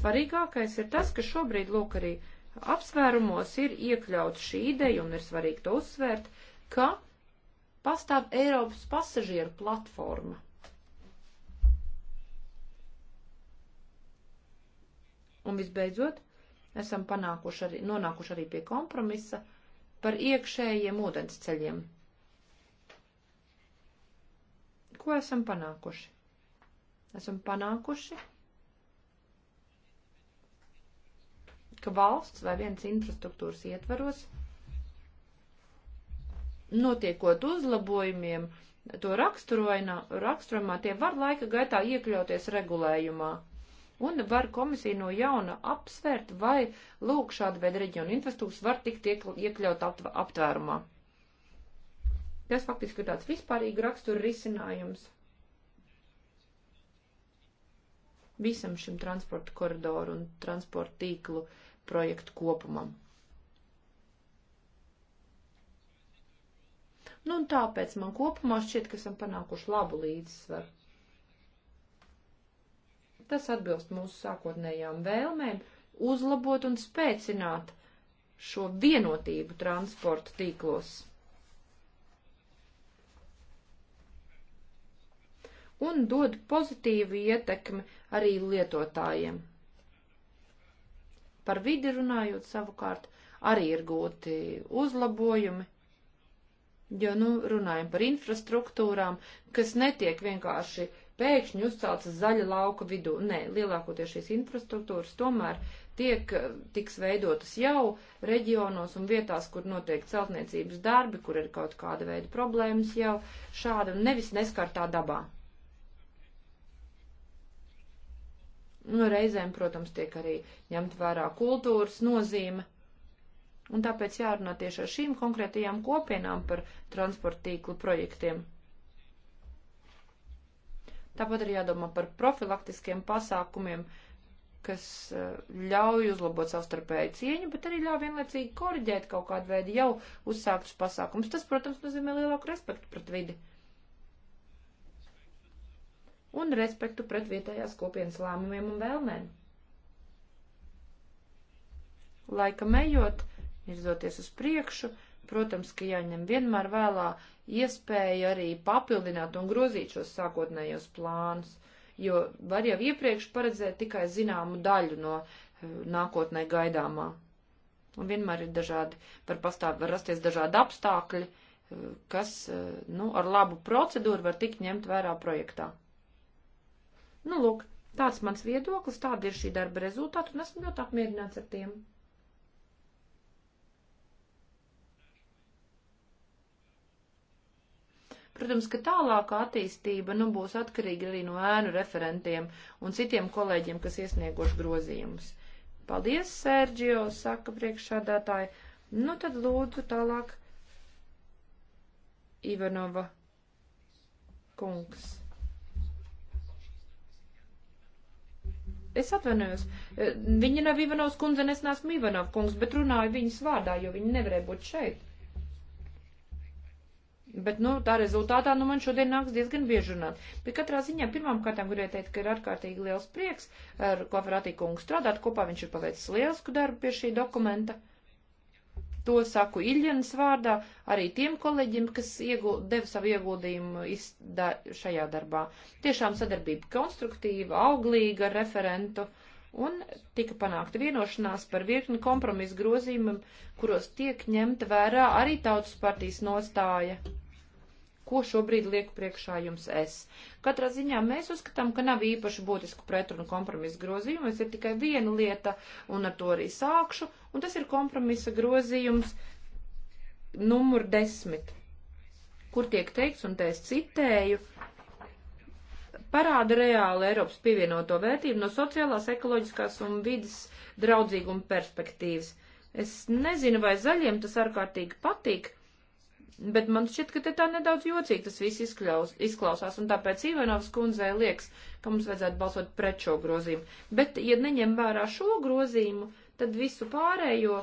Svarīgākais ir tas, ka šobrīd, lūk, arī uh, apsvērumos ir iekļauts šī ideja, un ir svarīgi to uzsvērt, ka pastāv Eiropas pasažieru platforma. Un visbeidzot, esam panākuši arī, nonākuši arī pie kompromisa par iekšējiem ūdensceļiem. Ko esam panākuši? Esam panākuši ka valsts vai vienas infrastruktūras ietvaros notiekot uzlabojumiem, to raksturojumā tie var laika gaitā iekļauties regulējumā. Un var komisija no jauna apsvērt, vai lūk šāda veida reģiona infrastruktūras var tikt iekļaut aptvērumā. Tas faktiski ir tāds vispārīgi rakstura risinājums visam šim transporta koridoru un transporta tīklu uh, projektu kopumam. Nu, un tāpēc man kopumā šķiet, ka esam panākuši labu līdzsvaru. Tas atbilst mūsu sākotnējām vēlmēm uzlabot un spēcināt šo vienotību transporta tīklos. Un dod pozitīvu ietekmi arī lietotājiem. Par vidi runājot savukārt arī ir gūti uzlabojumi, jo, nu, runājam par infrastruktūrām, kas netiek vienkārši pēkšņi uzceltas zaļa lauka vidū. Nē, lielākoties šīs infrastruktūras tomēr tiek, eh, tiks veidotas jau reģionos un vietās, kur notiek celtniecības darbi, kur ir kaut kāda veida problēmas jau šāda un nevis neskartā dabā. Nu, reizēm, protams, tiek arī ņemt vērā kultūras nozīme. Un tāpēc jārunā tieši ar šīm konkrētajām kopienām par transporta tīklu projektiem. Tāpat arī jādomā par profilaktiskiem pasākumiem, kas eh, ļauj uzlabot savstarpēju cieņu, bet arī ļauj vienlaicīgi koriģēt kaut kādu veidu jau uzsāktus pasākumus. Tas, protams, nozīmē lielāku respektu pret vidi. Uh, un respektu pret vietējās kopienas lēmumiem un vēlmēm. Laika ejot, virzoties uz priekšu, protams, ka jāņem vienmēr vēlā iespēja arī papildināt un grozīt šos sākotnējos plānus, jo var jau iepriekš paredzēt tikai zināmu daļu no eh, nākotnē gaidāmā. Un vienmēr ir dažādi, var pastāv, var rasties dažādi apstākļi, eh, kas, eh, nu, ar labu procedūru var tikt ņemt vērā projektā. Nu, lūk, tāds mans viedoklis, tāda ir šī darba rezultāta, un esmu ļoti apmierināts ar tiem. Protams, ka tālākā attīstība nu, būs atkarīga arī no ēnu referentiem un citiem kolēģiem, kas iesnieguši grozījumus. Paldies, Sērģio, saka priekšādātāji. Nu tad lūdzu tālāk Ivanova kungs. Es atvainojos. Eh, viņa nav Ivanovs kundze, un es neesmu Ivanov kungs, bet runāju viņas vārdā, jo viņa nevarēja būt šeit. Bet, nu, tā rezultātā, nu, man šodien nāks diezgan bieži runāt. Bet katrā ziņā pirmām kārtām gribēju teikt, ka ir ārkārtīgi liels prieks ar Koferatī kungu strādāt kopā. Viņš ir paveicis lielisku darbu pie šī dokumenta. Uh, To saku Iļienas vārdā, arī tiem kolēģiem, kas ieguld, deva savu ieguldījumu izdā, šajā darbā. Tiešām sadarbība konstruktīva, auglīga ar referentu un tika panākta vienošanās par virkni kompromisu grozījumiem, kuros tiek ņemta vērā arī tautas partijas nostāja ko šobrīd lieku priekšā jums es. Katrā ziņā mēs uzskatām, ka nav īpaši būtisku pretrunu kompromisu grozījumu, es ir tikai viena lieta, un ar to arī sākšu, un tas ir kompromisa grozījums numur desmit, kur tiek teikts, un te es citēju, parāda reāli Eiropas pievienoto vērtību no sociālās, ekoloģiskās un vidas draudzīguma perspektīvas. Es nezinu, vai zaļiem tas ārkārtīgi patīk, Bet man šķiet, ka te tā nedaudz jocīgi tas viss izklaus, izklausās, un tāpēc Ivanovs kundzei liekas, ka mums vajadzētu balsot pret šo grozījumu. Bet, ja neņem vērā šo grozījumu, tad visu pārējo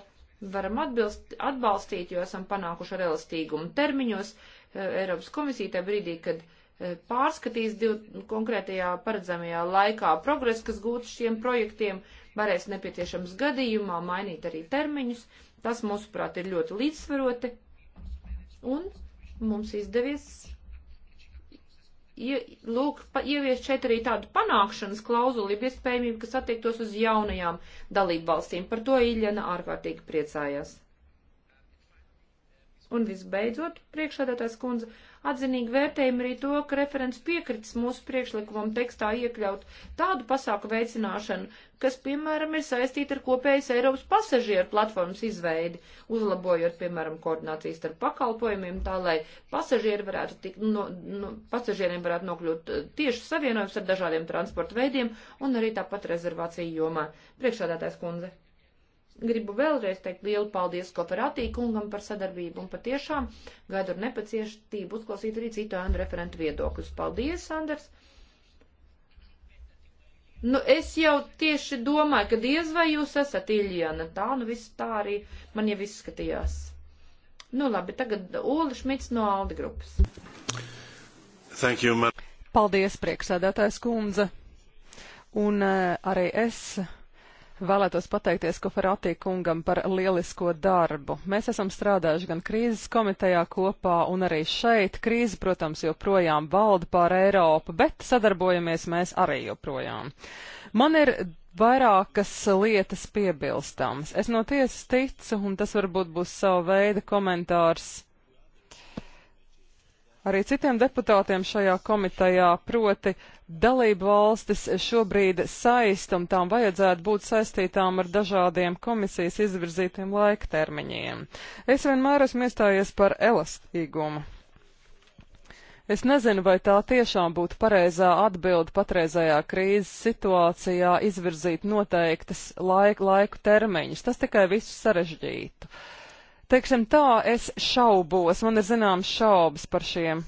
varam atbilst, atbalstīt, jo esam panākuši ar elastīgumu termiņos eh, Eiropas komisija tajā brīdī, kad eh, pārskatīs div, konkrētajā paredzamajā laikā progresu, kas gūts šiem projektiem, varēs nepieciešams gadījumā mainīt arī termiņus. Tas, mūsuprāt, ir ļoti līdzsvaroti Un mums izdevies ja, lūk, pa, ieviest šeit arī tādu panākšanas klauzuli, iespējamību, kas attiektos uz jaunajām dalību valstīm. Par to Iļena ārkārtīgi priecājās. Un visbeidzot, priekšādātās kundze, atzinīgi vērtējumi arī to, ka referents piekritis mūsu priekšlikumam tekstā iekļaut tādu pasāku veicināšanu, kas, piemēram, ir saistīta ar kopējas Eiropas pasažieru platformas izveidi, uzlabojot, piemēram, koordinācijas ar pakalpojumiem, tā lai pasažieri varētu tik, nu, no, no, nu, pasažieriem varētu nokļūt eh, tieši savienojums ar dažādiem transporta veidiem un arī tāpat rezervāciju jomā. Priekšādātājs kundze. Gribu vēlreiz teikt lielu paldies kooperatī kungam par sadarbību un patiešām gaidu ar nepacieštību uzklausīt arī citu ēnu referentu viedokļus. Paldies, Sanders! Nu, es jau tieši domāju, ka diez vai jūs esat Iljana. Tā, nu viss tā arī man jau izskatījās. Nu, labi, tagad Ūla Šmits no Aldi grupas. Thank you, man. Paldies, priekšsēdētājs kundze. Un uh, arī es Vēlētos pateikties Koferatī kungam par lielisko darbu. Mēs esam strādājuši gan krīzes komitejā kopā un arī šeit. Krīze, protams, joprojām valda pār Eiropu, bet sadarbojamies mēs arī joprojām. Man ir vairākas lietas piebilstams. Es no tiesas ticu, un tas varbūt būs sava veida komentārs arī citiem deputātiem šajā komitejā, proti Dalību valstis šobrīd saist un tām vajadzētu būt saistītām ar dažādiem komisijas izvirzītiem laiktermiņiem. Es vienmēr esmu iestājies par elastīgumu. Es nezinu, vai tā tiešām būtu pareizā atbilde patreizajā krīzes situācijā izvirzīt noteiktas laik, laiku termiņus. Tas tikai visu sarežģītu. Teiksim tā, es šaubos, man ir zināms šaubas par šiem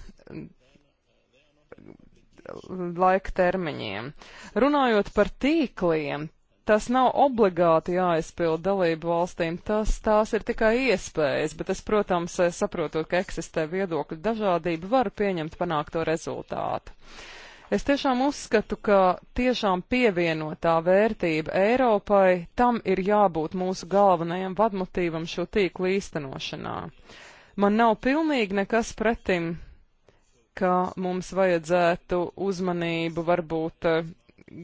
laika termiņiem. Runājot par tīkliem, tas nav obligāti jāizpild dalību valstīm, tas, tās ir tikai iespējas, bet es, protams, saprotot, ka eksistē viedokļu dažādība, varu pieņemt panākto rezultātu. Es tiešām uzskatu, ka tiešām pievienotā vērtība Eiropai tam ir jābūt mūsu galvenajam vadmotīvam šo tīklu īstenošanā. Man nav pilnīgi nekas pretim ka mums vajadzētu uzmanību varbūt eh,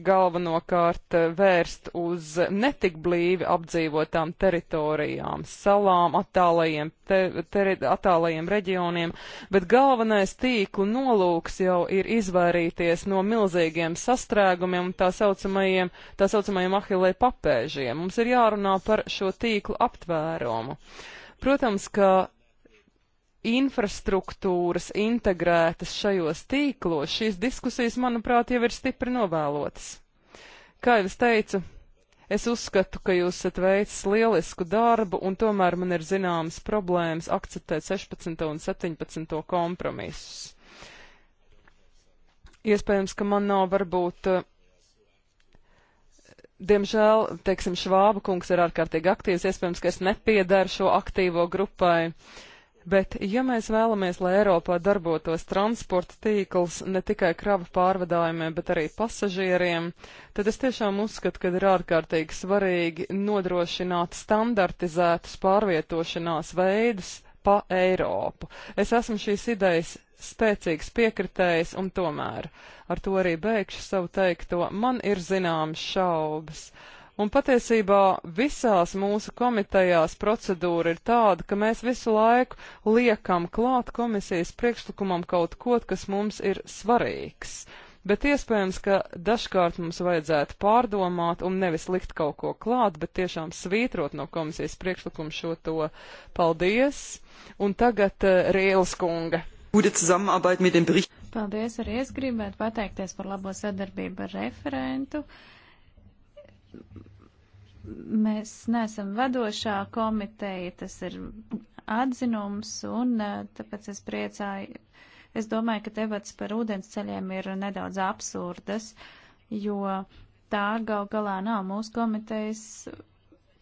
galvenokārt eh, vērst uz netik blīvi apdzīvotām teritorijām, salām, attālajiem, te, teri, attālajiem reģioniem, bet galvenais tīklu nolūks jau ir izvairīties no milzīgiem sastrēgumiem un tā saucamajiem, tā saucamajiem ahilē papēžiem. Mums ir jārunā par šo tīklu aptvērumu. Protams, ka infrastruktūras integrētas šajos tīklos, šīs diskusijas, manuprāt, jau ir stipri novēlotas. Kā jau es teicu, es uzskatu, ka jūs esat veicis lielisku darbu, un tomēr man ir zināmas problēmas akceptēt 16. un 17. kompromisus. Iespējams, ka man nav varbūt eh, diemžēl, teiksim, Švāba kungs ir ārkārtīgi aktīvs, iespējams, ka es nepiedaru šo aktīvo grupai. Bet, ja mēs vēlamies, lai Eiropā darbotos transporta tīkls ne tikai kravu pārvadājumiem, bet arī pasažieriem, tad es tiešām uzskatu, ka ir ārkārtīgi svarīgi nodrošināt standartizētus pārvietošanās veidus pa Eiropu. Es esmu šīs idejas spēcīgs piekritējs, un tomēr ar to arī beigšu savu teikto, man ir zināmas šaubas. Uh, Un patiesībā visās mūsu komitejās procedūra ir tāda, ka mēs visu laiku liekam klāt komisijas priekšlikumam kaut ko, kas mums ir svarīgs. Bet iespējams, ka dažkārt mums vajadzētu pārdomāt un nevis likt kaut ko klāt, bet tiešām svītrot no komisijas priekšlikumu šo to paldies. Un tagad uh, Rielas kunga. Paldies, arī es gribētu pateikties par labo sadarbību ar referentu. Uh, mēs neesam vadošā komiteja, tas ir atzinums, un eh, tāpēc es priecāju, es domāju, ka debats par ūdens ceļiem ir nedaudz absurdas, jo tā gal galā nav mūsu komitejas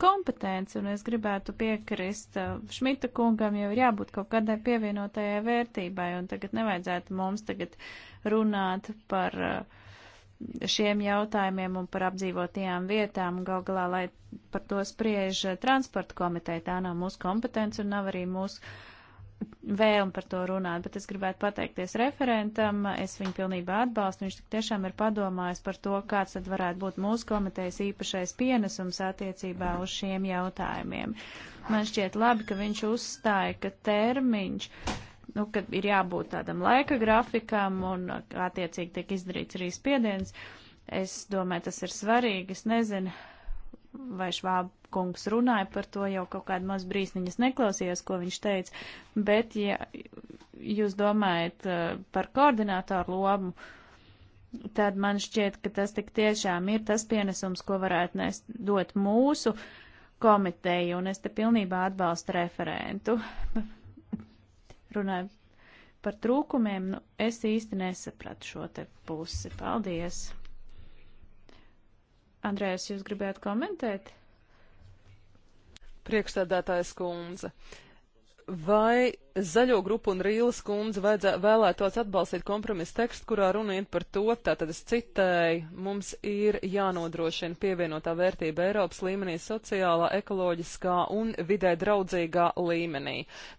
kompetence, un es gribētu piekrist eh, Šmita kungam, jo ir jābūt kaut kādai pievienotajai vērtībai, un tagad nevajadzētu mums tagad runāt par uh, šiem jautājumiem un par apdzīvotajām vietām. Gal galā, lai par to spriež transporta komiteja, tā nav mūsu kompetence un nav arī mūsu vēlme par to runāt, bet es gribētu pateikties referentam, es viņu pilnībā atbalstu, viņš tik tiešām ir padomājis par to, kāds tad varētu būt mūsu komitejas īpašais pienesums attiecībā uz šiem jautājumiem. Man šķiet labi, ka viņš uzstāja, ka termiņš nu, ka ir jābūt tādam laika grafikam un attiecīgi tiek izdarīts arī spiediens. Es domāju, tas ir svarīgi. Es nezinu, vai Švāba kungs runāja par to jau kaut kādu maz brīsniņas neklausījos, ko viņš teica, bet ja jūs domājat uh, par koordinātoru lomu, tad man šķiet, ka tas tik tiešām ir tas pienesums, ko varētu nest dot mūsu komiteju, un es te pilnībā atbalstu referentu runāja par trūkumiem, nu, es īsti nesapratu šo te pusi. Paldies! Andrēs, jūs gribējāt komentēt? Priekšstādātājs kundze. Uh, Vai zaļo grupu un Rīles kundze vajadzē, vēlētos atbalstīt kompromisu tekstu, kurā runa iet par to, tātad es citēju, mums ir jānodrošina pievienotā vērtība Eiropas līmenī sociālā, ekoloģiskā un vidē draudzīgā līmenī.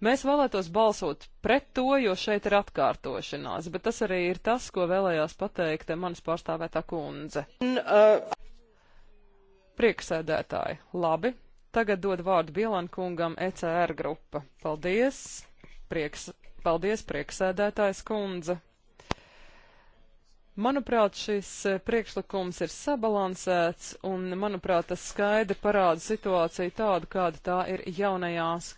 Mēs vēlētos balsot pret to, jo šeit ir atkārtošanās, bet tas arī ir tas, ko vēlējās pateikt manas pārstāvētā kundze. Uh, Prieksēdētāji, labi, Tagad dod vārdu Bielankungam ECR grupa. Paldies, prieks, paldies prieksēdētājs kundze. Manuprāt, šis eh, priekšlikums ir sabalansēts, un, manuprāt, tas skaidri parāda situāciju tādu, kāda tā ir jaunajās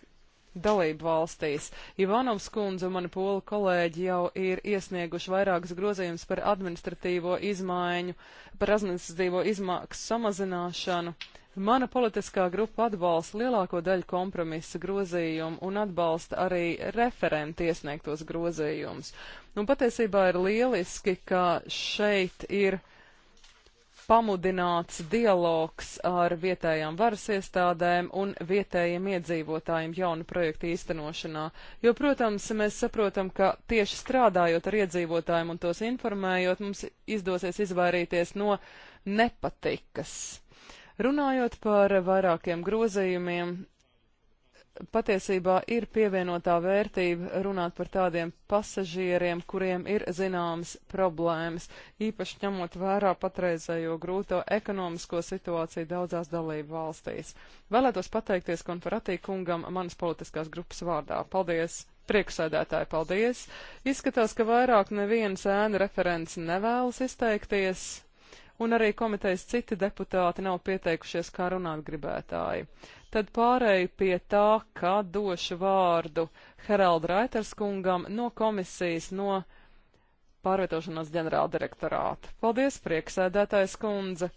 dalību valstīs. Ivanovs kundze un mani pola kolēģi jau ir iesnieguši vairākas grozījumus par administratīvo izmaiņu, par administratīvo izmaksu samazināšanu. Mana politiskā grupa atbalsta lielāko daļu kompromisa grozījumu un atbalsta arī referenti iesniegtos grozījumus. Nu, patiesībā ir lieliski, ka šeit ir pamudināts dialogs ar vietējām varas iestādēm un vietējiem iedzīvotājiem jaunu projektu īstenošanā. Jo, protams, mēs saprotam, ka tieši strādājot ar iedzīvotājiem un tos informējot, mums izdosies izvairīties no nepatikas. Runājot par vairākiem grozījumiem, patiesībā ir pievienotā vērtība runāt par tādiem pasažieriem, kuriem ir zināmas problēmas, īpaši ņemot vērā patreizējo grūto ekonomisko situāciju daudzās dalību valstīs. Vēlētos pateikties konferatī kungam manas politiskās grupas vārdā. Paldies! Priekšsēdētāji, paldies! Izskatās, ka vairāk neviens ēna referents nevēlas izteikties, un arī komitejas citi deputāti nav pieteikušies kā runāt gribētāji. Tad pārēju pie tā, ka došu vārdu Heralda Raiterskungam no komisijas no pārvietošanās ģenerāldirektorāta. Paldies, prieksēdētājs kundze!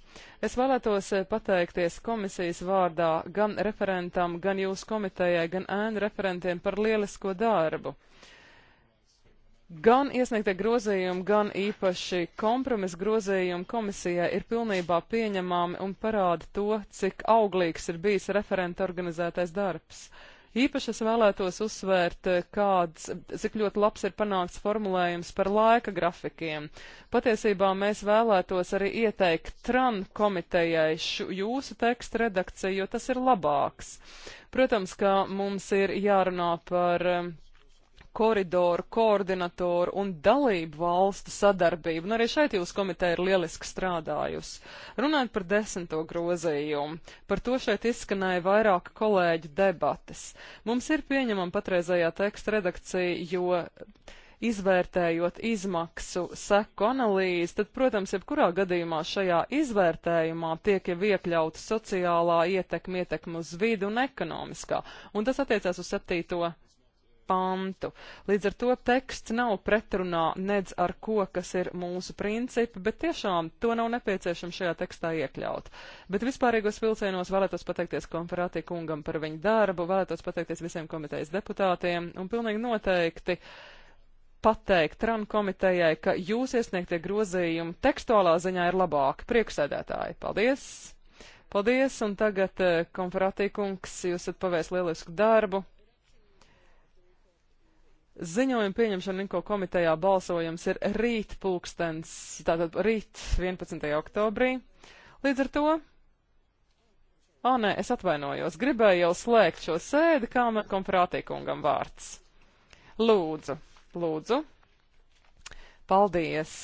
Es vēlētos eh, pateikties komisijas vārdā gan referentam, gan jūsu komitejai, gan ēnu referentiem par lielisko darbu. Gan iesniegtie grozījumi, gan īpaši kompromisa grozījumi komisijai ir pilnībā pieņemami un parāda to, cik auglīgs ir bijis referenta organizētais darbs. Īpaši es vēlētos uzsvērt, kāds, cik ļoti labs ir panākts formulējums par laika grafikiem. Patiesībā mēs vēlētos arī ieteikt TRAN komitejai šu, jūsu tekstu redakciju, jo tas ir labāks. Protams, ka mums ir jārunā par koridoru koordinatoru un dalību valstu sadarbību, un nu, arī šeit jūs komiteja ir lieliski strādājusi. Runājot par desmito grozījumu, par to šeit izskanēja vairāk kolēģu debates. Mums ir pieņemama patreizējā teksta redakcija, jo izvērtējot izmaksu seku analīzi, tad, protams, jebkurā gadījumā šajā izvērtējumā tiek jau iekļauta sociālā ietekme, ietekme uz vidu un ekonomiskā. Un tas attiecās uz septīto pantu. Līdz ar to teksts nav pretrunā nedz ar ko, kas ir mūsu principi, bet tiešām to nav nepieciešams šajā tekstā iekļaut. Bet vispārīgos vilcienos vēlētos pateikties konferātī kungam par viņu darbu, vēlētos pateikties visiem komitejas deputātiem un pilnīgi noteikti pateikt Tran komitejai, ka jūs iesniegtie grozījumi tekstuālā ziņā ir labāki. Prieksēdētāji, paldies! Paldies, un tagad, eh, konferātīkungs, jūs esat pavēst lielisku darbu. Ziņojuma pieņemšana Inko komitejā balsojums ir rīt pulkstens, tātad rīt 11. oktobrī. Līdz ar to, ā, nē, es atvainojos, gribēju jau slēgt šo sēdi, kā man komprātīkungam vārds. Lūdzu, lūdzu. Paldies.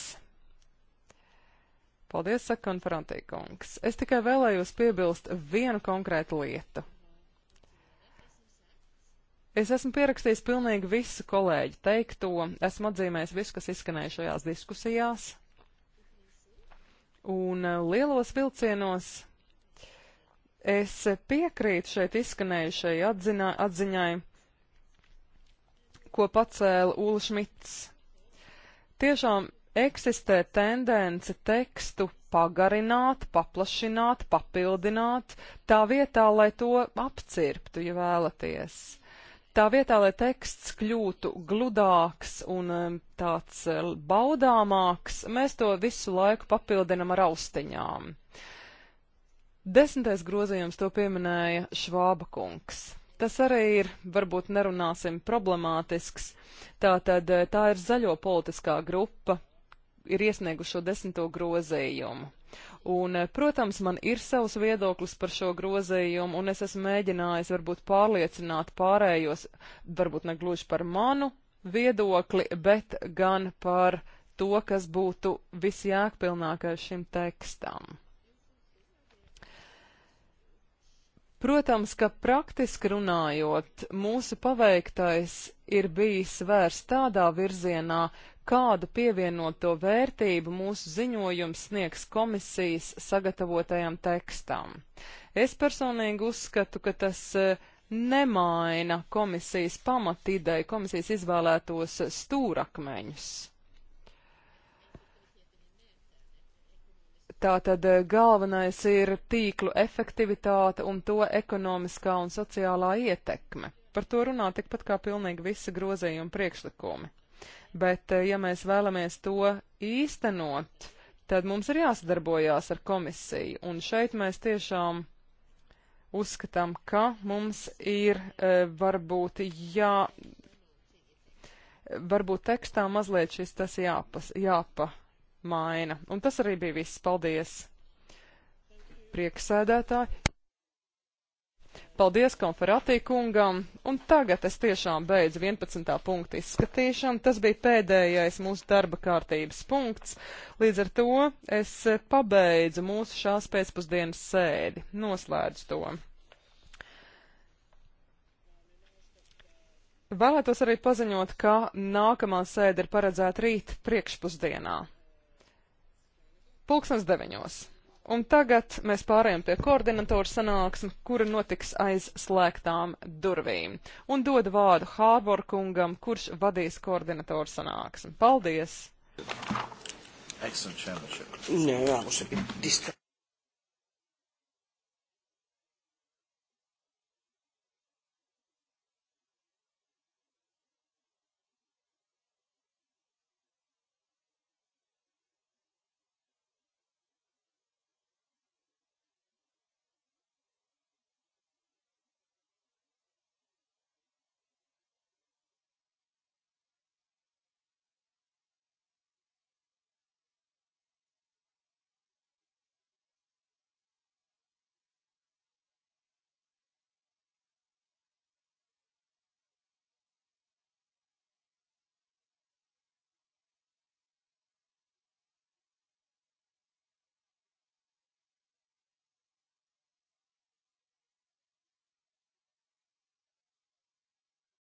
Paldies, saka konfrontīkungs. Es tikai vēlējos piebilst vienu konkrētu lietu. Es esmu pierakstījis pilnīgi visu kolēģi teikto, esmu atzīmējis visu, kas izskanēja šajās diskusijās. Un eh, lielos vilcienos es piekrītu šeit izskanējušai atziņā, atziņai, ko pacēla Ulu Šmits. Tiešām eksistē tendence tekstu pagarināt, paplašināt, papildināt, tā vietā, lai to apcirptu, ja vēlaties. Tā vietā, lai teksts kļūtu gludāks un tāds e, baudāmāks, mēs to visu laiku papildinam ar austiņām. Desmitais grozījums to pieminēja Švāba kungs. Tas arī ir, varbūt nerunāsim, problemātisks. Tātad e, tā ir zaļo politiskā grupa, ir iesniegušo desmito grozījumu. Un, eh, protams, man ir savs viedoklis par šo grozījumu, un es esmu mēģinājis varbūt pārliecināt pārējos, varbūt ne gluži par manu viedokli, bet gan par to, kas būtu visjākpilnākais šim tekstam. Protams, ka praktiski runājot, mūsu paveiktais ir bijis vērsts tādā virzienā, kādu pievienoto vērtību mūsu ziņojums sniegs komisijas sagatavotajam tekstam. Es personīgi uzskatu, ka tas eh, nemaina komisijas pamatideju, komisijas izvēlētos stūrakmeņus. Tātad eh, galvenais ir tīklu efektivitāte un to ekonomiskā un sociālā ietekme. Par to runā tikpat kā pilnīgi visi grozējumi priekšlikumi bet eh, ja mēs vēlamies to īstenot, tad mums ir jāsadarbojās ar komisiju. Un šeit mēs tiešām uzskatām, ka mums ir e, varbūt jā. Varbūt tekstā mazliet šis tas jāpas, jāpamaina. Un tas arī bija viss. Paldies! Prieksēdētāji! Paldies konferatī kungam, un tagad es tiešām beidzu 11. punktu izskatīšanu. Tas bija pēdējais mūsu darba kārtības punkts, līdz ar to es pabeidzu mūsu šās pēcpusdienas sēdi, noslēdzu to. Vēlētos arī paziņot, ka nākamā sēde ir paredzēta rīt priekšpusdienā. Pulkstens deviņos. Un tagad mēs pārējām pie koordinatoru sanāksmi, kura notiks aiz slēgtām durvīm. Un dod vārdu Hārbor kungam, kurš vadīs koordinatoru sanāksmi. Paldies! Excellent chairmanship. No, nu, I was a bit distant.